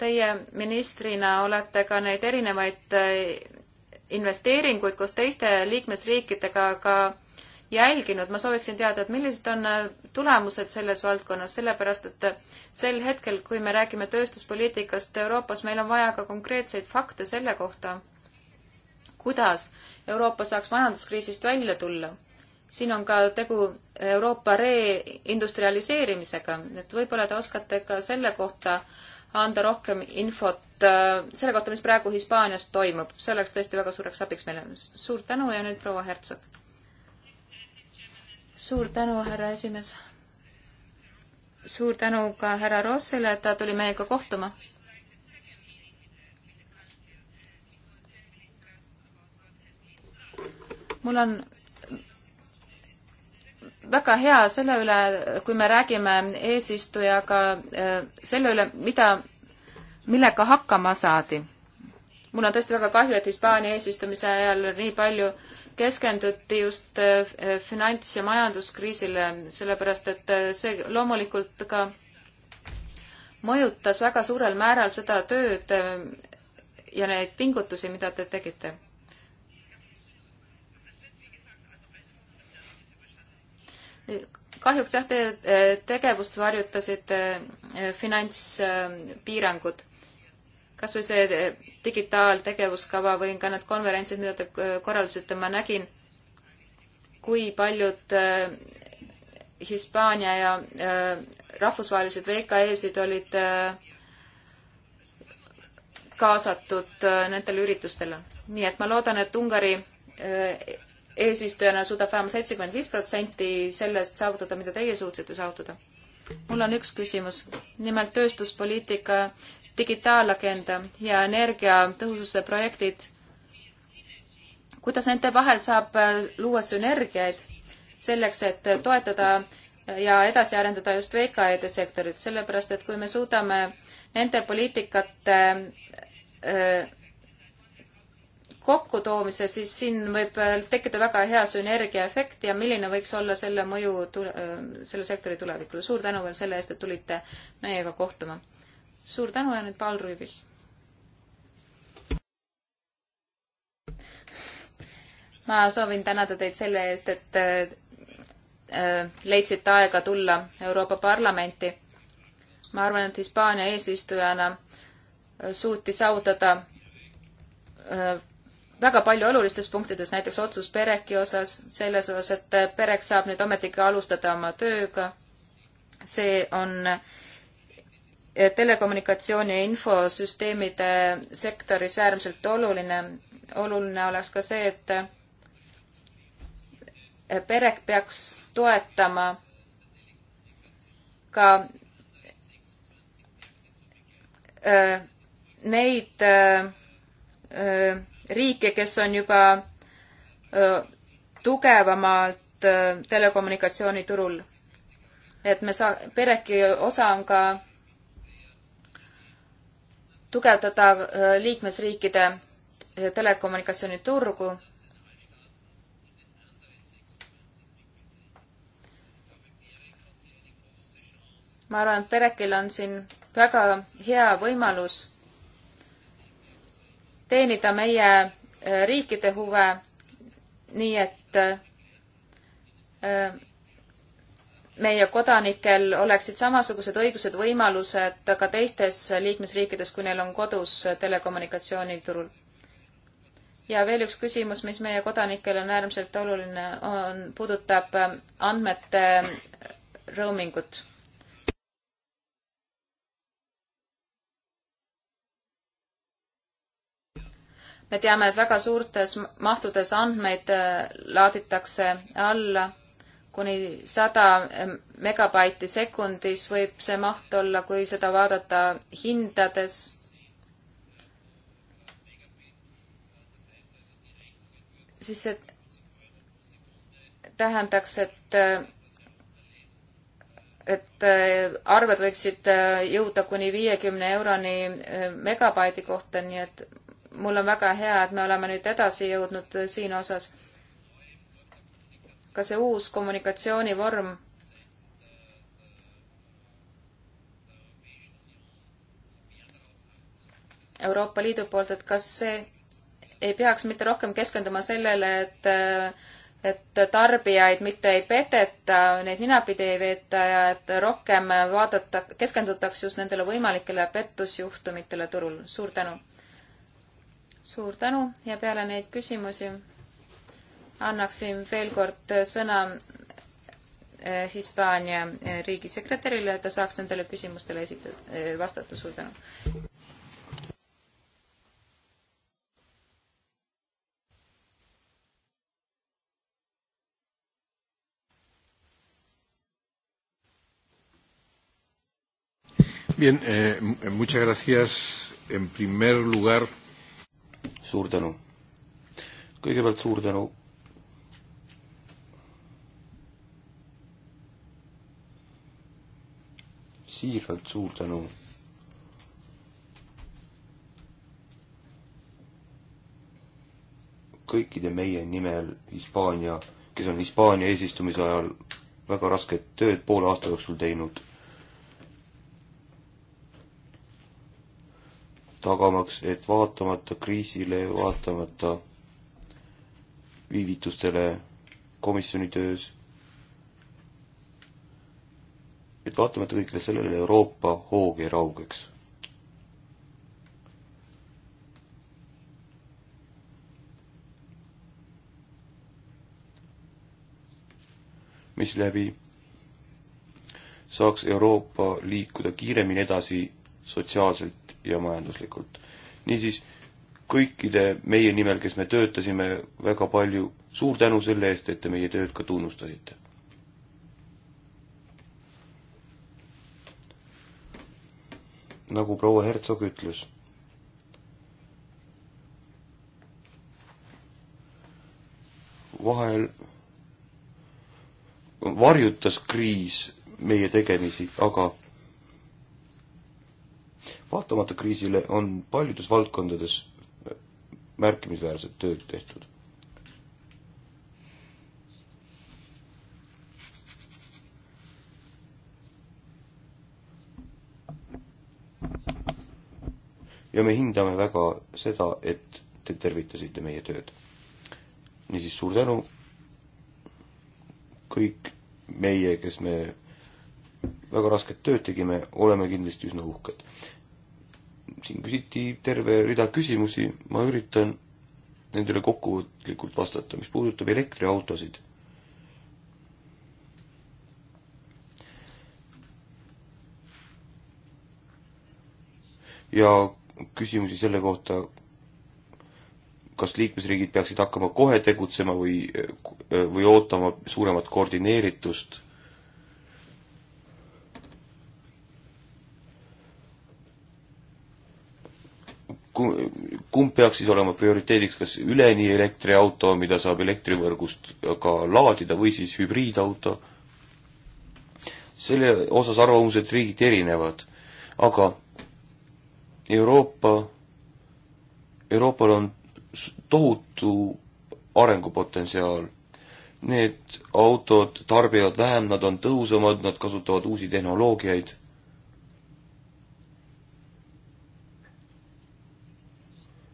Teie ministrina olete ka neid erinevaid eh, investeeringuid koos teiste liikmesriikidega ka jälginud, ma sooviksin teada, et millised on eh, tulemused selles valdkonnas, sellepärast et eh, sel hetkel, kui me räägime tööstuspoliitikast Euroopas, meil on vaja ka konkreetseid fakte selle kohta, kuidas Euroopa saaks majanduskriisist välja tulla siin on ka tegu Euroopa reindustrialiseerimisega, et võib-olla te oskate ka selle kohta anda rohkem infot äh, selle kohta, mis praegu Hispaanias toimub. see oleks tõesti väga suureks abiks meile. suur tänu ja nüüd proua Hertsog. suur tänu, härra esimees. suur tänu ka härra Rossile, et ta tuli meiega kohtuma. mul on väga hea selle üle, kui me räägime eesistujaga äh, selle üle, mida, millega hakkama saadi. mul on tõesti väga kahju, et Hispaania eesistumise ajal nii palju keskenduti just äh, finants- ja majanduskriisile, sellepärast et äh, see loomulikult ka mõjutas väga suurel määral seda tööd ja neid pingutusi, mida te tegite kahjuks jah, teie tegevust varjutasid eh, finantspiirangud. kas või see eh, digitaaltegevuskava või ka need konverentsid, mida te eh, korraldasite, ma nägin, kui paljud Hispaania ja rahvusvahelised VKE-sid olid kaasatud nendele üritustele. nii et ma loodan, et Ungari eesistujana suudab vähemalt seitsekümmend viis protsenti sellest saavutada, mida teie suutsite saavutada. mul on üks küsimus, nimelt tööstuspoliitika, digitaalagenda ja energiatõhususe projektid. kuidas nende vahel saab luua sünergiaid selleks, et toetada ja edasi arendada just VKE-de sektorit, sellepärast et kui me suudame nende poliitikate öö, äh, kokkutoomise, siis siin võib äh, tekkida väga hea sünergiaefekt ja milline võiks olla selle mõju tule, äh, selle sektori tulevikule. suur tänu veel selle eest, et tulite meiega kohtuma. suur tänu ja nüüd Paul Rüübis. ma soovin tänada teid selle eest, et äh, leidsite aega tulla Euroopa Parlamenti. ma arvan, et Hispaania eesistujana suutis saavutada väga palju olulistes punktides, näiteks otsus pereki osas, selles osas, et perek saab nüüd ometigi alustada oma tööga. see on eh, telekommunikatsiooni ja infosüsteemide sektoris äärmiselt oluline. oluline oleks ka see, et eh, perek peaks toetama ka eh, neid öö, riike, kes on juba tugevamalt telekommunikatsiooniturul. et me saa-, pereki osa on ka tugevdada liikmesriikide telekommunikatsiooniturgu. ma arvan, et Perekil on siin väga hea võimalus teenida meie äh, riikide huve, nii et äh, meie kodanikel oleksid samasugused õigused, võimalused ka teistes liikmesriikides, kui neil on kodus telekommunikatsiooniturul. ja veel üks küsimus, mis meie kodanikele on äärmiselt oluline, on, puudutab äh, andmete roaming ut me teame, et väga suurtes mahtudes andmeid äh, laaditakse alla, kuni sada megabaiti sekundis võib see maht olla, kui seda vaadata hindades. siis see tähendaks, et äh, et äh, arved võiksid jõuda kuni viiekümne euroni megabaidi kohta, nii et mul on väga hea, et me oleme nüüd edasi jõudnud äh, siin osas. ka see uus kommunikatsioonivorm Euroopa Liidu poolt, et kas see ei peaks mitte rohkem keskenduma sellele, et äh, et tarbijaid mitte ei peteta, neid ninapidi ei veeta ja et rohkem vaadata, keskendutakse just nendele võimalikele pettusjuhtumitele turul. suur tänu! suur tänu ja peale neid küsimusi annaksin veel kord sõna eh, Hispaania eh, riigisekretärile, et ta saaks nendele küsimustele esitada, eh, vastata. suur tänu. Bien, eh, muchas gracias en primer lugar suur tänu. kõigepealt suur tänu. siiralt suur tänu. kõikide meie nimel Hispaania, kes on Hispaania eesistumise ajal väga rasket tööd poole aasta jooksul teinud tagamaks, et vaatamata kriisile, vaatamata viivitustele komisjoni töös, et vaatamata kõigele sellele Euroopa hoog ei raugeks. misläbi saaks Euroopa liikuda kiiremini edasi sotsiaalselt ja majanduslikult. niisiis, kõikide meie nimel, kes me töötasime väga palju, suur tänu selle eest, et te meie tööd ka tunnustasite. nagu proua Hertsog ütles vahel varjutas kriis meie tegemisi, aga vaatamata kriisile on paljudes valdkondades märkimisväärset tööd tehtud. ja me hindame väga seda, et te tervitasite meie tööd. niisiis suur tänu kõik meie, kes me väga rasket tööd tegime, oleme kindlasti üsna uhked siin küsiti terve rida küsimusi, ma üritan nendele kokkuvõtlikult vastata, mis puudutab elektriautosid. ja küsimusi selle kohta, kas liikmesriigid peaksid hakkama kohe tegutsema või, või ootama suuremat koordineeritust kumb peaks siis olema prioriteediks, kas üleni elektriauto, mida saab elektrivõrgust ka laadida, või siis hübriidauto? selle osas arvamused riigiti erinevad, aga Euroopa, Euroopal on tohutu arengupotentsiaal. Need autod tarbivad vähem, nad on tõhusamad, nad kasutavad uusi tehnoloogiaid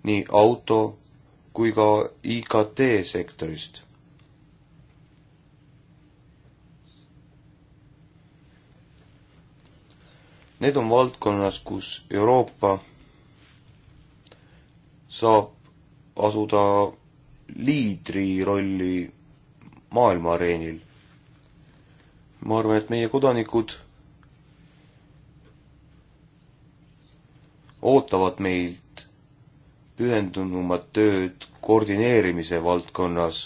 nii auto kui ka IKT sektorist. Need on valdkonnas, kus Euroopa saab asuda liidri rolli maailma areenil. ma arvan, et meie kodanikud ootavad meilt pühendunumat tööd koordineerimise valdkonnas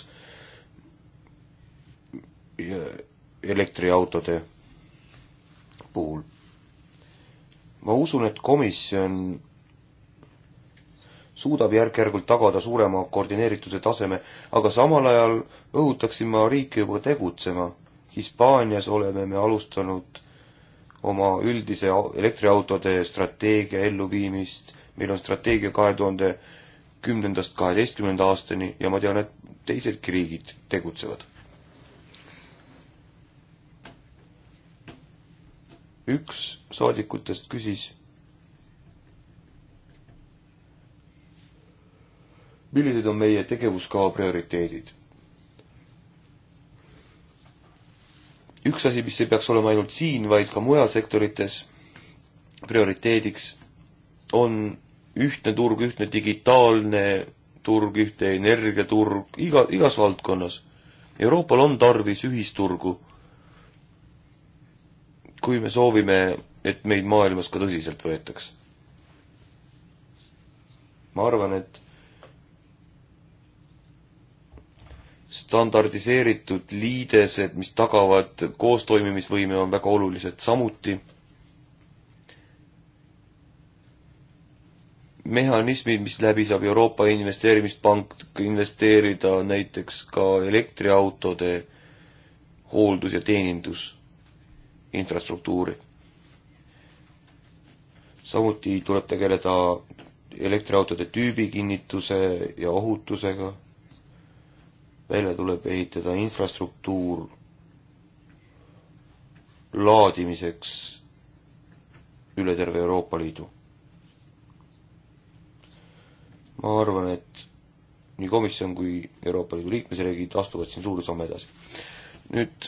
elektriautode puhul. ma usun, et komisjon suudab järk-järgult tagada suurema koordineerituse taseme, aga samal ajal õhutaksin ma riike juba tegutsema. Hispaanias oleme me alustanud oma üldise elektriautode strateegia elluviimist meil on strateegia kahe tuhande kümnendast kaheteistkümnenda aastani ja ma tean, et teisedki riigid tegutsevad. üks saadikutest küsis, millised on meie tegevuskava prioriteedid? üks asi, mis ei peaks olema ainult siin, vaid ka mujal sektorites prioriteediks, on ühtne turg, ühtne digitaalne turg, ühtne energiaturg, iga, igas valdkonnas. Euroopal on tarvis ühisturgu, kui me soovime, et meid maailmas ka tõsiselt võetaks. ma arvan, et standardiseeritud liidesed, mis tagavad koostoimimisvõime, on väga olulised samuti mehhanismid, mis läbi saab Euroopa Investeerimispank investeerida näiteks ka elektriautode hooldus- ja teenindusinfrastruktuuri. samuti tuleb tegeleda elektriautode tüübikinnituse ja ohutusega, välja tuleb ehitada infrastruktuur laadimiseks üle terve Euroopa Liidu ma arvan, et nii komisjon kui Euroopa Liidu liikmesriigid astuvad siin suure samme edasi. nüüd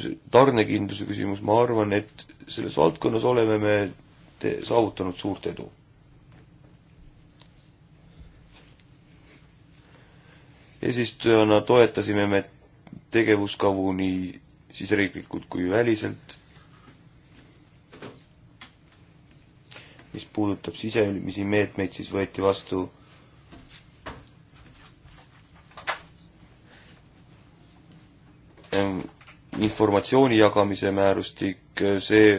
see tarnekindluse küsimus, ma arvan, et selles valdkonnas oleme me te-, saavutanud suurt edu. eesistujana toetasime me tegevuskavu nii siseriiklikult kui väliselt mis puudutab sisemisi meetmeid, siis võeti vastu informatsiooni jagamise määrustik, see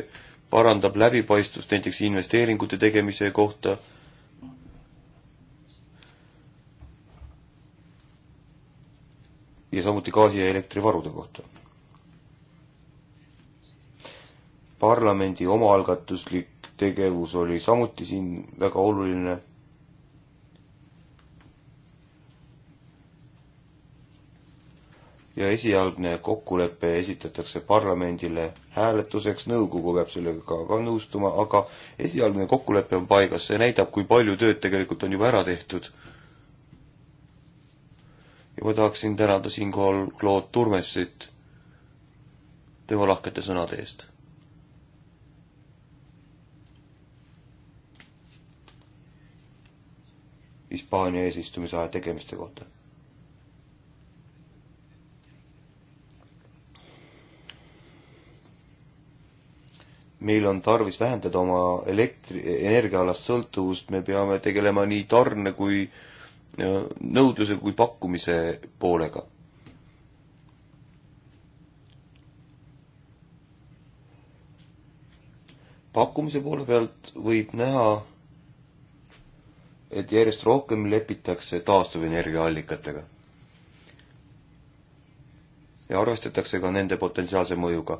parandab läbipaistvust näiteks investeeringute tegemise kohta. ja samuti gaasi- ja elektrivarude kohta. parlamendi omaalgatuslik tegevus oli samuti siin väga oluline. ja esialgne kokkulepe esitatakse parlamendile hääletuseks, nõukogu peab sellega ka, ka nõustuma, aga esialgne kokkulepe on paigas, see näitab, kui palju tööd tegelikult on juba ära tehtud. ja ma tahaksin tänada siinkohal Claude Turmesit tema lahkete sõnade eest Hispaania eesistumise aja tegemiste kohta. meil on tarvis vähendada oma elektri, energiaalast sõltuvust, me peame tegelema nii tarne kui nõudluse kui pakkumise poolega pakkumise poole pealt võib näha et järjest rohkem lepitakse taastuvenergiaallikatega. ja arvestatakse ka nende potentsiaalse mõjuga.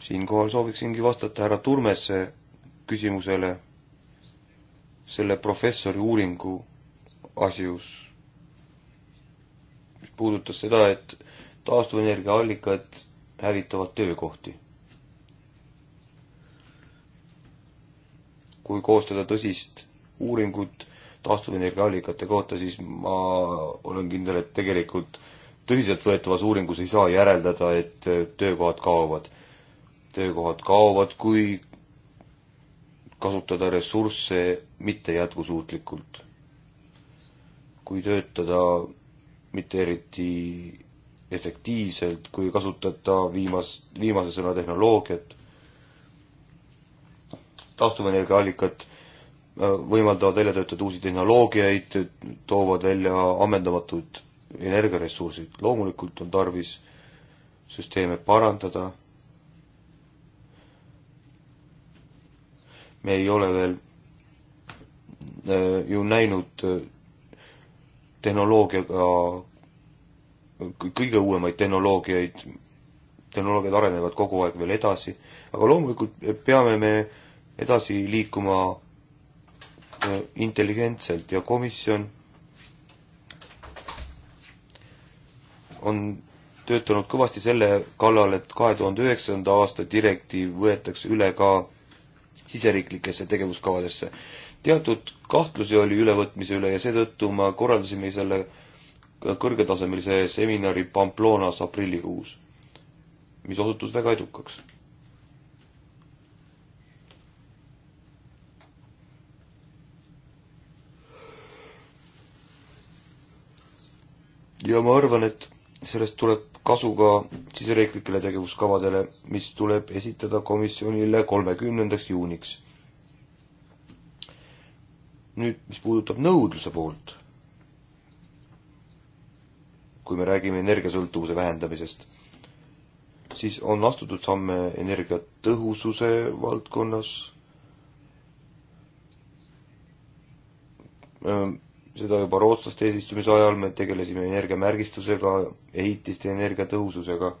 siinkohal sooviksingi vastata härra Turmese küsimusele selle professori uuringu asjus, mis puudutas seda, et taastuvenergiaallikad hävitavad töökohti. kui koostada tõsist uuringut taastuvenergiaallikate kohta, siis ma olen kindel, et tegelikult tõsiseltvõetavas uuringus ei saa järeldada, et töökohad kaovad. töökohad kaovad, kui kasutada ressursse mitte jätkusuutlikult. kui töötada mitte eriti efektiivselt, kui kasutada viimas, viimase sõna tehnoloogiat, taastuvenergiaallikat Äh, võimaldavad välja töötada uusi tehnoloogiaid, toovad välja ammendamatud energiaressursid. loomulikult on tarvis süsteeme parandada. me ei ole veel äh, ju näinud äh, tehnoloogiaga, kõige uuemaid tehnoloogiaid, tehnoloogiad arenevad kogu aeg veel edasi, aga loomulikult peame me edasi liikuma intelligentselt ja komisjon on töötanud kõvasti selle kallal, et kahe tuhande üheksanda aasta direktiiv võetakse üle ka siseriiklikesse tegevuskavadesse. teatud kahtlusi oli ülevõtmise üle ja seetõttu me korraldasime selle kõrgetasemelise seminari Pamplonas aprillikuus, mis osutus väga edukaks ja ma arvan, et sellest tuleb kasu ka siseriiklikele tegevuskavadele, mis tuleb esitada komisjonile kolmekümnendaks juuniks. nüüd, mis puudutab nõudluse poolt, kui me räägime energiasõltuvuse vähendamisest, siis on astutud samme energiatõhususe valdkonnas ähm seda juba rootslaste eesistumise ajal, me tegelesime energiamärgistusega, ehitiste energiatõhususega.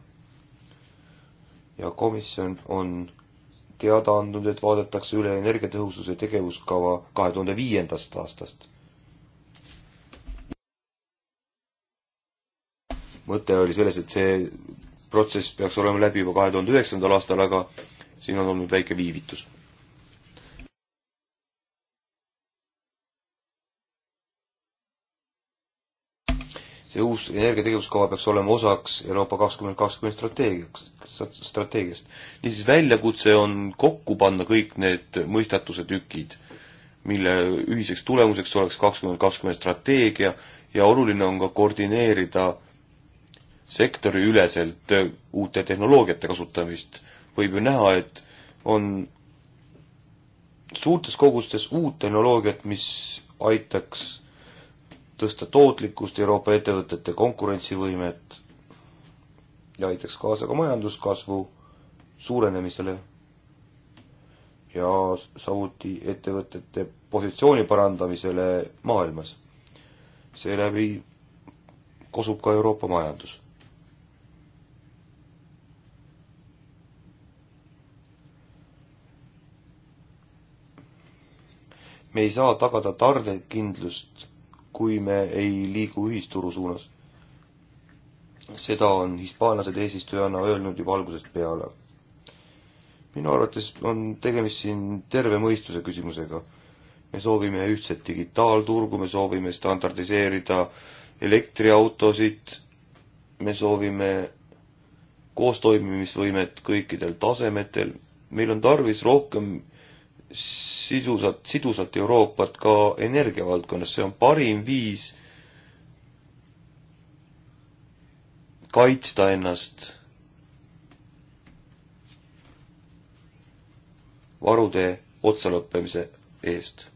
ja komisjon on teada andnud, et vaadatakse üle energiatõhususe tegevuskava kahe tuhande viiendast aastast. mõte oli selles, et see protsess peaks olema läbi juba kahe tuhande üheksandal aastal, aga siin on olnud väike viivitus see uus energiategevuskava peaks olema osaks Euroopa kakskümmend kakskümmend strateegiaks, strateegiast. niisiis, väljakutse on kokku panna kõik need mõistatuse tükid, mille ühiseks tulemuseks oleks kakskümmend kakskümmend strateegia ja oluline on ka koordineerida sektoriüleselt uute tehnoloogiate kasutamist. võib ju näha, et on suurtes kogustes uut tehnoloogiat, mis aitaks tõsta tootlikkust, Euroopa ettevõtete konkurentsivõimet ja aitaks kaasa ka majanduskasvu suurenemisele ja samuti ettevõtete positsiooni parandamisele maailmas. seeläbi kosub ka Euroopa majandus. me ei saa tagada tarnekindlust kui me ei liigu ühisturu suunas. seda on hispaanlased eesistujana öelnud juba algusest peale. minu arvates on tegemist siin terve mõistuse küsimusega. me soovime ühtset digitaalturgu, me soovime standardiseerida elektriautosid, me soovime koostoimimisvõimet kõikidel tasemetel, meil on tarvis rohkem sidusat, sidusat Euroopat ka energiavaldkonnas, see on parim viis kaitsta ennast varude otsalõppemise eest.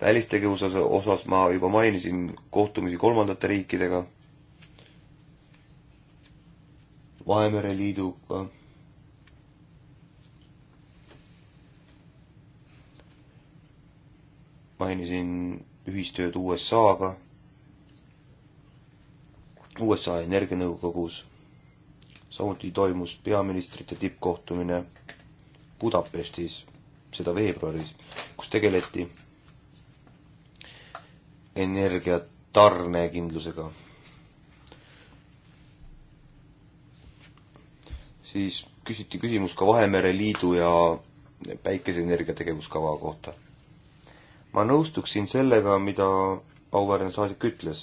välistegevuse osas ma juba mainisin kohtumisi kolmandate riikidega Vahemere Liiduga. mainisin ühistööd USA-ga, USA Energianõukogus. samuti toimus peaministrite tippkohtumine Budapestis, seda veebruaris, kus tegeleti energiatarnekindlusega siis küsiti küsimus ka Vahemere Liidu ja päikeseenergia tegevuskava kohta. ma nõustuksin sellega, mida auväärne saadik ütles.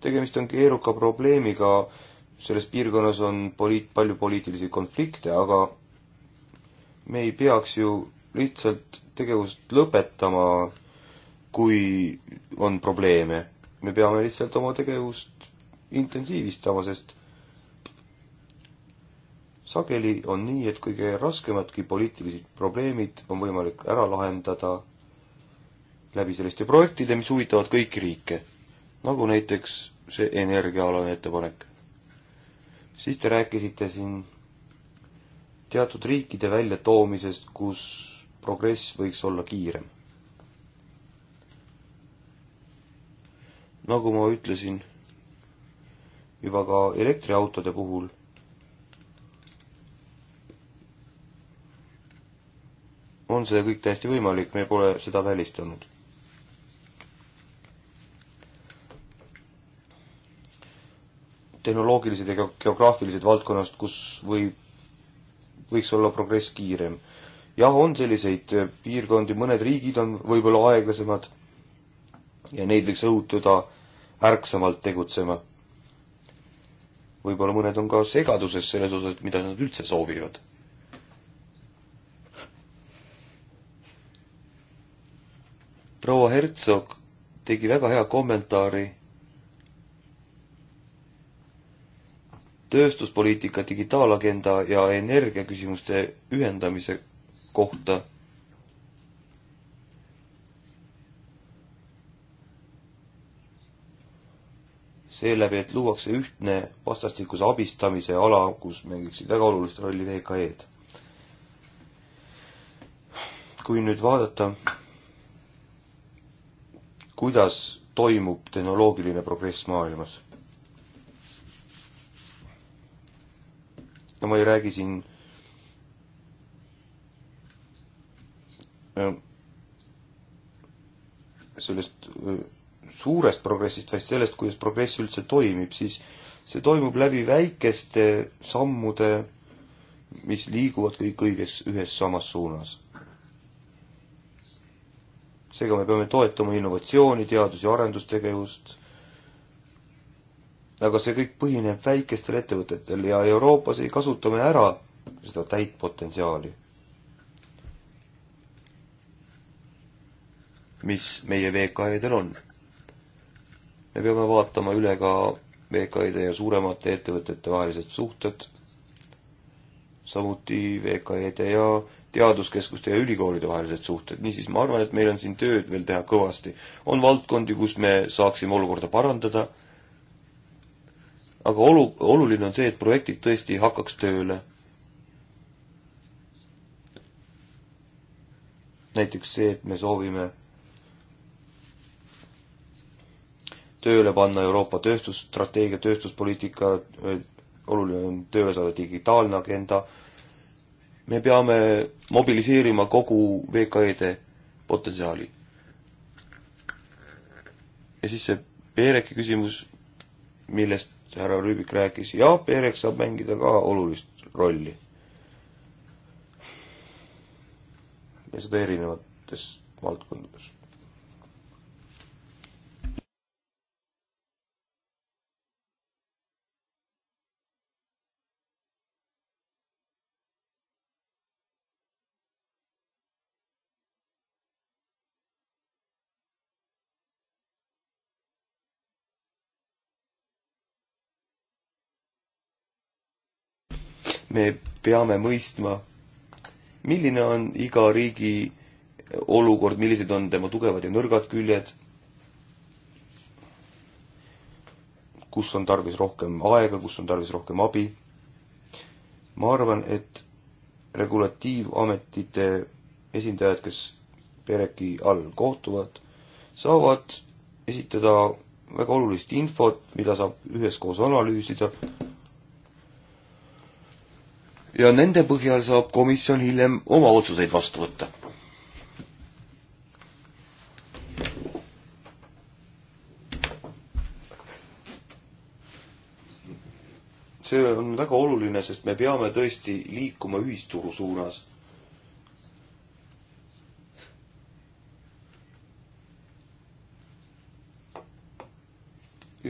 tegemist on keeruka probleemiga, selles piirkonnas on poliit-, palju poliitilisi konflikte, aga me ei peaks ju lihtsalt tegevust lõpetama, kui on probleeme. me peame lihtsalt oma tegevust intensiivistama, sest sageli on nii, et kõige raskemadki poliitilised probleemid on võimalik ära lahendada läbi selliste projektide, mis huvitavad kõiki riike. nagu näiteks see energiaalane ettepanek. siis te rääkisite siin teatud riikide väljatoomisest, kus progress võiks olla kiirem. nagu ma ütlesin juba ka elektriautode puhul. on see kõik täiesti võimalik, me pole seda välistanud. tehnoloogilised ja geograafilised valdkonnast, kus võib, võiks olla progress kiirem. jah, on selliseid eh, piirkondi, mõned riigid on võib-olla aeglasemad ja neid võiks õhutada ärksamalt tegutsema võib-olla mõned on ka segaduses selles osas, et mida nad üldse soovivad. proua Hertsog tegi väga hea kommentaari tööstuspoliitika digitaalagenda ja energiaküsimuste ühendamise kohta seeläbi, et luuakse ühtne vastastikuse abistamise ala, kus mängiksid väga olulist rolli VKE-d. kui nüüd vaadata, kuidas toimub tehnoloogiline progress maailmas. no ma ei räägi siin äh, sellest äh, suurest progressist, vaid sellest, kuidas progress üldse toimib, siis see toimub läbi väikeste sammude, mis liiguvad kõik õiges, ühes samas suunas. seega me peame toetama innovatsiooni, teadus- ja arendustegevust, aga see kõik põhineb väikestel ettevõtetel ja Euroopas ei kasuta me ära seda täit potentsiaali mis meie VKE-del on me peame vaatama üle ka VKI-de ja suuremate ettevõtete vahelised suhted, samuti VKI-de ja teaduskeskuste ja ülikoolide vahelised suhted, niisiis ma arvan, et meil on siin tööd veel teha kõvasti. on valdkondi, kus me saaksime olukorda parandada, aga olu, oluline on see, et projektid tõesti hakkaks tööle. näiteks see, et me soovime tööle panna Euroopa tööstusstrateegia, tööstuspoliitika, oluline on tööle saada digitaalne agenda. me peame mobiliseerima kogu VKE-de potentsiaali. ja siis see Pereki küsimus, millest härra Rüübik rääkis, jah, Perek saab mängida ka olulist rolli. ja seda erinevates valdkondades me peame mõistma, milline on iga riigi olukord, millised on tema tugevad ja nõrgad küljed, kus on tarvis rohkem aega, kus on tarvis rohkem abi. ma arvan, et regulatiivametite esindajad, kes pereki all kohtuvad, saavad esitada väga olulist infot, mida saab üheskoos analüüsida ja nende põhjal saab komisjon hiljem oma otsuseid vastu võtta. see on väga oluline, sest me peame tõesti liikuma ühisturu suunas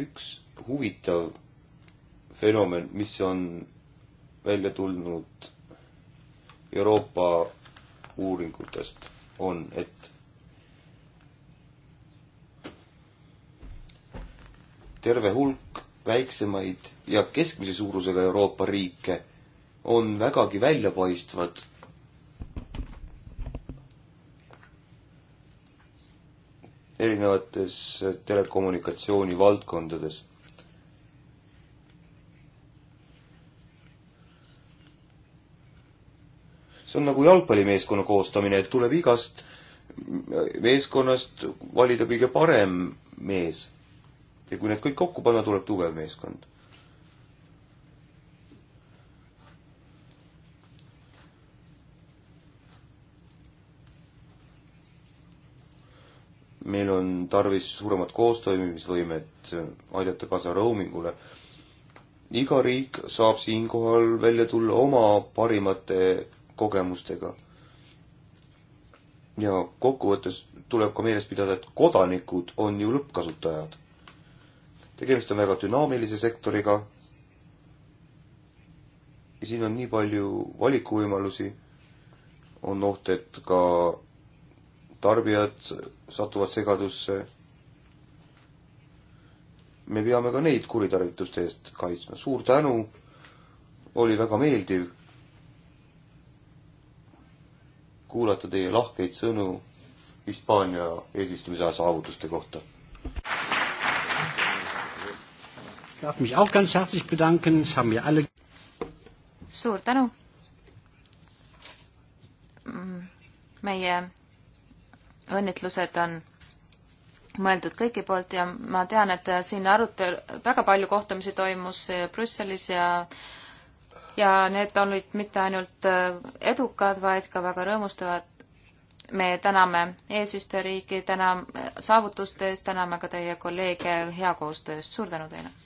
üks huvitav fenomen, mis on välja tulnud Euroopa uuringutest on, et terve hulk väiksemaid ja keskmise suurusega Euroopa riike on vägagi väljapaistvad erinevates telekommunikatsiooni valdkondades see on nagu jalgpallimeeskonna koostamine, et tuleb igast meeskonnast valida kõige parem mees. ja kui need kõik kokku panna, tuleb tugev meeskond. meil on tarvis suuremat koostoimimisvõimet, aidata kaasa roamingule. iga riik saab siinkohal välja tulla oma parimate kogemustega. ja kokkuvõttes tuleb ka meeles pidada, et kodanikud on ju lõppkasutajad. tegemist on väga dünaamilise sektoriga. ja siin on nii palju valikuvõimalusi. on oht, et ka tarbijad satuvad segadusse. me peame ka neid kuritarvituste eest kaitsma. suur tänu, oli väga meeldiv kuulata teie lahkeid sõnu Hispaania eesistumise aja saavutuste kohta. suur tänu. meie õnnitlused on mõeldud kõigi poolt ja ma tean, et siin arutelu, väga palju kohtumisi toimus Brüsselis ja äh, ja need olid mitte ainult äh, edukad, vaid ka väga rõõmustavad. me täname eesistujariiki, täna äh, saavutuste eest, täname ka teie kolleege hea koostöö eest, suur tänu teile!